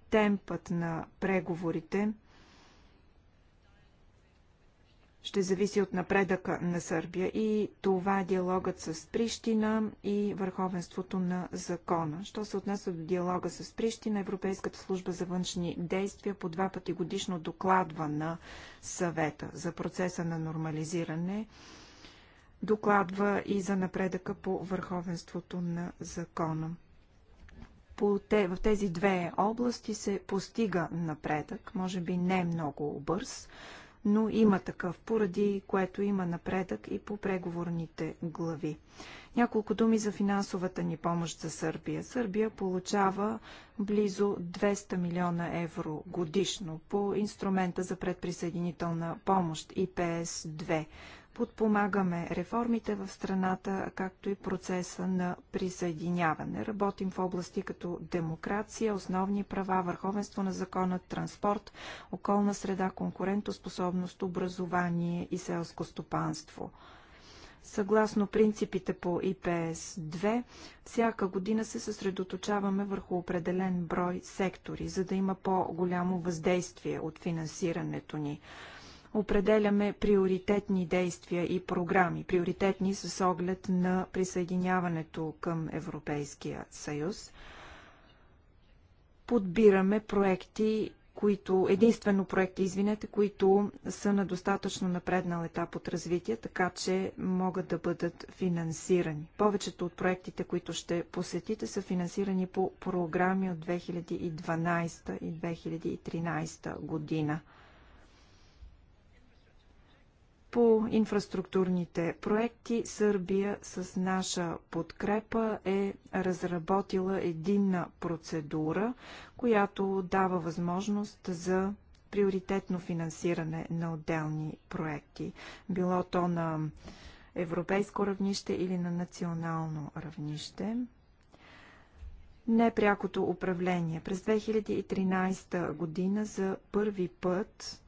темпът на преговорите – ще зависи от напредъка на Сърбия и това е диалогът с Прищина и върховенството на закона. Що се отнася до диалога с Прищина, Европейската служба за външни действия по два пъти годишно докладва на съвета за процеса на нормализиране, докладва и за напредъка по върховенството на закона по те, в тези две области се постига напредък, може би не много бърз, но има такъв, поради което има напредък и по преговорните глави. Няколко думи за финансовата ни помощ за Сърбия. Сърбия получава близо 200 милиона евро годишно по инструмента за предприсъединителна помощ ИПС-2. Подпомагаме реформите в страната, както и процеса на присъединяване. Работим в области като демокрация, основни права, върховенство на закона, транспорт, околна среда, конкурентоспособност, образование и селско стопанство. Съгласно принципите по ИПС-2, всяка година се съсредоточаваме върху определен брой сектори, за да има по-голямо въздействие от финансирането ни определяме приоритетни действия и програми, приоритетни с оглед на присъединяването към Европейския съюз. Подбираме проекти, които, единствено проекти, извинете, които са на достатъчно напреднал етап от развитие, така че могат да бъдат финансирани. Повечето от проектите, които ще посетите, са финансирани по програми от 2012 и 2013 година по инфраструктурните проекти Сърбия с наша подкрепа е разработила единна процедура, която дава възможност за приоритетно финансиране на отделни проекти, било то на европейско равнище или на национално равнище непрякото управление. През 2013 година за първи път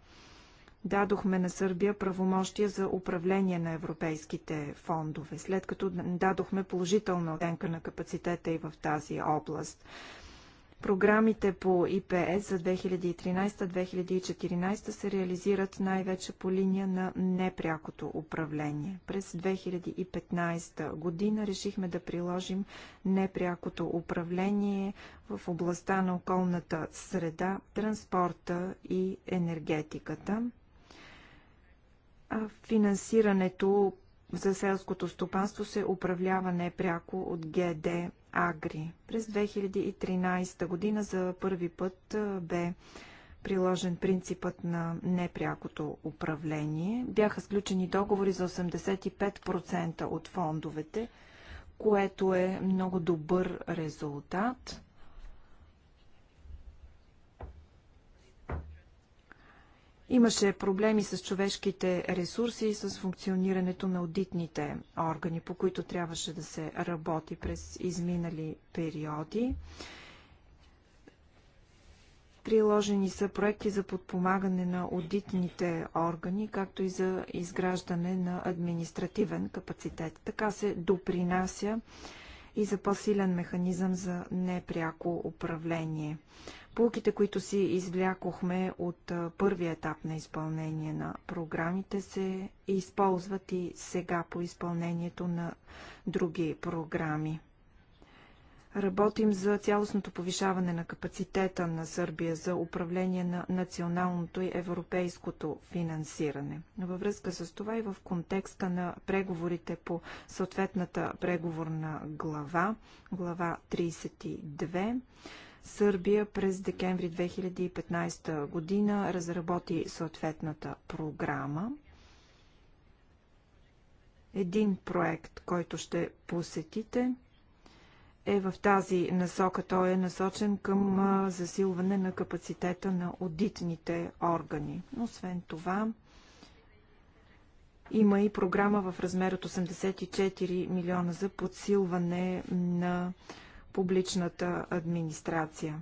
дадохме на Сърбия правомощия за управление на европейските фондове, след като дадохме положителна оценка на капацитета и в тази област. Програмите по ИПС за 2013-2014 се реализират най-вече по линия на непрякото управление. През 2015 година решихме да приложим непрякото управление в областта на околната среда, транспорта и енергетиката финансирането за селското стопанство се управлява непряко от ГД Агри. През 2013 година за първи път бе приложен принципът на непрякото управление. Бяха сключени договори за 85% от фондовете, което е много добър резултат. Имаше проблеми с човешките ресурси и с функционирането на аудитните органи, по които трябваше да се работи през изминали периоди. Приложени са проекти за подпомагане на аудитните органи, както и за изграждане на административен капацитет. Така се допринася и за по-силен механизъм за непряко управление. Полуките, които си извлякохме от първия етап на изпълнение на програмите, се използват и сега по изпълнението на други програми. Работим за цялостното повишаване на капацитета на Сърбия за управление на националното и европейското финансиране. Във връзка с това и в контекста на преговорите по съответната преговорна глава, глава 32, Сърбия през декември 2015 година разработи съответната програма. Един проект, който ще посетите, е в тази насока. Той е насочен към засилване на капацитета на аудитните органи. Освен това, има и програма в размер от 84 милиона за подсилване на публичната администрация.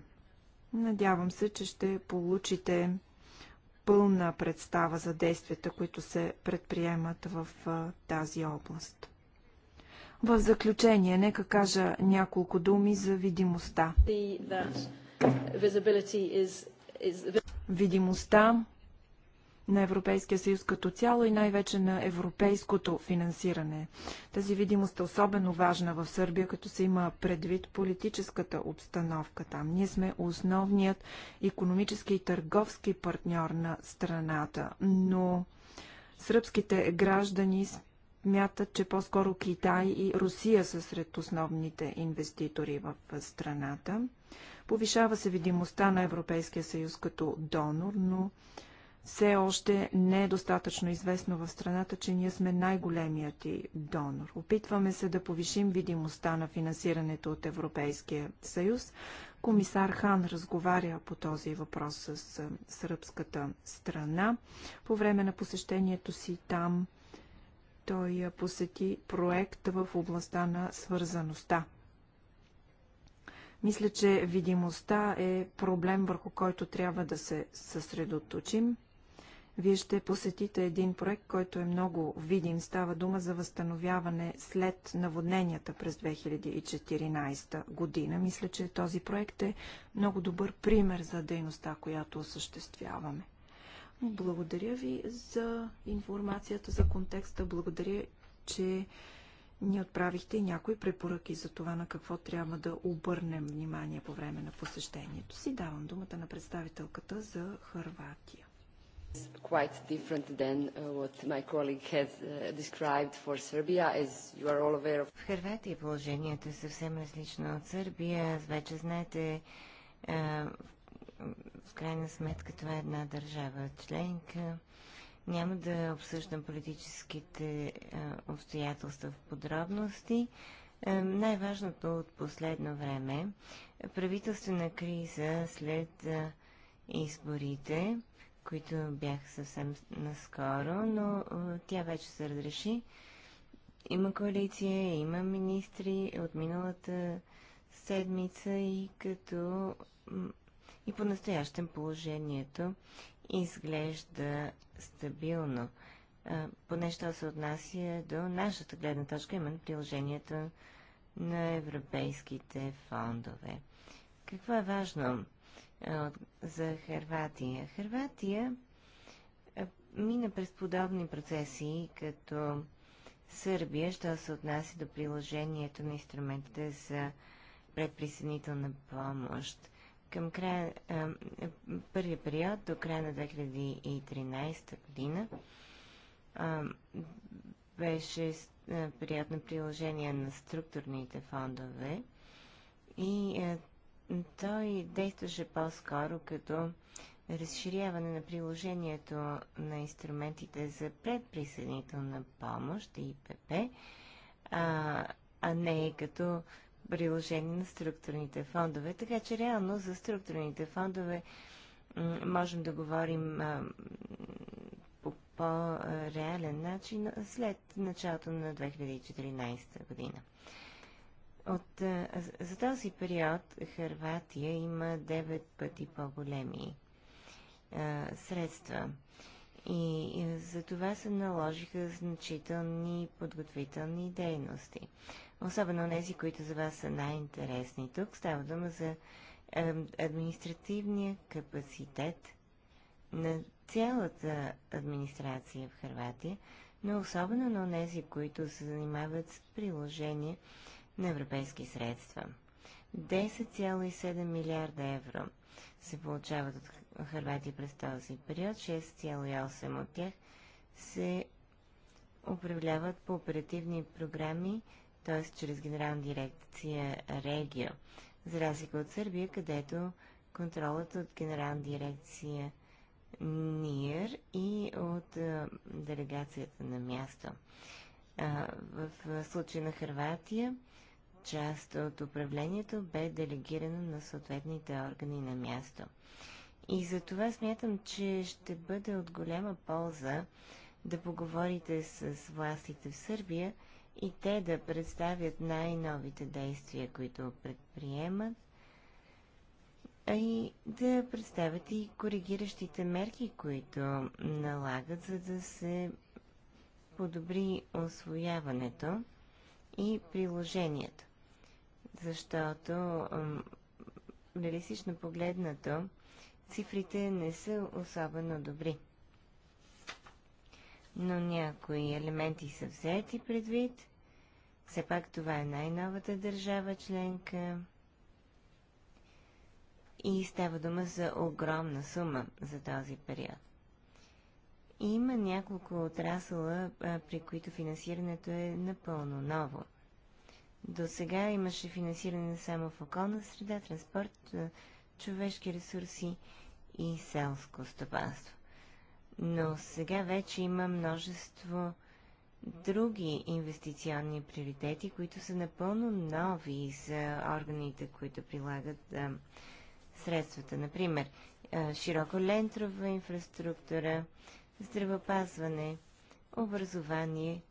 Надявам се, че ще получите пълна представа за действията, които се предприемат в тази област. В заключение, нека кажа няколко думи за видимостта. Видимостта на Европейския съюз като цяло и най-вече на европейското финансиране. Тази видимост е особено важна в Сърбия, като се има предвид политическата обстановка там. Ние сме основният економически и търговски партньор на страната, но сръбските граждани мятат, че по-скоро Китай и Русия са сред основните инвеститори в страната. Повишава се видимостта на Европейския съюз като донор, но все още не е достатъчно известно в страната, че ние сме най-големият и донор. Опитваме се да повишим видимостта на финансирането от Европейския съюз. Комисар Хан разговаря по този въпрос с сръбската страна. По време на посещението си там той посети проект в областта на свързаността. Мисля, че видимостта е проблем, върху който трябва да се съсредоточим. Вие ще посетите един проект, който е много видим. Става дума за възстановяване след наводненията през 2014 година. Мисля, че този проект е много добър пример за дейността, която осъществяваме. Благодаря ви за информацията, за контекста. Благодаря, че ни отправихте някои препоръки за това на какво трябва да обърнем внимание по време на посещението си. Давам думата на представителката за Харватия quite different than uh, what my colleague has uh, described for Serbia, as you are all aware of. В Хърватия положението е съвсем различно от Сърбия. Вече знаете, е, в крайна сметка това е една държава членка. Няма да обсъждам политическите е, обстоятелства в подробности. Е, най-важното от последно време правителствена криза след изборите – които бях съвсем наскоро, но тя вече се разреши. Има коалиция, има министри от миналата седмица и като и по настоящем положението изглежда стабилно. Поне що се отнася до нашата гледна точка, именно приложението на европейските фондове. Какво е важно? за Харватия. Харватия мина през подобни процеси, като Сърбия, що се отнася до приложението на инструментите за предприсъединителна помощ. Към края, първият първия период до края на 2013 година беше а, период на приложение на структурните фондове и той действаше по-скоро като разширяване на приложението на инструментите за предприсъединителна помощ и ИПП, а, а не като приложение на структурните фондове. Така че реално за структурните фондове можем да говорим а, по по-реален начин след началото на 2014 година. От, за този период Харватия има 9 пъти по-големи средства. И, за това се наложиха значителни подготвителни дейности. Особено тези, които за вас са най-интересни. Тук става дума за административния капацитет на цялата администрация в Харватия, но особено на тези, които се занимават с приложение на европейски средства. 10,7 милиарда евро се получават от Харватия през този период, 6,8 от тях се управляват по оперативни програми, т.е. чрез Генерална дирекция Регио, за разлика от Сърбия, където контролът от Генерална дирекция НИР и от делегацията на място. в, случай случая на Харватия част от управлението бе делегирано на съответните органи на място. И за това смятам, че ще бъде от голяма полза да поговорите с властите в Сърбия и те да представят най-новите действия, които предприемат, а и да представят и коригиращите мерки, които налагат, за да се подобри освояването и приложението защото реалистично погледнато цифрите не са особено добри. Но някои елементи са взети предвид. Все пак това е най-новата държава членка. И става дума за огромна сума за този период. Има няколко отрасъла, при които финансирането е напълно ново – до сега имаше финансиране само в околна среда, транспорт, е, човешки ресурси и селско стопанство. Но сега вече има множество други инвестиционни приоритети, които са напълно нови за органите, които прилагат а, е, средствата. Например, а, е, широко лентрова инфраструктура, здравопазване, образование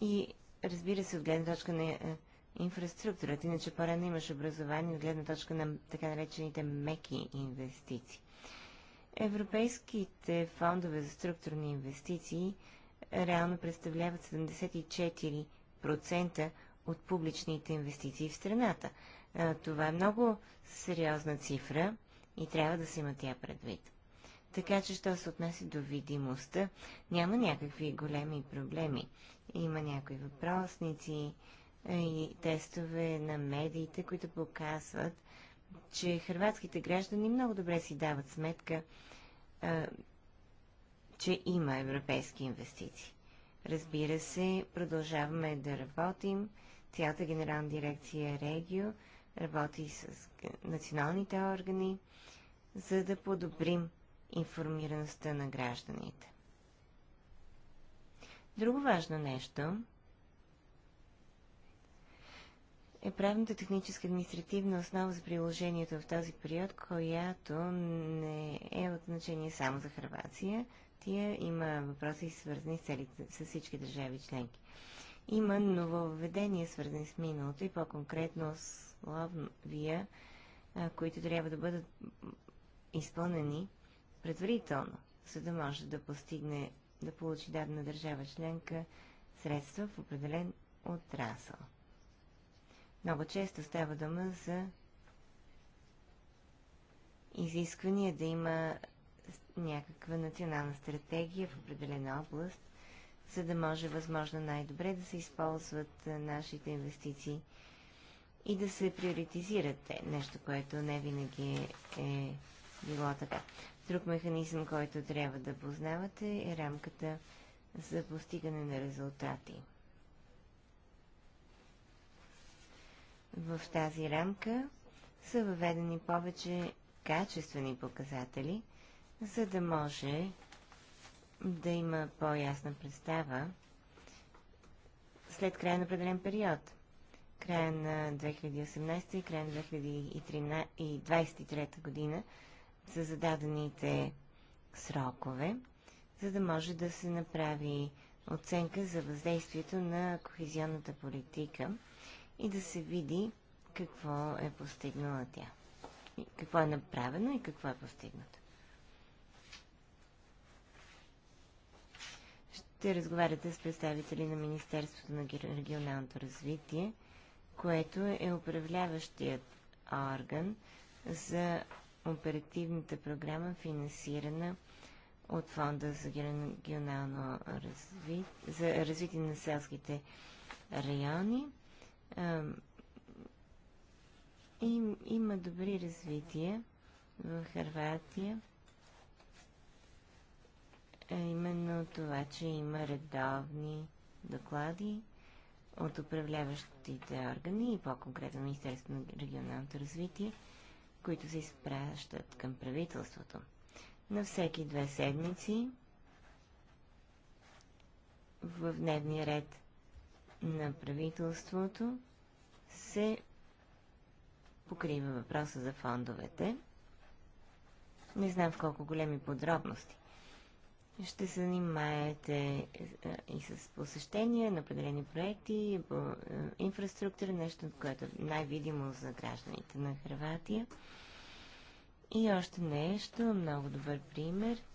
и, разбира се, от гледна точка на инфраструктурата. Иначе по-рано имаш образование от гледна точка на така наречените меки инвестиции. Европейските фондове за структурни инвестиции реално представляват 74% от публичните инвестиции в страната. Това е много сериозна цифра и трябва да се има тя предвид. Така че, що се отнася до видимостта, няма някакви големи проблеми. Има някои въпросници, е, и тестове на медиите, които показват, че хрватските граждани много добре си дават сметка, а, че има европейски инвестиции. Разбира се, продължаваме да работим. Цялата генерална дирекция Регио работи с националните органи, за да подобрим информираността на гражданите. Друго важно нещо е правната техническа административна основа за приложението в този период, която не е от значение само за Хрвация. Тия има въпроси свързани с целите с всички държави членки. Има нововведения, свързани с миналото и по-конкретно с лавния, които трябва да бъдат изпълнени предварително, за да може да постигне, да получи дадена държава членка средства в определен отрасъл. Много често става дума за изисквания да има някаква национална стратегия в определена област, за да може възможно най-добре да се използват нашите инвестиции и да се приоритизират те, нещо, което не винаги е било така. Друг механизъм, който трябва да познавате е рамката за постигане на резултати. В тази рамка са въведени повече качествени показатели, за да може да има по-ясна представа след края на определен период. Края на 2018 и края на 2023 година са зададените срокове, за да може да се направи оценка за въздействието на кохезионната политика и да се види какво е постигнала тя. И какво е направено и какво е постигнато. Ще разговаряте с представители на Министерството на регионалното развитие, което е управляващият орган за оперативната програма, финансирана от Фонда за регионално развитие, за развитие на селските райони им, има добри развития в Харватия. А именно това, че има редовни доклади от управляващите органи и по-конкретно Министерството на регионалното развитие, които се изпращат към правителството. На всеки две седмици в дневния ред на правителството се покрива въпроса за фондовете. Не знам в колко големи подробности. Ще се занимаете е, и с посещения на определени проекти, е, инфраструктура, нещо, което е най-видимо за гражданите на Хрватия. И още нещо, много добър пример –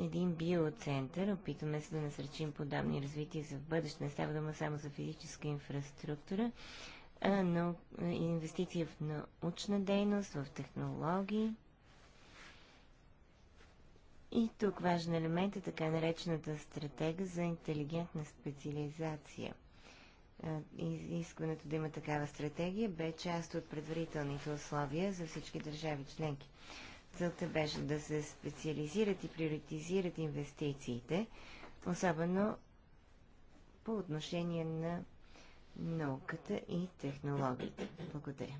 един биоцентър. Опитваме се да насръчим подобни развития за в бъдеще. Не става дума само за физическа инфраструктура, а но инвестиция в научна дейност, в технологии. И тук важен елемент е така наречената стратега за интелигентна специализация. Изискването да има такава стратегия бе част от предварителните условия за всички държави членки. Целта беше да се специализират и приоритизират инвестициите, особено по отношение на науката и технологиите. Благодаря.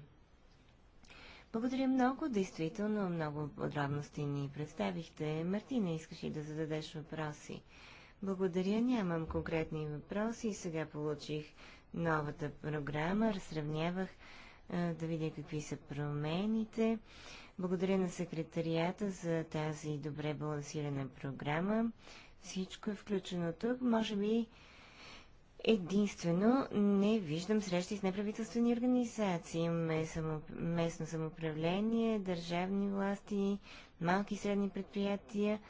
Благодаря много. Действително много подробности ни представихте. Мартина, искаш ли да зададеш въпроси? Благодаря, нямам конкретни въпроси. Сега получих новата програма, разсравнявах да видя какви са промените. Благодаря на секретарията за тази добре балансирана програма. Всичко е включено тук. Може би единствено не виждам срещи с неправителствени организации. Имаме само, местно самоуправление, държавни власти, малки и средни предприятия,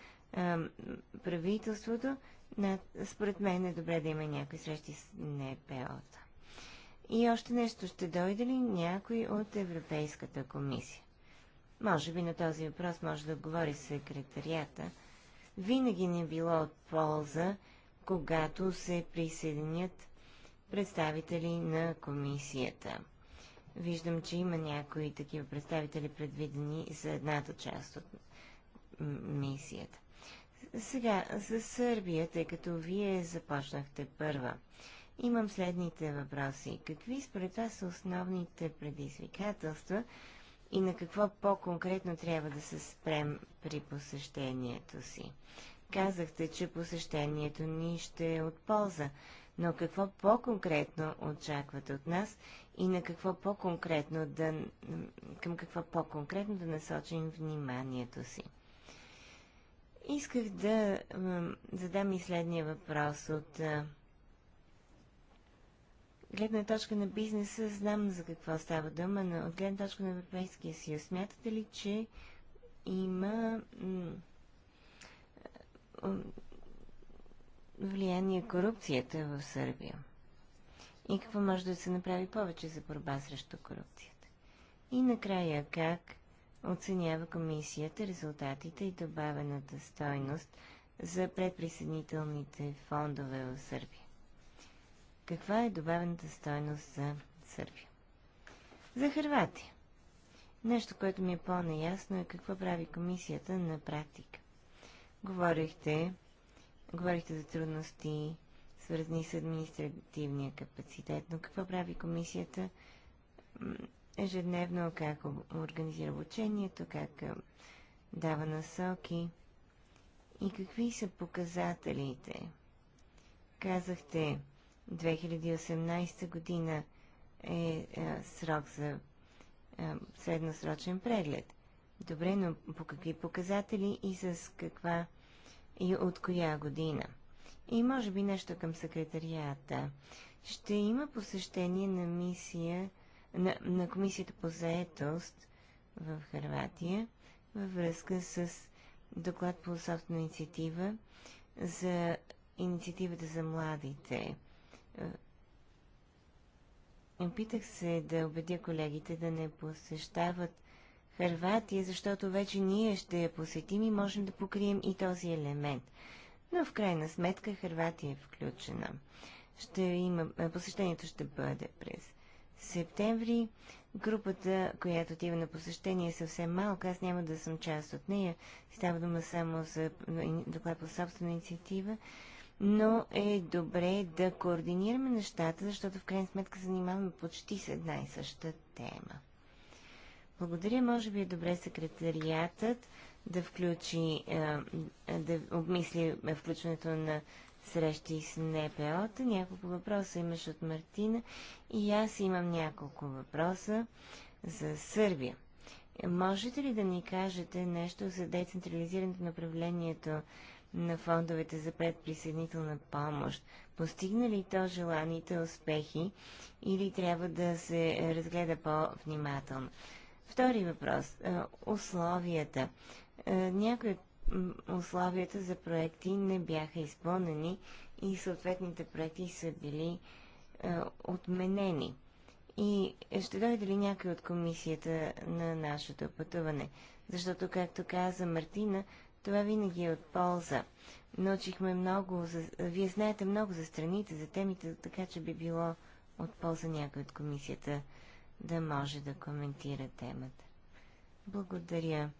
правителството. Според мен е добре да има някои срещи с НПО-та. И още нещо, ще дойде ли някой от Европейската комисия? Може би на този въпрос може да отговори секретарията. Винаги не било от полза, когато се присъединят представители на комисията. Виждам, че има някои такива представители предвидени за едната част от мисията. Сега, за Сърбия, тъй като вие започнахте първа, имам следните въпроси. Какви според вас са основните предизвикателства, и на какво по-конкретно трябва да се спрем при посещението си. Казахте, че посещението ни ще е от полза, но какво по-конкретно очаквате от нас и на какво по-конкретно да, към какво по-конкретно да насочим вниманието си? Исках да задам и следния въпрос от гледна точка на бизнеса знам за какво става дума, но от гледна точка на Европейския съюз, смятате ли, че има влияние корупцията в Сърбия? И какво може да се направи повече за борба срещу корупцията? И накрая как оценява комисията резултатите и добавената стойност за предприсъединителните фондове в Сърбия? Каква е добавената стойност за Сърбия? За Харватия. Нещо, което ми е по-неясно е какво прави комисията на практика. Говорихте, говорихте за трудности, свързани с административния капацитет, но какво прави комисията ежедневно, как организира обучението, как дава насоки и какви са показателите. Казахте, 2018 година е, е срок за е, средносрочен преглед. Добре, но по какви показатели и с каква и от коя година? И може би нещо към секретарията. Ще има посещение на мисия на, на комисията по заетост в Харватия във връзка с доклад по собствена инициатива за инициативата за младите Опитах е, се да убедя колегите да не посещават Харватия, защото вече ние ще я посетим и можем да покрием и този елемент. Но в крайна сметка Харватия е включена. Ще има, е, посещението ще бъде през септември. Групата, която отива на посещение е съвсем малка, аз няма да съм част от нея. Става дума само за доклад по собствена инициатива но е добре да координираме нещата, защото в крайна сметка занимаваме почти с една и съща тема. Благодаря, може би е добре секретариатът да включи, е, да обмисли е, включването на срещи с НПО-та. Няколко въпроса имаш от Мартина и аз имам няколко въпроса за Сърбия. Можете ли да ни кажете нещо за децентрализирането на управлението на фондовете за предприсъединителна помощ. Постигна ли то желаните успехи или трябва да се разгледа по-внимателно? Втори въпрос. Е, условията. Е, някои от условията за проекти не бяха изпълнени и съответните проекти са били е, отменени. И ще дойде ли някой от комисията на нашето пътуване? Защото, както каза Мартина, това винаги е от полза. Научихме много, за... вие знаете много за страните, за темите, така че би било от полза някой от комисията да може да коментира темата. Благодаря.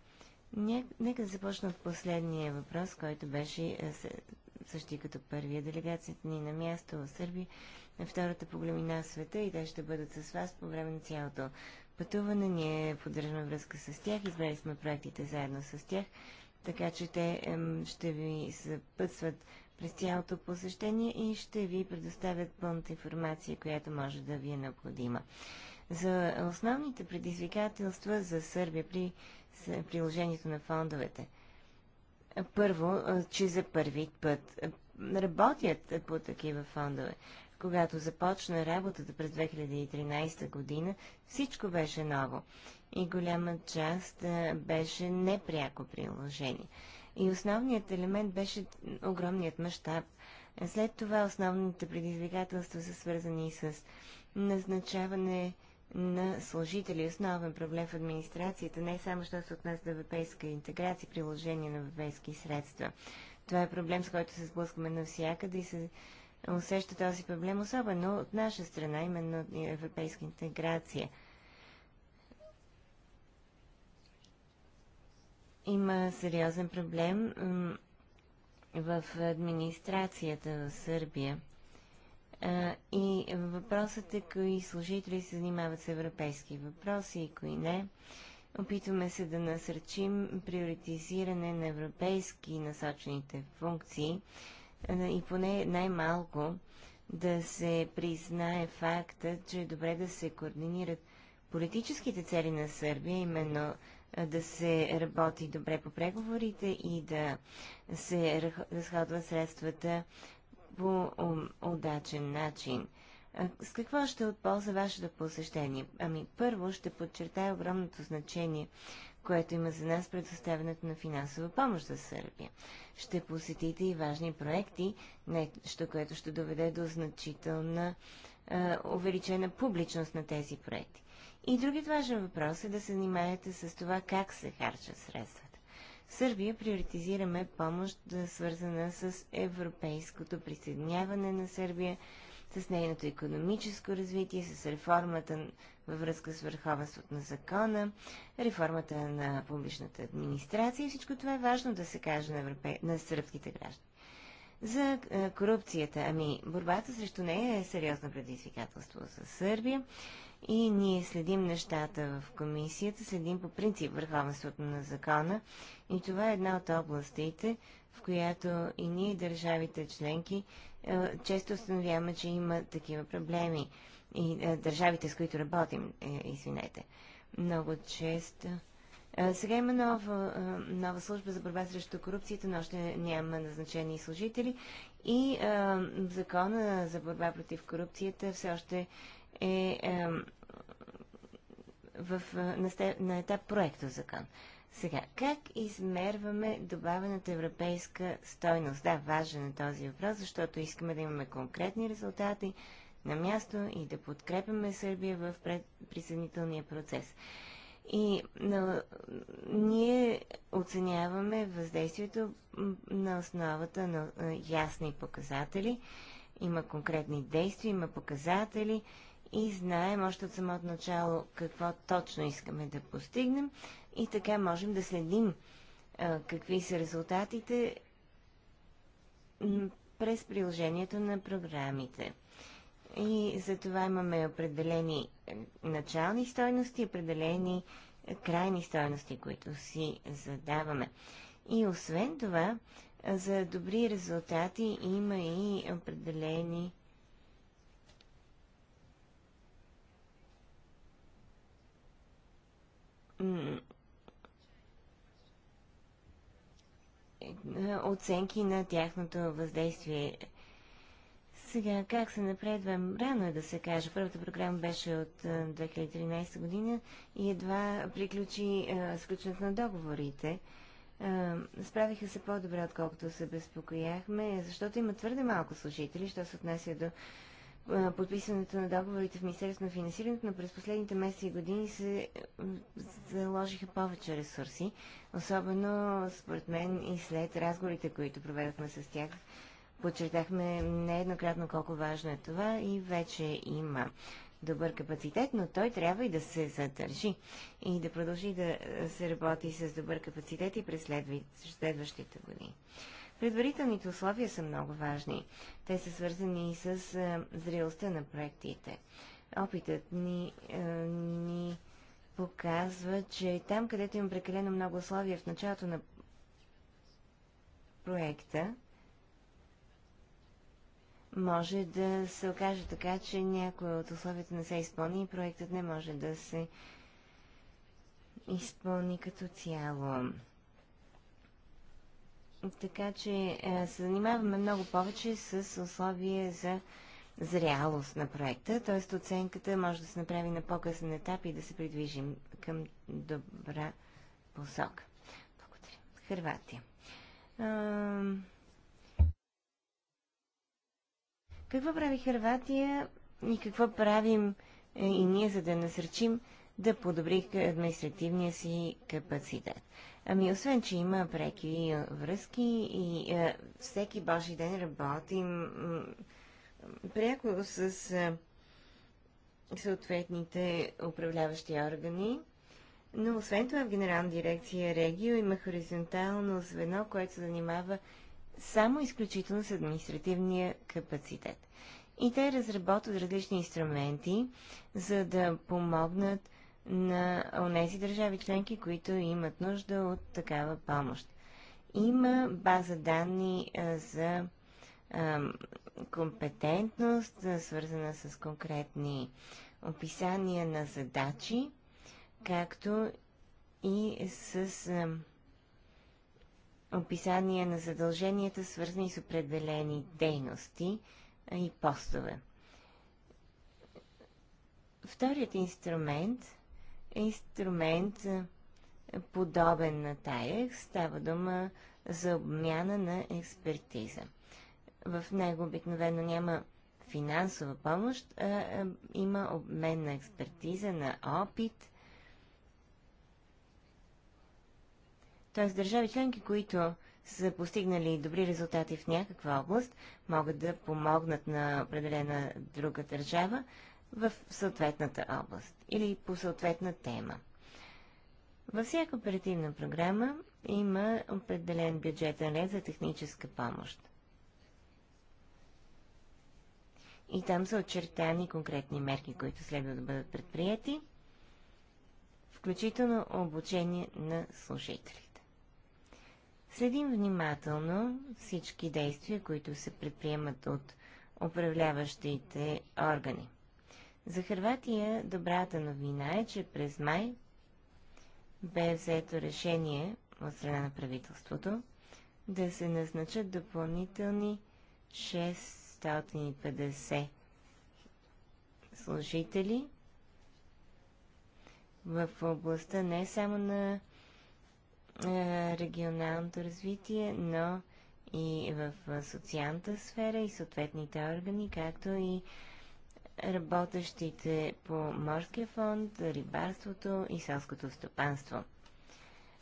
Нека започна от последния въпрос, който беше е, също като първия. Делегацията ни е на място в Сърбия на втората по големина света и те ще бъдат с вас по време на цялото пътуване. Ние поддържаме връзка с тях, избрали сме проектите заедно с тях така че те ще ви съпътстват през цялото посещение и ще ви предоставят пълната информация, която може да ви е необходима. За основните предизвикателства за Сърбия при приложението на фондовете. Първо, е, че за първи път е, работят по такива фондове. Когато започна работата през 2013 година, всичко беше ново и голяма част беше непряко приложение. И основният елемент беше огромният мащаб. След това основните предизвикателства са свързани с назначаване на служители. Основен проблем в администрацията не е само, що се отнася до европейска интеграция, приложение на европейски средства. Това е проблем, с който се сблъскваме навсякъде и се усеща този проблем, особено от наша страна, именно от европейска интеграция – Има сериозен проблем в администрацията в Сърбия. И въпросът е кои служители се занимават с европейски въпроси и кои не. Опитваме се да насърчим приоритизиране на европейски насочените функции и поне най-малко да се признае факта, че е добре да се координират политическите цели на Сърбия, именно да се работи добре по преговорите и да се разходват средствата по удачен начин. С какво ще е отползва вашето посещение? Ами първо ще подчертая огромното значение, което има за нас предоставянето на финансова помощ за Сърбия. Ще посетите и важни проекти, нещо, което ще доведе до значителна увеличена публичност на тези проекти. И другият важен въпрос е да се занимаете с това как се харчат средствата. В Сърбия приоритизираме помощ, свързана с европейското присъединяване на Сърбия, с нейното економическо развитие, с реформата във връзка с върховенството на закона, реформата на публичната администрация. всичко това е важно да се каже на, европе... на сръбските граждани. За е, корупцията, ами борбата срещу нея е сериозно предизвикателство за Сърбия и ние следим нещата в комисията, следим по принцип върховенството на закона и това е една от областите, в която и ние, държавите членки, е, често установяваме, че има такива проблеми. И е, държавите, с които работим, е, извинете, много често. Сега има нова, нова служба за борба срещу корупцията, но още няма назначени служители. И а, закона за борба против корупцията все още е, е в, е, на, на етап проекта закон. Сега, как измерваме добавената европейска стойност? Да, важен е този въпрос, защото искаме да имаме конкретни резултати на място и да подкрепяме Сърбия в присъединителния процес. И но, ние оценяваме въздействието на основата на, на е, ясни показатели. Има конкретни действия, има показатели, и знаем още от самото начало какво точно искаме да постигнем и така можем да следим а, какви са резултатите през приложението на програмите. И за това имаме определени е, начални стойности, определени е, крайни стойности, които си задаваме. И освен това, е, за добри резултати има и определени оценки на тяхното въздействие. Сега, как се напредва? Рано е да се каже. Първата програма беше от 2013 година и едва приключи сключването на договорите. справиха се по-добре, отколкото се безпокояхме, защото има твърде малко служители, що се отнася до подписването на договорите в Министерството на финансирането, но през последните месеци и години се заложиха повече ресурси, особено според мен и след разговорите, които проведохме с тях. Подчертахме нееднократно колко важно е това и вече има добър капацитет, но той трябва и да се задържи и да продължи да се работи с добър капацитет и през следващите години. Предварителните условия са много важни. Те са свързани и с а, е, зрелостта на проектите. Опитът ни, а, е, ни показва, че там, където има прекалено много условия в началото на проекта, може да се окаже така, че някои от условията не се изпълни и проектът не може да се изпълни като цяло. Така че е, се занимаваме много повече с условия за зрялост на проекта, т.е. оценката може да се направи на по-късен етап и да се придвижим към добра посока. Благодаря. Хрватия. Какво прави Хрватия и какво правим е, и ние, за да насърчим да подобри административния си капацитет? Ами, освен, че има преки връзки и е, всеки божи ден работим пряко с е, съответните управляващи органи. Но освен това в Генерална дирекция Регио има хоризонтално звено, което се занимава само изключително с административния капацитет. И те разработват различни инструменти, за да помогнат на онези държави членки, които имат нужда от такава помощ. Има база данни за компетентност, свързана с конкретни описания на задачи, както и с описания на задълженията, свързани с определени дейности и постове. Вторият инструмент инструмент е, подобен на тая, Става дума за обмяна на експертиза. В него обикновено няма финансова помощ, а, а, има обмен на експертиза, на опит. Тоест държави членки, които са постигнали добри резултати в някаква област, могат да помогнат на определена друга държава, в съответната област или по съответна тема. Във всяка оперативна програма има определен бюджетен ред за техническа помощ. И там са очертани конкретни мерки, които следва да бъдат предприяти, включително обучение на служителите. Следим внимателно всички действия, които се предприемат от управляващите органи. За Хърватия добрата новина е, че през май бе взето решение от страна на правителството да се назначат допълнителни 650 служители в областта не само на регионалното развитие, но и в социалната сфера и съответните органи, както и работещите по морския фонд, рибарството и селското стопанство.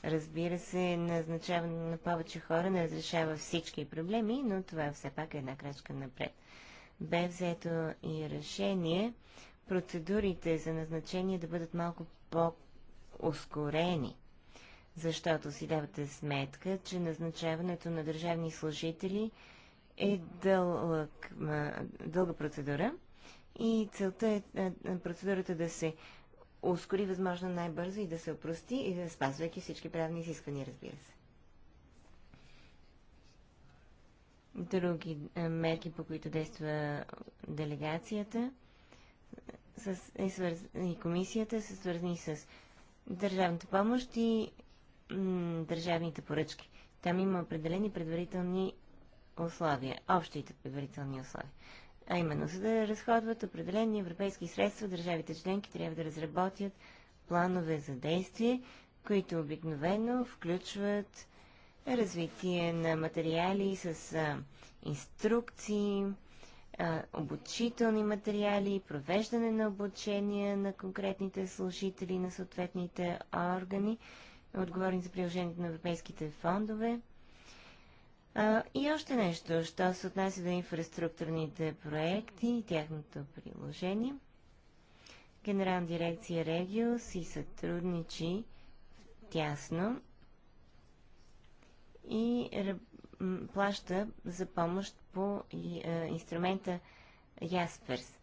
Разбира се, назначаване на повече хора не разрешава всички проблеми, но това все пак е една крачка напред. Бе взето и решение процедурите за назначение да бъдат малко по-ускорени, защото си давате сметка, че назначаването на държавни служители е дълъг, дълга процедура – и целта е, е, е процедурата да се ускори възможно най-бързо и да се опрости, и е, да спазвайки всички правни изисквания, разбира се. Други мерки, по които действа делегацията с, е свърз, и комисията, са свързани с държавната помощ и държавните поръчки. Там има определени предварителни условия, общите предварителни условия. А именно, за да разходват определени европейски средства, държавите членки трябва да разработят планове за действие, които обикновено включват развитие на материали с а, инструкции, а, обучителни материали, провеждане на обучения на конкретните служители на съответните органи, отговорни за приложението на европейските фондове – а, и още нещо, що се отнася до инфраструктурните проекти и тяхното приложение. Генерална дирекция Регио си сътрудничи тясно и плаща за помощ по инструмента Ясперс.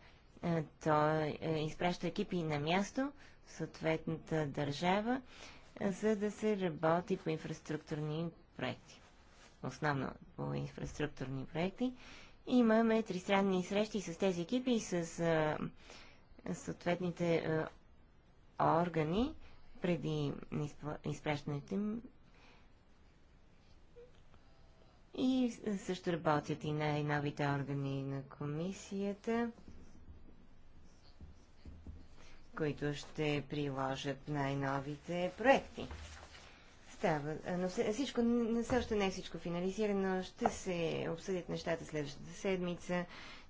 Той е, изпраща екипи на място в съответната държава, за да се работи по инфраструктурни проекти основно по инфраструктурни проекти. Имаме тристранни срещи с тези екипи и с а, съответните а, органи преди изпращането им. И също работят и най-новите органи на комисията, които ще приложат най-новите проекти става. Но всичко, все още не е всичко финализирано. Ще се обсъдят нещата следващата седмица.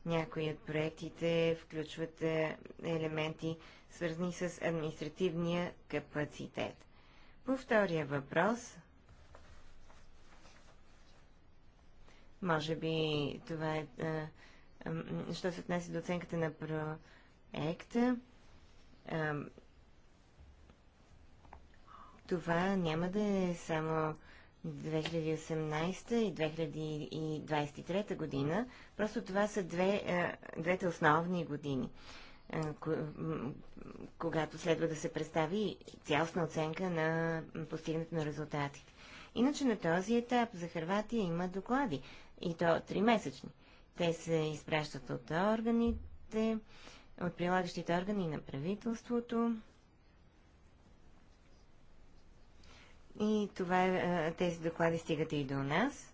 Някои от проектите включват елементи, свързани с административния капацитет. По втория въпрос, може би това е, що се отнася до оценката на проекта, това няма да е само 2018 и 2023 година. Просто това са две, двете основни години, когато следва да се представи цялостна оценка на постигнато на резултатите. Иначе на този етап за Харватия има доклади, и то три месечни. Те се изпращат от органите, от прилагащите органи на правителството, И това, е, е, тези доклади стигат и до нас.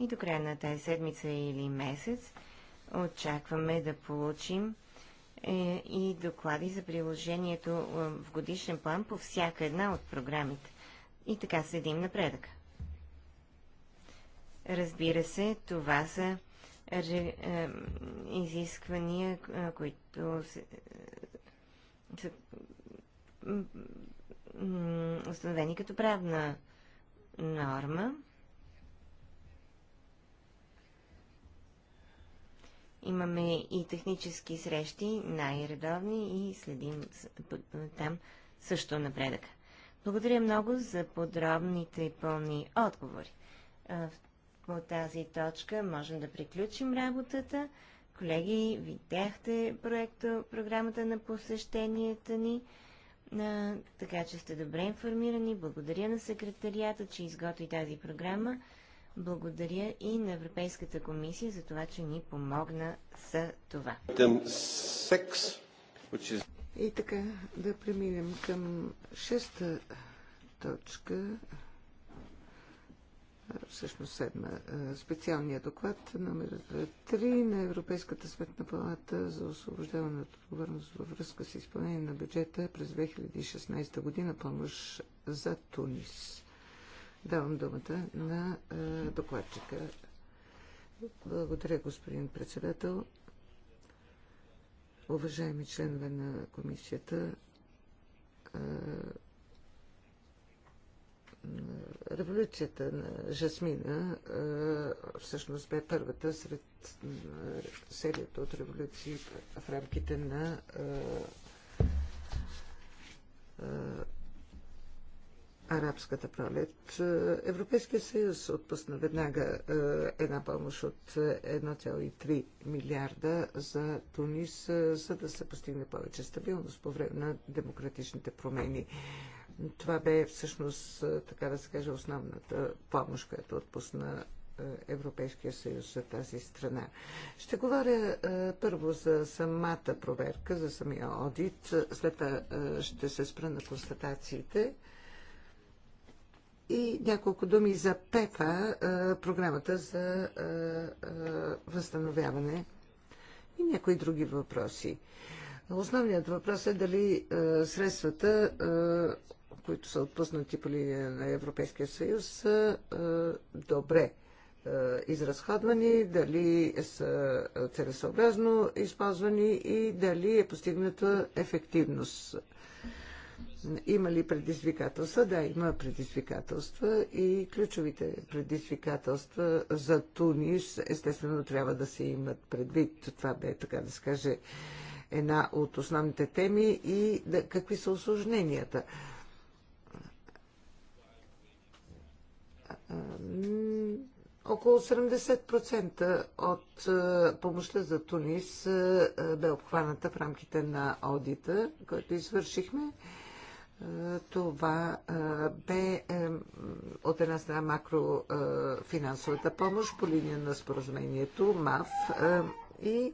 И до края на тази седмица или месец очакваме да получим е, и доклади за приложението в годишен план по всяка една от програмите. И така следим напредък. Разбира се, това са ре, е, изисквания, които се, установени като правна норма. Имаме и технически срещи, най-редовни и следим там също напредъка. Благодаря много за подробните и пълни отговори. По тази точка можем да приключим работата. Колеги, видяхте проекта, програмата на посещенията ни а, така че сте добре информирани. Благодаря на секретарията, че изготви тази програма. Благодаря и на Европейската комисия за това, че ни помогна с това. И така, да преминем към шеста точка всъщност седма, специалния доклад номер 3 на Европейската сметна палата за освобождаване от отговорност във връзка с изпълнение на бюджета през 2016 година помощ за Тунис. Давам думата на докладчика. Благодаря, господин председател. Уважаеми членове на комисията, революцията на Жасмина всъщност бе първата сред серията от революции в рамките на арабската пролет. Европейския съюз отпусна веднага една помощ от 1,3 милиарда за Тунис, за да се постигне повече стабилност по време на демократичните промени. Това бе всъщност, е, така да се каже, основната помощ, която отпусна е, Европейския съюз за тази страна. Ще говоря е, първо за самата проверка, за самия одит, след това ще се спра на констатациите и няколко думи за ПЕПА, програмата за възстановяване и някои други въпроси. Основният въпрос е дали средствата които са отпуснати по линия е, на Европейския съюз, са е, добре е, изразходвани, дали са целесообразно използвани и дали е постигната ефективност. Има ли предизвикателства? Да, има предизвикателства и ключовите предизвикателства за Тунис естествено трябва да се имат предвид. Това бе, така да се каже, една от основните теми и да, какви са осложненията. Около 70% от помощта за Тунис бе обхваната в рамките на аудита, който извършихме. Това бе от една страна макрофинансовата помощ по линия на споразумението МАФ и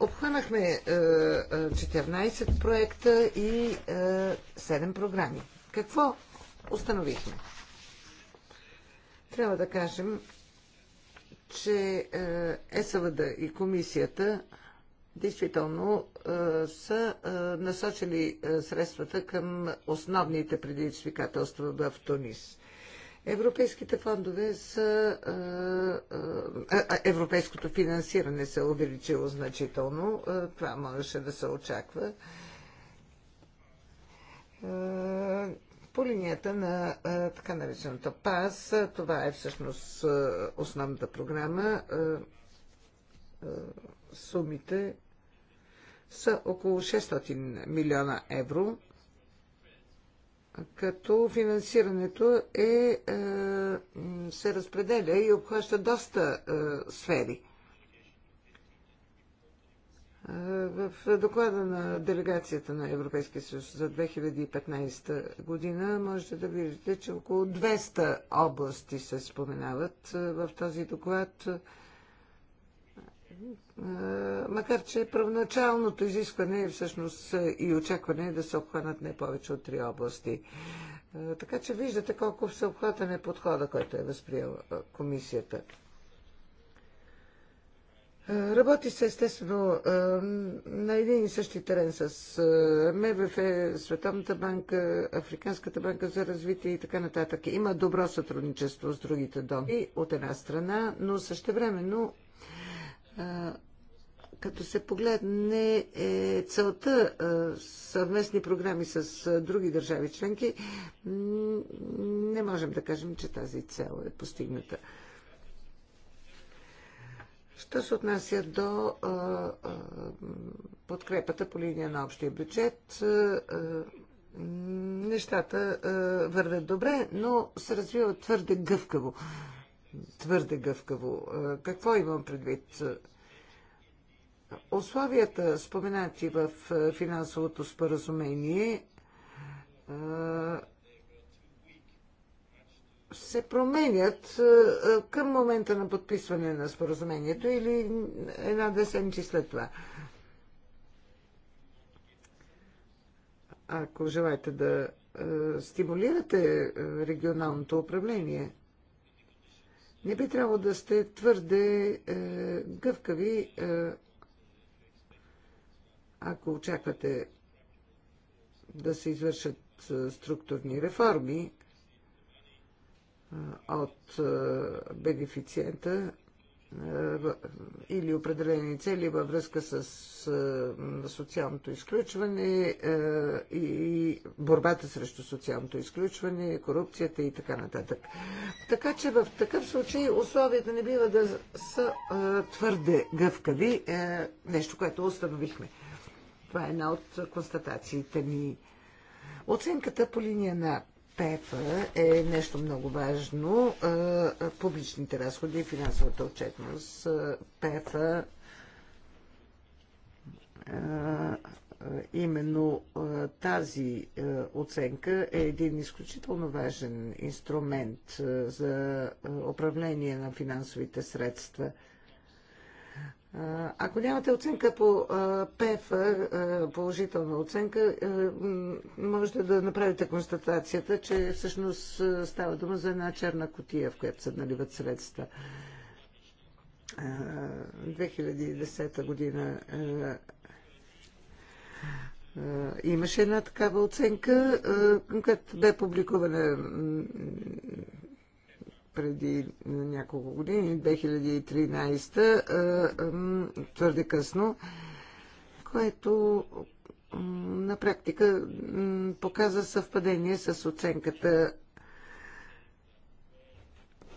обхванахме 14 проекта и 7 програми. Какво установихме? Трябва да кажем, че е, ЕСВД и комисията действително е, са е, насочили средствата към основните предизвикателства в Тунис. Европейските фондове са. Европейското финансиране се е увеличило значително. Това можеше да се очаква по линията на така наречената ПАС. Това е всъщност основната програма. Сумите са около 600 милиона евро, като финансирането е, се разпределя и обхваща доста сфери. В доклада на делегацията на Европейския съюз за 2015 година можете да видите, че около 200 области се споменават в този доклад. Макар, че първоначалното изискване е всъщност и очакване е да се обхванат не повече от три области. Така че виждате колко всеобхватен е подхода, който е възприела комисията. Е, работи се естествено е, на един и същи терен с е, МВФ, Световната банка, Африканската банка за развитие и така нататък. Има добро сътрудничество с другите доми от една страна, но същевременно като се погледне е, целта съвместни програми с други държави членки, не можем да кажем, че тази цел е постигната. Що се отнася до а, а, подкрепата по линия на общия бюджет, а, нещата а, вървят добре, но се развиват твърде гъвкаво. Твърде гъвкаво. А, какво имам предвид? Условията, споменати в финансовото споразумение, се променят е, е, към момента на подписване на споразумението или една-две седмици след това. Ако желаете да е, стимулирате регионалното управление, не би трябвало да сте твърде гъвкави, ако очаквате да се извършат структурни реформи от бенефициента или определени цели във връзка с социалното изключване и борбата срещу социалното изключване, корупцията и така нататък. Така че в такъв случай условията не бива да са твърде гъвкави, нещо, което установихме. Това е една от констатациите ни. Оценката по линия на ПЕФА е нещо много важно. Публичните разходи и финансовата отчетност. ПЕФА именно тази оценка е един изключително важен инструмент за управление на финансовите средства – ако нямате оценка по ПФ, положителна оценка, можете да направите констатацията, че всъщност става дума за една черна котия, в която се наливат средства. 2010 година имаше една такава оценка, която бе публикувана преди е, няколко години, 2013, е, твърде късно, което на практика показа съвпадение с оценката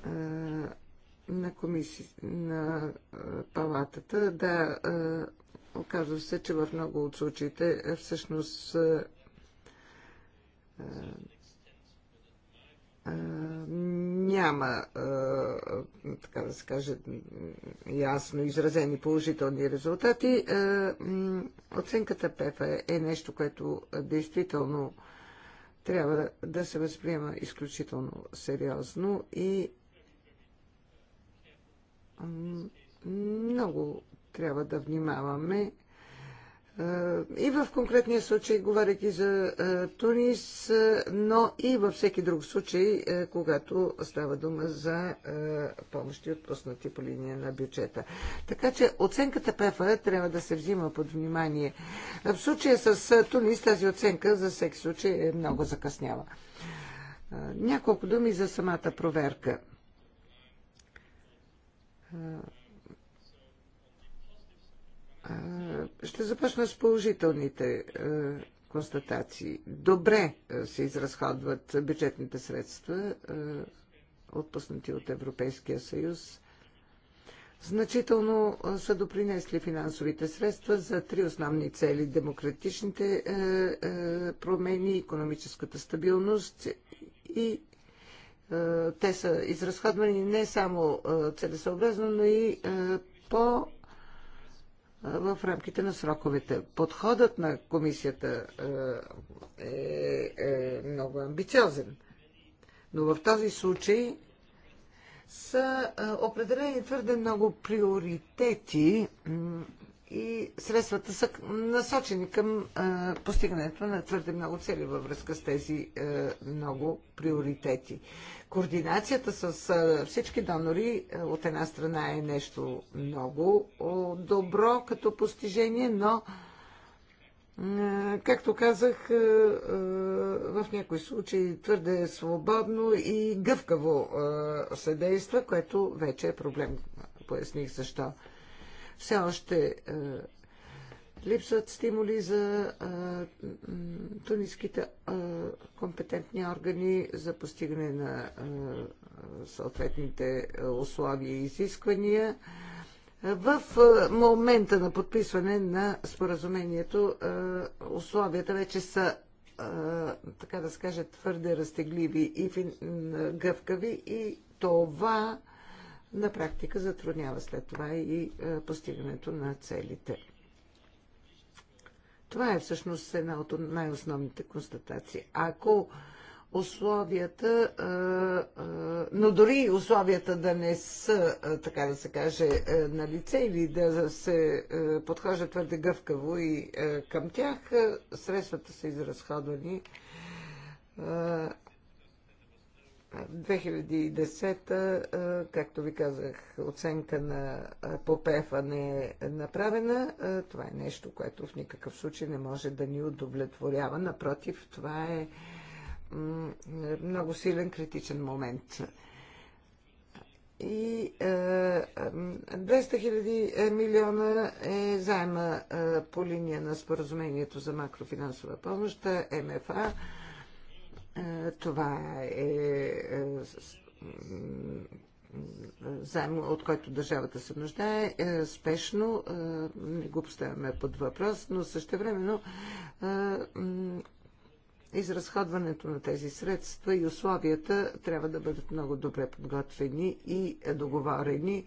е, на, комисията на палатата. Да, оказва се, че в много от случаите всъщност няма, така да се каже, ясно изразени положителни резултати. Оценката ПЕФА е нещо, което действително трябва да се възприема изключително сериозно и много трябва да внимаваме е, и в конкретния случай, говоряки за е, Тунис, е, но и във всеки друг случай, когато става дума за помощи отпуснати по линия на бюджета. Така че оценката ПФА трябва да се взима под внимание. В случая с Тунис тази оценка за всеки случай е много закъснява. Няколко думи за самата проверка ще започна с положителните констатации. Добре се изразходват бюджетните средства, отпуснати от Европейския съюз. Значително са допринесли финансовите средства за три основни цели – демократичните промени, економическата стабилност и те са изразходвани не само целесообразно, но и по в рамките на сроковете. Подходът на комисията е, е, е много амбициозен, но в този случай са е, определени твърде много приоритети и средствата са насочени към а, постигането на твърде много цели във връзка с тези а, много приоритети. Координацията с а, всички донори а, от една страна е нещо много о, добро като постижение, но а, както казах, а, а, в някои случаи твърде свободно и гъвкаво се действа, което вече е проблем. Поясних защо все още е, липсват стимули за е, тунисските е, компетентни органи за постигане на съответните условия и изисквания. В момента на подписване на споразумението условията вече са, така да се каже, твърде разтегливи и гъвкави и това на практика затруднява след това и е, постигането на целите. Това е всъщност една от най-основните констатации. Ако условията, е, е, но дори условията да не са, така да се каже, на лице или да се подхожда твърде гъвкаво и към тях, средствата са изразходвани 2010, както ви казах, оценка на попефа не е направена. Това е нещо, което в никакъв случай не може да ни удовлетворява. Напротив, това е много силен критичен момент. И 200 хиляди е, милиона е заема по линия на споразумението за макрофинансова помощ, МФА. Е, това е, е заем, от който държавата се нуждае, е, спешно, не го поставяме под въпрос, но също времено изразходването на тези средства и условията трябва да бъдат много добре подготвени и договорени.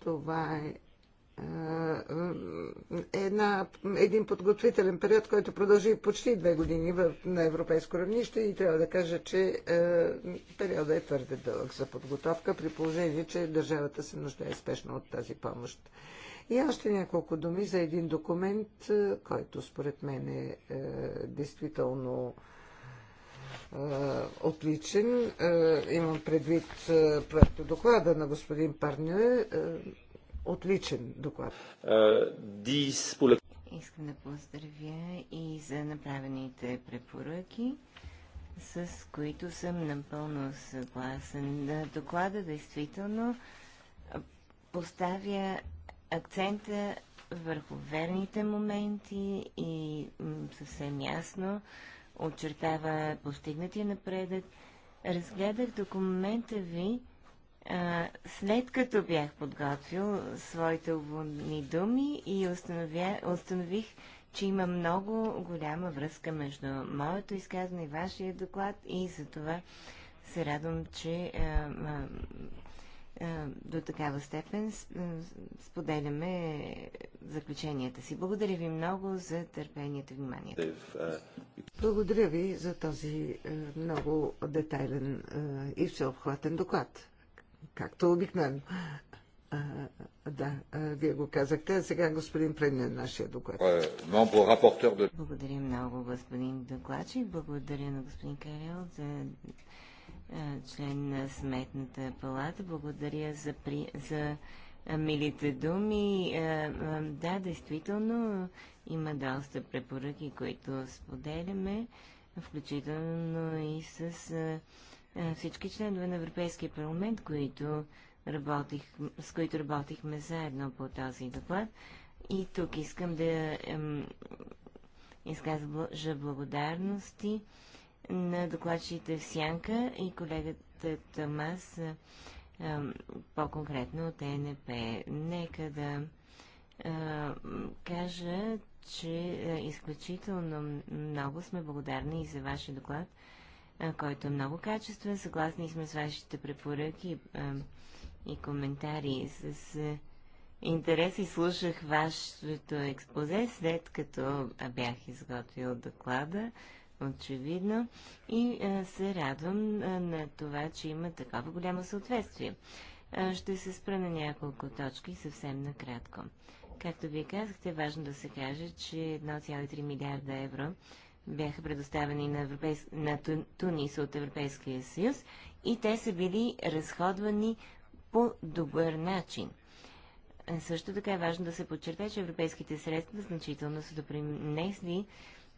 Това е една, един подготвителен период, който продължи почти две години в, на европейско равнище и трябва да кажа, че е, периода е твърде дълъг за подготовка, при положение, че държавата се нуждае спешно от тази помощ. И още няколко думи за един документ, който според мен е, е действително отличен. Имам предвид проекто доклада на господин Парнюе, отличен доклад. Искам да поздравя и за направените препоръки, с които съм напълно съгласен. Доклада действително поставя акцента върху верните моменти и съвсем ясно очертава постигнатия напредък. Разгледах документа ви след като бях подготвил своите уводни думи и установя, установих, че има много голяма връзка между моето изказване и вашия доклад и за това се радвам, че а, а, а, до такава степен споделяме заключенията си. Благодаря ви много за търпението и вниманието. Благодаря ви за този много детайлен и всеобхватен доклад както обикновено. да, а, вие го казахте. А сега господин Пренен, нашия доклад. Е Благодаря много, господин докладчик. Благодаря на господин Карел за член на Сметната палата. Благодаря за, при, за милите думи. Да, действително има доста препоръки, които споделяме, включително и с е, всички членове на Европейския парламент, които работих, с които работихме заедно по този доклад. И тук искам да изказвам благодарности на докладчите в Сянка и колегата Тамас по-конкретно от ЕНП. Нека да а, е, кажа, че е, изключително много сме благодарни и за вашия доклад който е много качествен. Съгласни сме с вашите препоръки и коментари. С интерес и слушах вашето експозе, след като бях изготвил доклада, очевидно, и се радвам на това, че има такова голямо съответствие. Ще се спра на няколко точки съвсем накратко. Както вие казахте, важно да се каже, че 1,3 милиарда евро бяха предоставени на, Европейс... на Тунис от Европейския съюз и те са били разходвани по добър начин. Също така е важно да се подчерта, че европейските средства значително са допринесли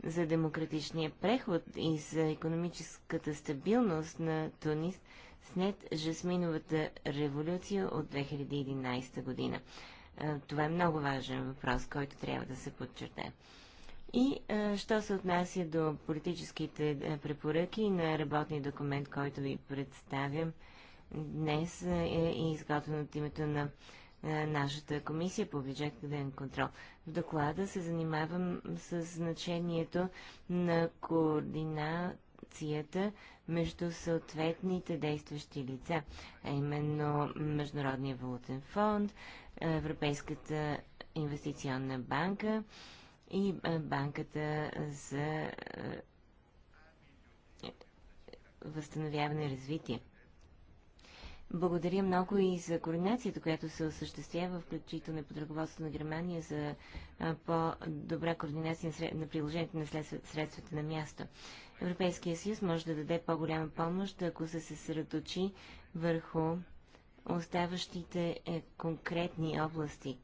за демократичния преход и за економическата стабилност на Тунис след Жасминовата революция от 2011 година. Това е много важен въпрос, който трябва да се подчертае. И а, е, що се отнася до политическите е, препоръки на работния документ, който ви представям днес, е, е изготвен от името на нашата комисия по бюджетен контрол. В доклада се занимавам с значението на координацията между съответните действащи лица, а именно Международния валутен фонд, Европейската инвестиционна банка, и банката за възстановяване и развитие. Благодаря много и за координацията, която се осъществява, включително под ръководството на Германия за по-добра координация на приложението на средствата на място. Европейския съюз може да даде по-голяма помощ, ако се съсредоточи върху оставащите е, конкретни области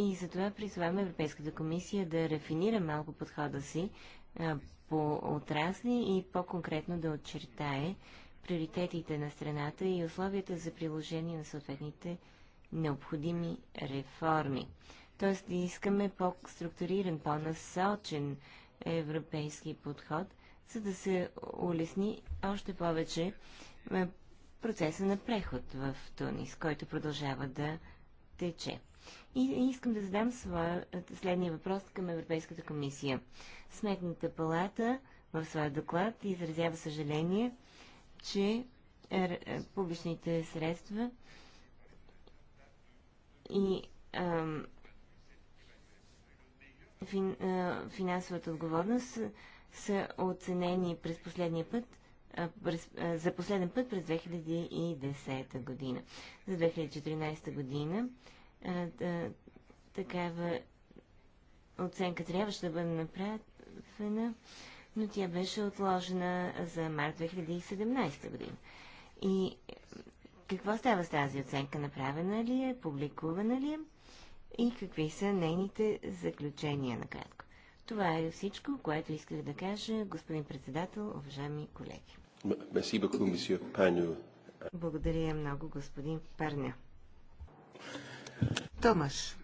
и затова призваваме Европейската комисия да рефинира малко подхода си а, по отрасли и по-конкретно да очертае приоритетите на страната и условията за приложение на съответните необходими реформи. Тоест да искаме по-структуриран, по-насочен европейски подход, за да се улесни още повече процеса на преход в Тунис, който продължава да тече. И искам да задам своя, е, следния въпрос към Европейската комисия. Сметната палата в своя доклад изразява съжаление, че е, е, публичните средства и ам, фин, а, финансовата отговорност са, са оценени през последния път а, през, а, за последен път през 2010 година. За 2014 година а, да, такава оценка трябваше да бъде направена, но тя беше отложена за март 2017 година. И какво става с тази оценка? Направена ли е? Публикувана ли е? И какви са нейните заключения накратко? Това е всичко, което исках да кажа, господин председател, уважаеми колеги. Благодаря много, господин Парня. Томаш.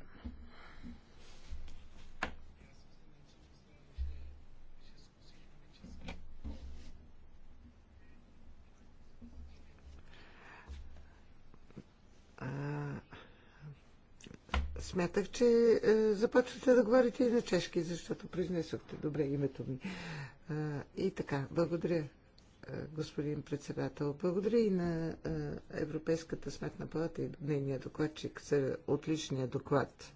смятах, че е, започвате да говорите и на чешки, защото произнесохте добре името ми. Е, и така, благодаря господин председател. Благодаря и на Европейската сметна палата и нейния докладчик за отличния доклад.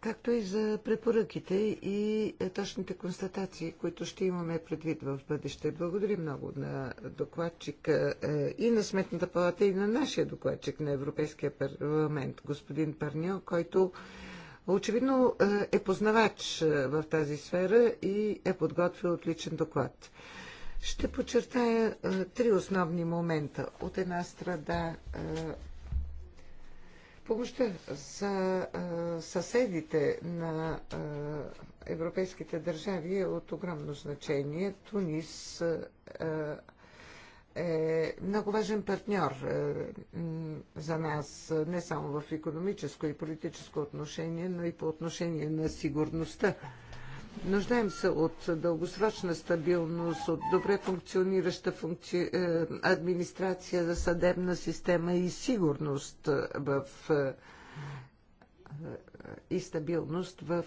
Както и за препоръките и точните констатации, които ще имаме предвид в бъдеще. Благодаря много на докладчика и на Сметната палата, и на нашия докладчик на Европейския парламент, господин Парнио, който очевидно е, е познавач е, в тази сфера и е подготвил отличен доклад. Ще подчертая е, три основни момента. От една страда помощта за съседите на европейските държави е от огромно значение. Тунис е много важен партньор е, за нас, не само в економическо и политическо отношение, но и по отношение на сигурността. Нуждаем се от дългосрочна стабилност, от добре функционираща функци... Е, администрация за съдебна система и сигурност в е, и стабилност в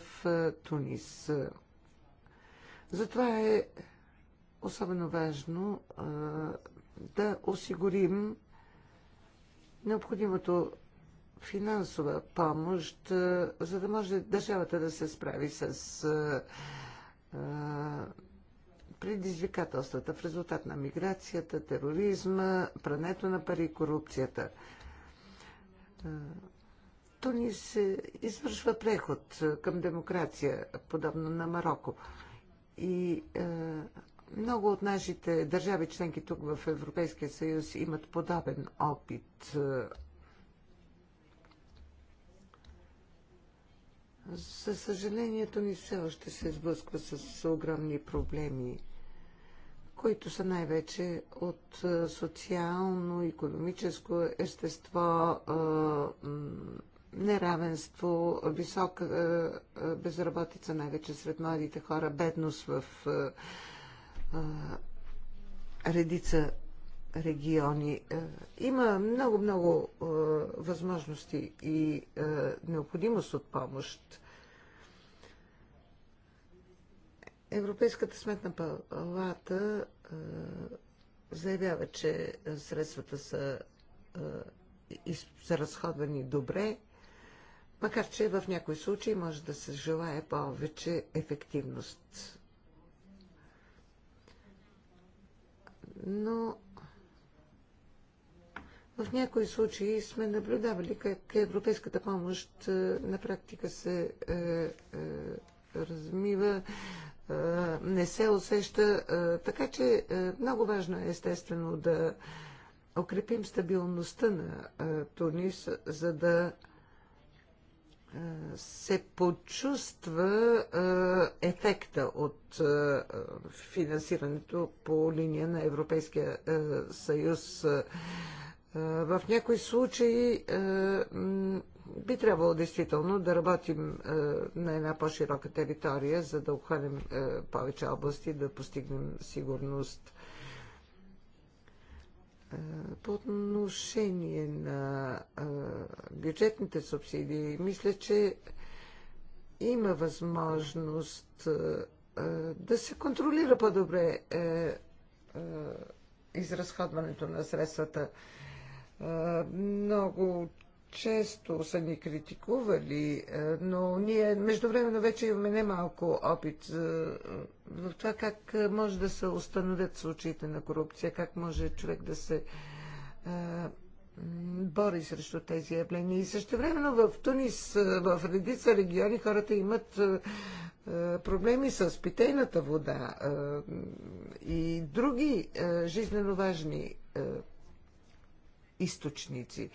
Тунис. Затова е особено важно да осигурим необходимото финансова помощ, за да може държавата да се справи с предизвикателствата в резултат на миграцията, тероризма, прането на пари, корупцията. То ни се извършва преход към демокрация, подобно на Марокко. И много от нашите държави членки тук в Европейския съюз имат подобен опит. Със съжалението ни все още се сблъсква с огромни проблеми, които са най-вече от социално-економическо естество, неравенство, висока безработица, най-вече сред младите хора, бедност в редица региони. Има много-много възможности и необходимост от помощ. Европейската сметна палата заявява, че средствата са, са разходвани добре, макар че в някои случаи може да се желая повече ефективност но в някои случаи сме наблюдавали как европейската помощ е, на практика се е, е, размива, е, не се усеща. Е, така че е, много важно е естествено да укрепим стабилността на е, Тунис, за да се почувства ефекта от финансирането по линия на Европейския съюз. В някои случаи би трябвало действително да работим на една по-широка територия, за да обхванем повече области, да постигнем сигурност. По отношение на бюджетните субсидии, мисля, че има възможност да се контролира по-добре е, е, изразходването на средствата. Много често са ни критикували, е, но ние междувременно вече имаме немалко опит е, в това как е, може да се установят случаите на корупция, как може човек да се бори срещу тези явления. И също времено в Тунис, в редица региони, хората имат проблеми с питейната вода и други жизненно важни източници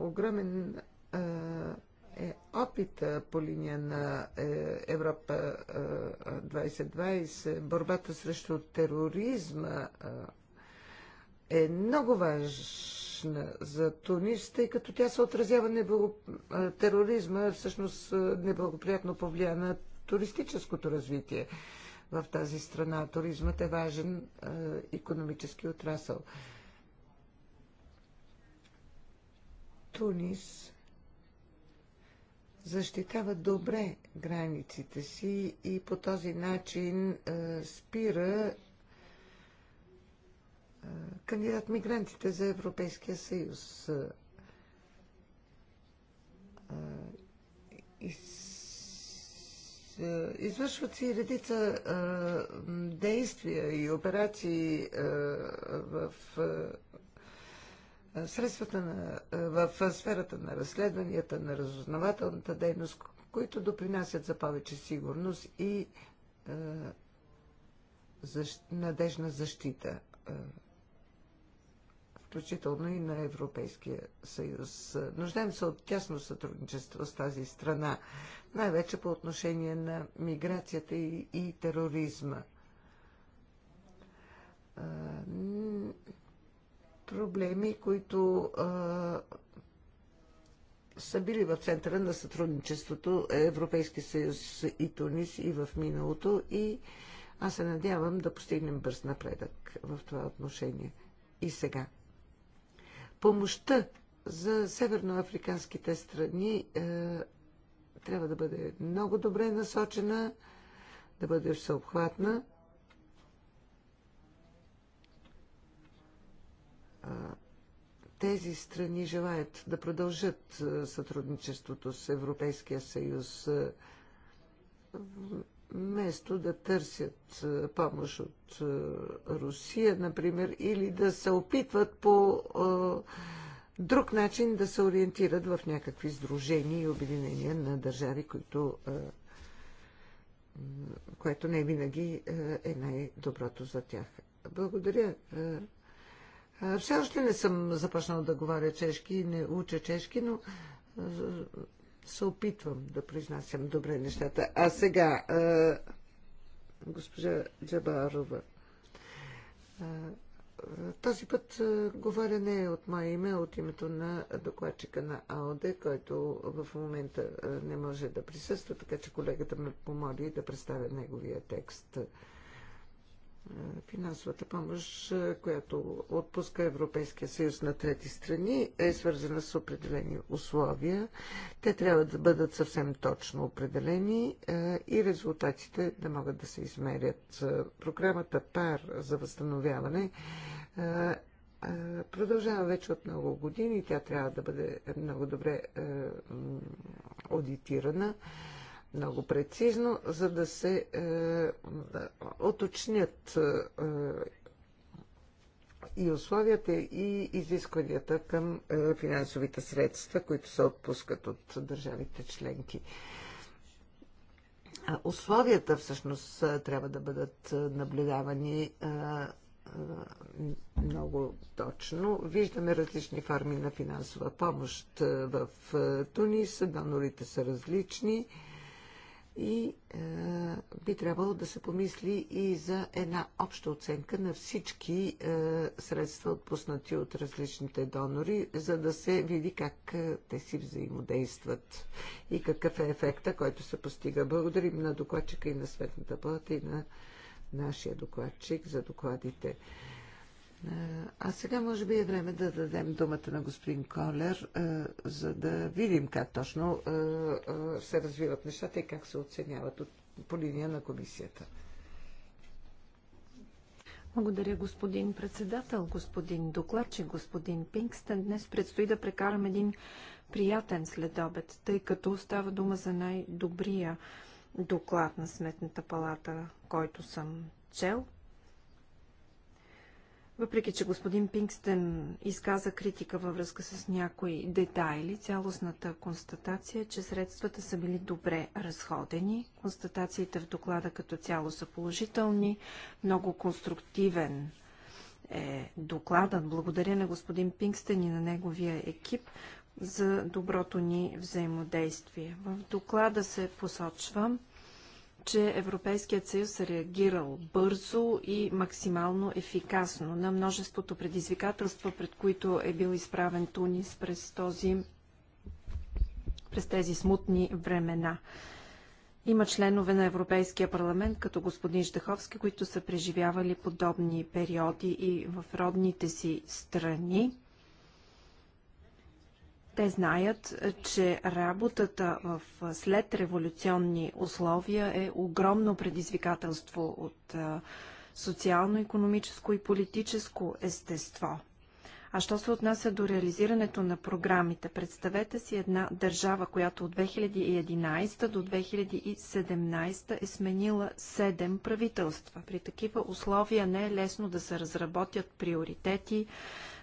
огромен е опит по линия на е, Европа 2020, борбата срещу тероризма е много важна за Тунис, тъй като тя се отразява неблагоп... тероризма, всъщност неблагоприятно повлия на туристическото развитие в тази страна. Туризмът е важен економически отрасъл. Тунис защитава добре границите си и по този начин е, спира е, кандидат мигрантите за Европейския съюз. Е, извършват си и редица действия и операции в средствата на, е, в сферата на разследванията, на разузнавателната дейност, които допринасят за повече сигурност и е, защ, надежна защита, е, включително и на Европейския съюз. Нуждаем се от тясно сътрудничество с тази страна, най-вече по отношение на миграцията и, и тероризма е, проблеми, които са били в центъра на сътрудничеството Европейски съюз и Тунис и в миналото и аз се надявам да постигнем бърз напредък в това отношение. И сега. Помощта за северноафриканските страни е, трябва да бъде много добре насочена, да бъде всеобхватна. тези страни желаят да продължат сътрудничеството с Европейския съюз, вместо да търсят помощ от Русия, например, или да се опитват по друг начин да се ориентират в някакви сдружения и обединения на държави, които, което не винаги е най-доброто за тях. Благодаря все още не съм започнал да говоря чешки, не уча чешки, но се опитвам да произнасям добре нещата. А сега, госпожа Джабарова, този път говоря не от мое име, а от името на докладчика на АОД, който в момента не може да присъства, така че колегата ме помоли да представя неговия текст. Финансовата помощ, която отпуска Европейския съюз на трети страни, е свързана с определени условия. Те трябва да бъдат съвсем точно определени и резултатите да могат да се измерят. Програмата ПАР за възстановяване продължава вече от много години. Тя трябва да бъде много добре аудитирана. Е, много прецизно, за да се е, оточнят е, е, и условията и изискванията към е, финансовите средства, които се отпускат от държавите членки. Условията всъщност е, трябва да бъдат е, наблюдавани много точно. Виждаме различни форми на финансова помощ в Тунис. Донорите са различни и е, би трябвало да се помисли и за една обща оценка на всички е, средства, отпуснати от различните донори, за да се види как е, те си взаимодействат и какъв е ефекта, който се постига. Благодарим на докладчика и на Светната плата и на нашия докладчик за докладите. А сега може би е време да дадем думата на господин Колер, за да видим как точно се развиват нещата и как се оценяват от, по линия на комисията. Благодаря, господин председател, господин докладчик, господин Пинкстен. Днес предстои да прекарам един приятен следобед, тъй като става дума за най-добрия доклад на Сметната палата, който съм чел. Въпреки, че господин Пингстен изказа критика във връзка с някои детайли, цялостната констатация е, че средствата са били добре разходени. Констатациите в доклада като цяло са положителни. Много конструктивен е докладът. Благодаря на господин Пингстен и на неговия екип за доброто ни взаимодействие. В доклада се посочва, че Европейският съюз е реагирал бързо и максимално ефикасно на множеството предизвикателства, пред които е бил изправен Тунис през, този, през тези смутни времена. Има членове на Европейския парламент, като господин Ждаховски, които са преживявали подобни периоди и в родните си страни. Те знаят, че работата в след революционни условия е огромно предизвикателство от социално-економическо и политическо естество. А що се отнася до реализирането на програмите, представете си една държава, която от 2011 до 2017 е сменила 7 правителства. При такива условия не е лесно да се разработят приоритети,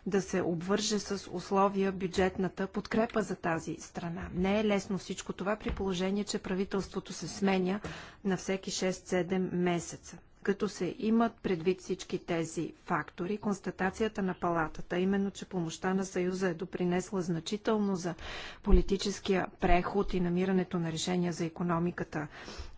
да се обвърже с условия бюджетната подкрепа за тази страна. Не е лесно всичко това при положение, че правителството се сменя на всеки 6-7 месеца. Като се имат предвид всички тези фактори, констатацията на палатата, именно, че помощта на Съюза е допринесла значително за политическия преход и намирането на решения за економиката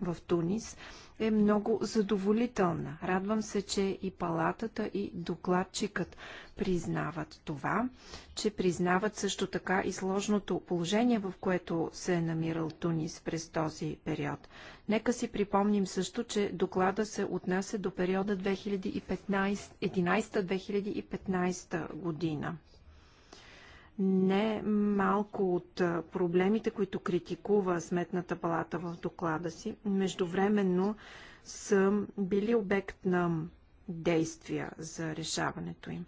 в Тунис – е много задоволителна. Радвам се, че и палатата, и докладчикът признават това, че признават също така и сложното положение, в което се е намирал Тунис през този период. Нека си припомним също, че доклада се отнася до периода 2011-2015 година. Не малко от проблемите, които критикува Сметната палата в доклада си, междувременно са били обект на действия за решаването им.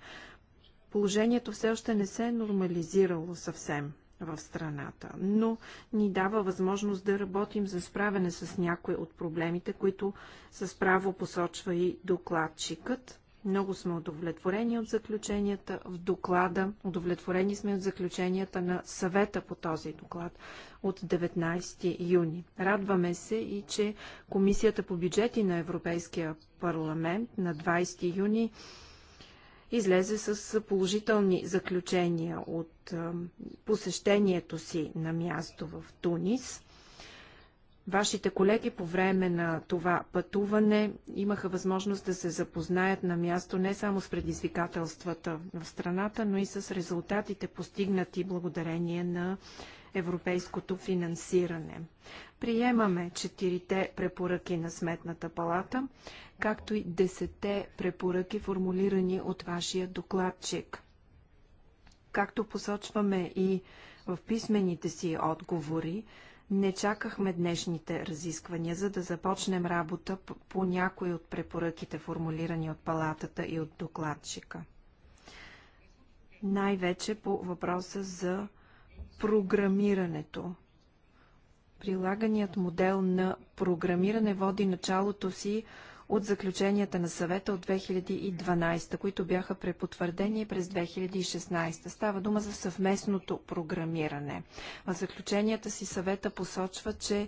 Положението все още не се е нормализирало съвсем в страната, но ни дава възможност да работим за справяне с някои от проблемите, които с право посочва и докладчикът. Много сме удовлетворени от заключенията в доклада. Удовлетворени сме от заключенията на съвета по този доклад от 19 юни. Радваме се и, че Комисията по бюджети на Европейския парламент на 20 юни излезе с положителни заключения от посещението си на място в Тунис – Вашите колеги по време на това пътуване имаха възможност да се запознаят на място не само с предизвикателствата в страната, но и с резултатите постигнати благодарение на европейското финансиране. Приемаме четирите препоръки на Сметната палата, както и десете препоръки, формулирани от вашия докладчик. Както посочваме и в писмените си отговори, не чакахме днешните разисквания, за да започнем работа по, по някои от препоръките, формулирани от палатата и от докладчика. Най-вече по въпроса за програмирането. Прилаганият модел на програмиране води началото си от заключенията на съвета от 2012, които бяха препотвърдени през 2016. Става дума за съвместното програмиране. В заключенията си съвета посочва, че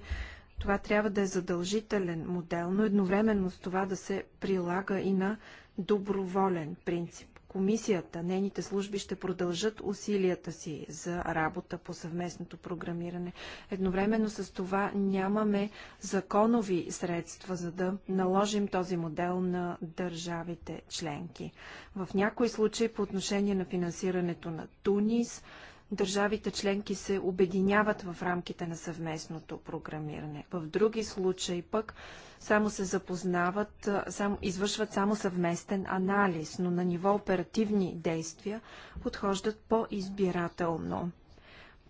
това трябва да е задължителен модел, но едновременно с това да се прилага и на доброволен принцип. Комисията, нейните служби ще продължат усилията си за работа по съвместното програмиране. Едновременно с това нямаме законови средства, за да наложим този модел на държавите членки. В някои случаи по отношение на финансирането на Тунис – държавите членки се обединяват в рамките на съвместното програмиране. В други случаи пък само се запознават, само, извършват само съвместен анализ, но на ниво оперативни действия подхождат по-избирателно.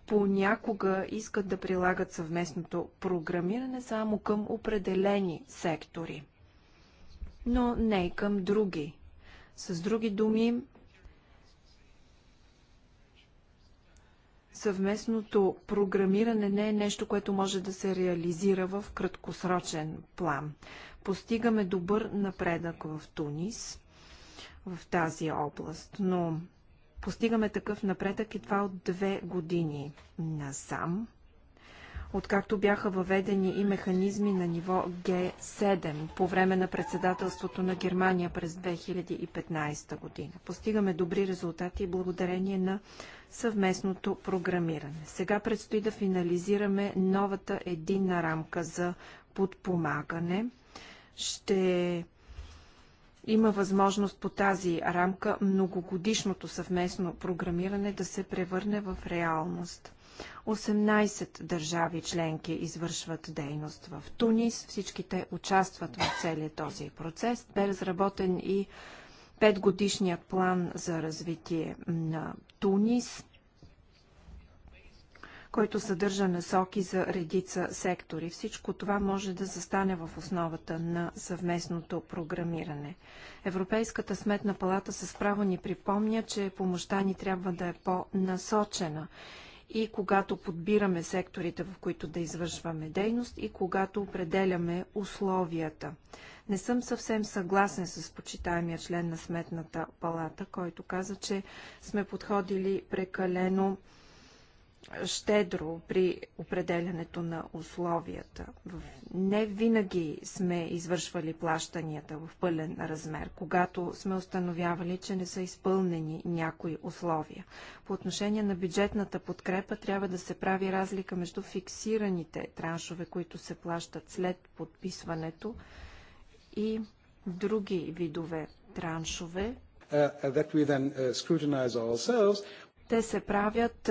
Понякога искат да прилагат съвместното програмиране само към определени сектори, но не и към други. С други думи, съвместното програмиране не е нещо, което може да се реализира в краткосрочен план. Постигаме добър напредък в Тунис, в тази област, но постигаме такъв напредък и това от две години насам откакто бяха въведени и механизми на ниво Г7 по време на председателството на Германия през 2015 година. Постигаме добри резултати благодарение на съвместното програмиране. Сега предстои да финализираме новата единна рамка за подпомагане. Ще има възможност по тази рамка многогодишното съвместно програмиране да се превърне в реалност. 18 държави членки извършват дейност в Тунис. Всичките участват в целият този процес. Бе разработен и петгодишният план за развитие на Тунис, който съдържа насоки за редица сектори. Всичко това може да застане в основата на съвместното програмиране. Европейската сметна палата с право ни припомня, че помощта ни трябва да е по-насочена и когато подбираме секторите, в които да извършваме дейност и когато определяме условията. Не съм съвсем съгласен с почитаемия член на Сметната палата, който каза, че сме подходили прекалено щедро при определянето на условията. Не винаги сме извършвали плащанията в пълен размер, когато сме установявали, че не са изпълнени някои условия. По отношение на бюджетната подкрепа трябва да се прави разлика между фиксираните траншове, които се плащат след подписването и други видове траншове. Uh, uh, uh, Те се правят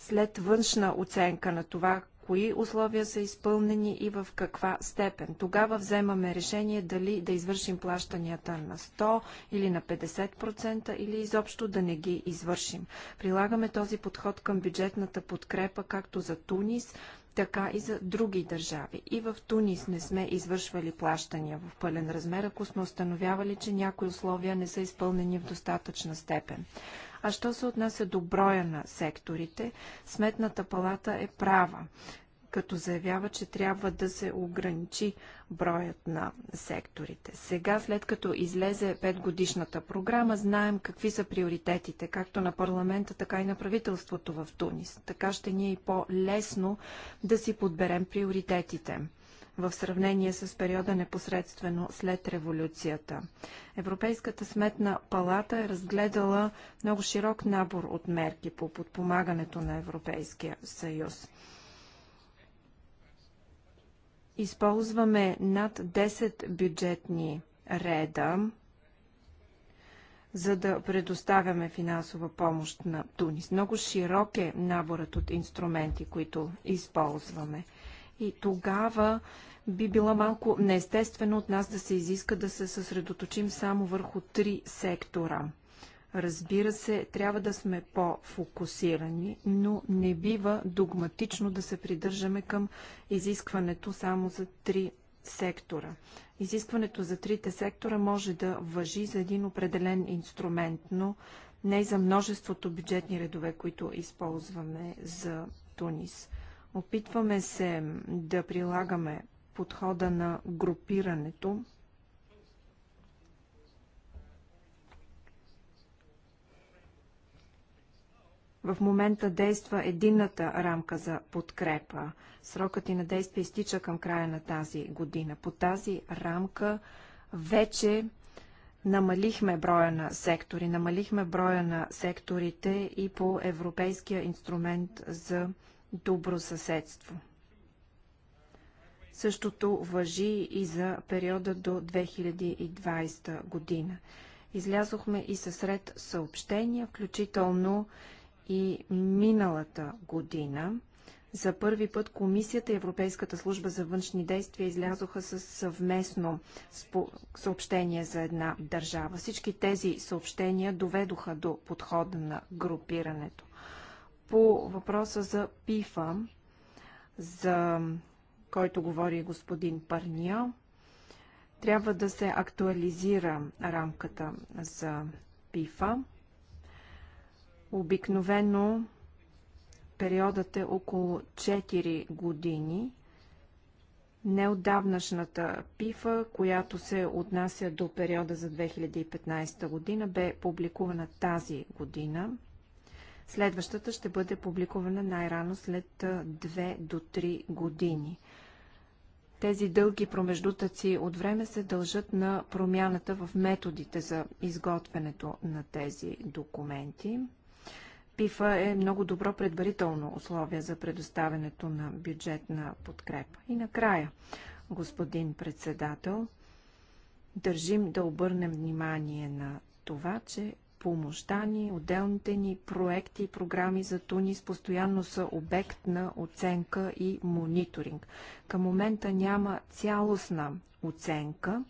след външна оценка на това, кои условия са изпълнени и в каква степен. Тогава вземаме решение дали да извършим плащанията на 100 или на 50% или изобщо да не ги извършим. Прилагаме този подход към бюджетната подкрепа както за Тунис, така и за други държави. И в Тунис не сме извършвали плащания в пълен размер, ако сме установявали, че някои условия не са изпълнени в достатъчна степен. А що се отнася до броя на секторите, Сметната палата е права като заявява, че трябва да се ограничи броят на секторите. Сега, след като излезе петгодишната годишната програма, знаем какви са приоритетите, както на парламента, така и на правителството в Тунис. Така ще ни е и по-лесно да си подберем приоритетите в сравнение с периода непосредствено след революцията. Европейската сметна палата е разгледала много широк набор от мерки по подпомагането на Европейския съюз. Използваме над 10 бюджетни реда, за да предоставяме финансова помощ на Тунис. Много широк е наборът от инструменти, които използваме. И тогава би било малко неестествено от нас да се изиска да се съсредоточим само върху три сектора. Разбира се, трябва да сме по-фокусирани, но не бива догматично да се придържаме към изискването само за три сектора. Изискването за трите сектора може да въжи за един определен инструмент, но не за множеството бюджетни редове, които използваме за Тунис. Опитваме се да прилагаме подхода на групирането. В момента действа единната рамка за подкрепа. Срокът и на действие изтича към края на тази година. По тази рамка вече намалихме броя на сектори, намалихме броя на секторите и по Европейския инструмент за добро съседство. Същото въжи и за периода до 2020 година. Излязохме и със ред съобщения, включително и миналата година. За първи път Комисията и Европейската служба за външни действия излязоха с съвместно съобщение за една държава. Всички тези съобщения доведоха до подхода на групирането. По въпроса за ПИФА, за който говори господин Парния, Трябва да се актуализира рамката за ПИФА. Обикновено периодът е около 4 години. Неотдавнашната ПИФА, която се отнася до периода за 2015 година, бе публикувана тази година. Следващата ще бъде публикувана най-рано след 2 до 3 години. Тези дълги промеждутъци от време се дължат на промяната в методите за изготвянето на тези документи. ПИФА е много добро предварително условие за предоставянето на бюджетна подкрепа. И накрая, господин председател, държим да обърнем внимание на това, че помощта ни, отделните ни проекти и програми за Тунис постоянно са обект на оценка и мониторинг. Към момента няма цялостна оценка,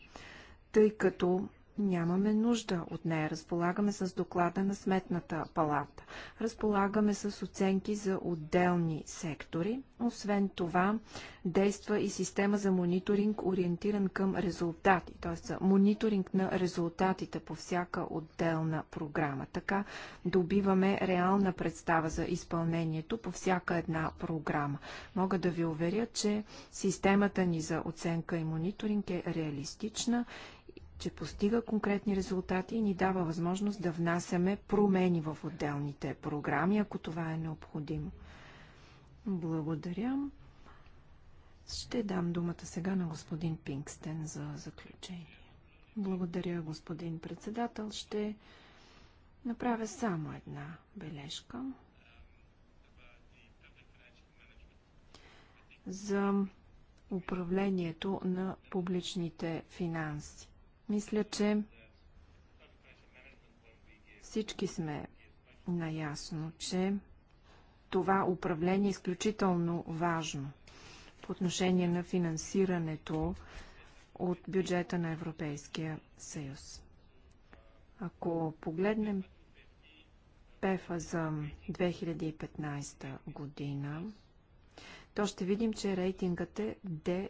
тъй като Нямаме нужда от нея. Разполагаме с доклада на Сметната палата. Разполагаме с оценки за отделни сектори. Освен това, действа и система за мониторинг, ориентиран към резултати, т.е. за мониторинг на резултатите по всяка отделна програма. Така добиваме реална представа за изпълнението по всяка една програма. Мога да ви уверя, че системата ни за оценка и мониторинг е реалистична че постига конкретни резултати и ни дава възможност да внасяме промени в отделните програми, ако това е необходимо. Благодаря. Ще дам думата сега на господин Пинкстен за заключение. Благодаря, господин председател. Ще направя само една бележка. За управлението на публичните финанси. Мисля, че всички сме наясно, че това управление е изключително важно по отношение на финансирането от бюджета на Европейския съюз. Ако погледнем ПЕФа за 2015 година, то ще видим, че рейтингът е D+.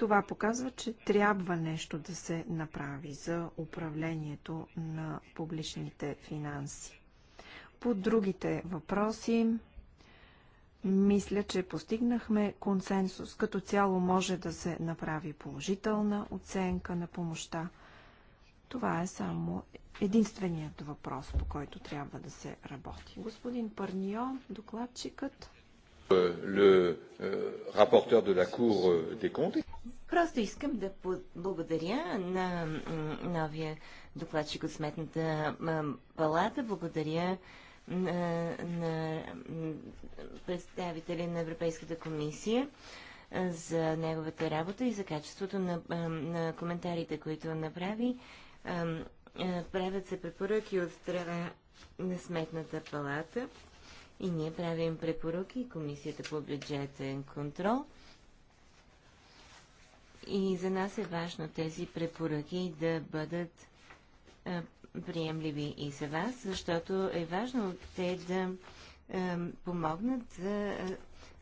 Това показва, че трябва нещо да се направи за управлението на публичните финанси. По другите въпроси, мисля, че постигнахме консенсус. Като цяло може да се направи положителна оценка на помощта. Това е само единственият въпрос, по който трябва да се работи. Господин Парнио, докладчикът. Е, le е, rapporteur de la Cour des comptes. Просто искам да благодаря на новия докладчик от Сметната палата. Благодаря на, на представителя на Европейската комисия за неговата работа и за качеството на, на коментарите, които направи. Правят се препоръки от страна на Сметната палата и ние правим препоръки Комисията по бюджетен контрол – и за нас е важно тези препоръки да бъдат а, приемливи и за вас, защото е важно те да а, помогнат за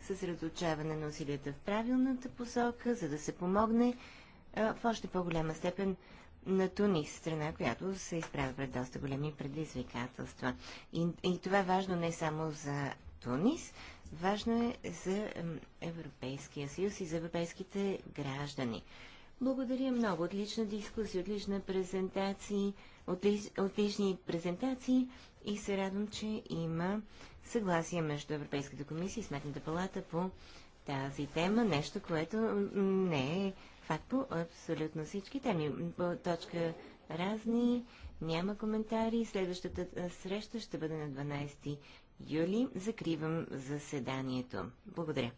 съсредоточаване на усилията в правилната посока, за да се помогне а, в още по-голяма степен на Тунис, страна, която се изправя пред доста големи предизвикателства. И, и това е важно не само за Тунис, Важно е за Европейския съюз и за европейските граждани. Благодаря много. Отлична дискусия, отлична презентации, отлич, отлични презентации и се радвам, че има съгласие между Европейската комисия и Сметната палата по тази тема. Нещо, което не е факт по абсолютно всички теми. По точка разни, няма коментари. Следващата среща ще бъде на 12 юли. Закривам заседанието. Благодаря.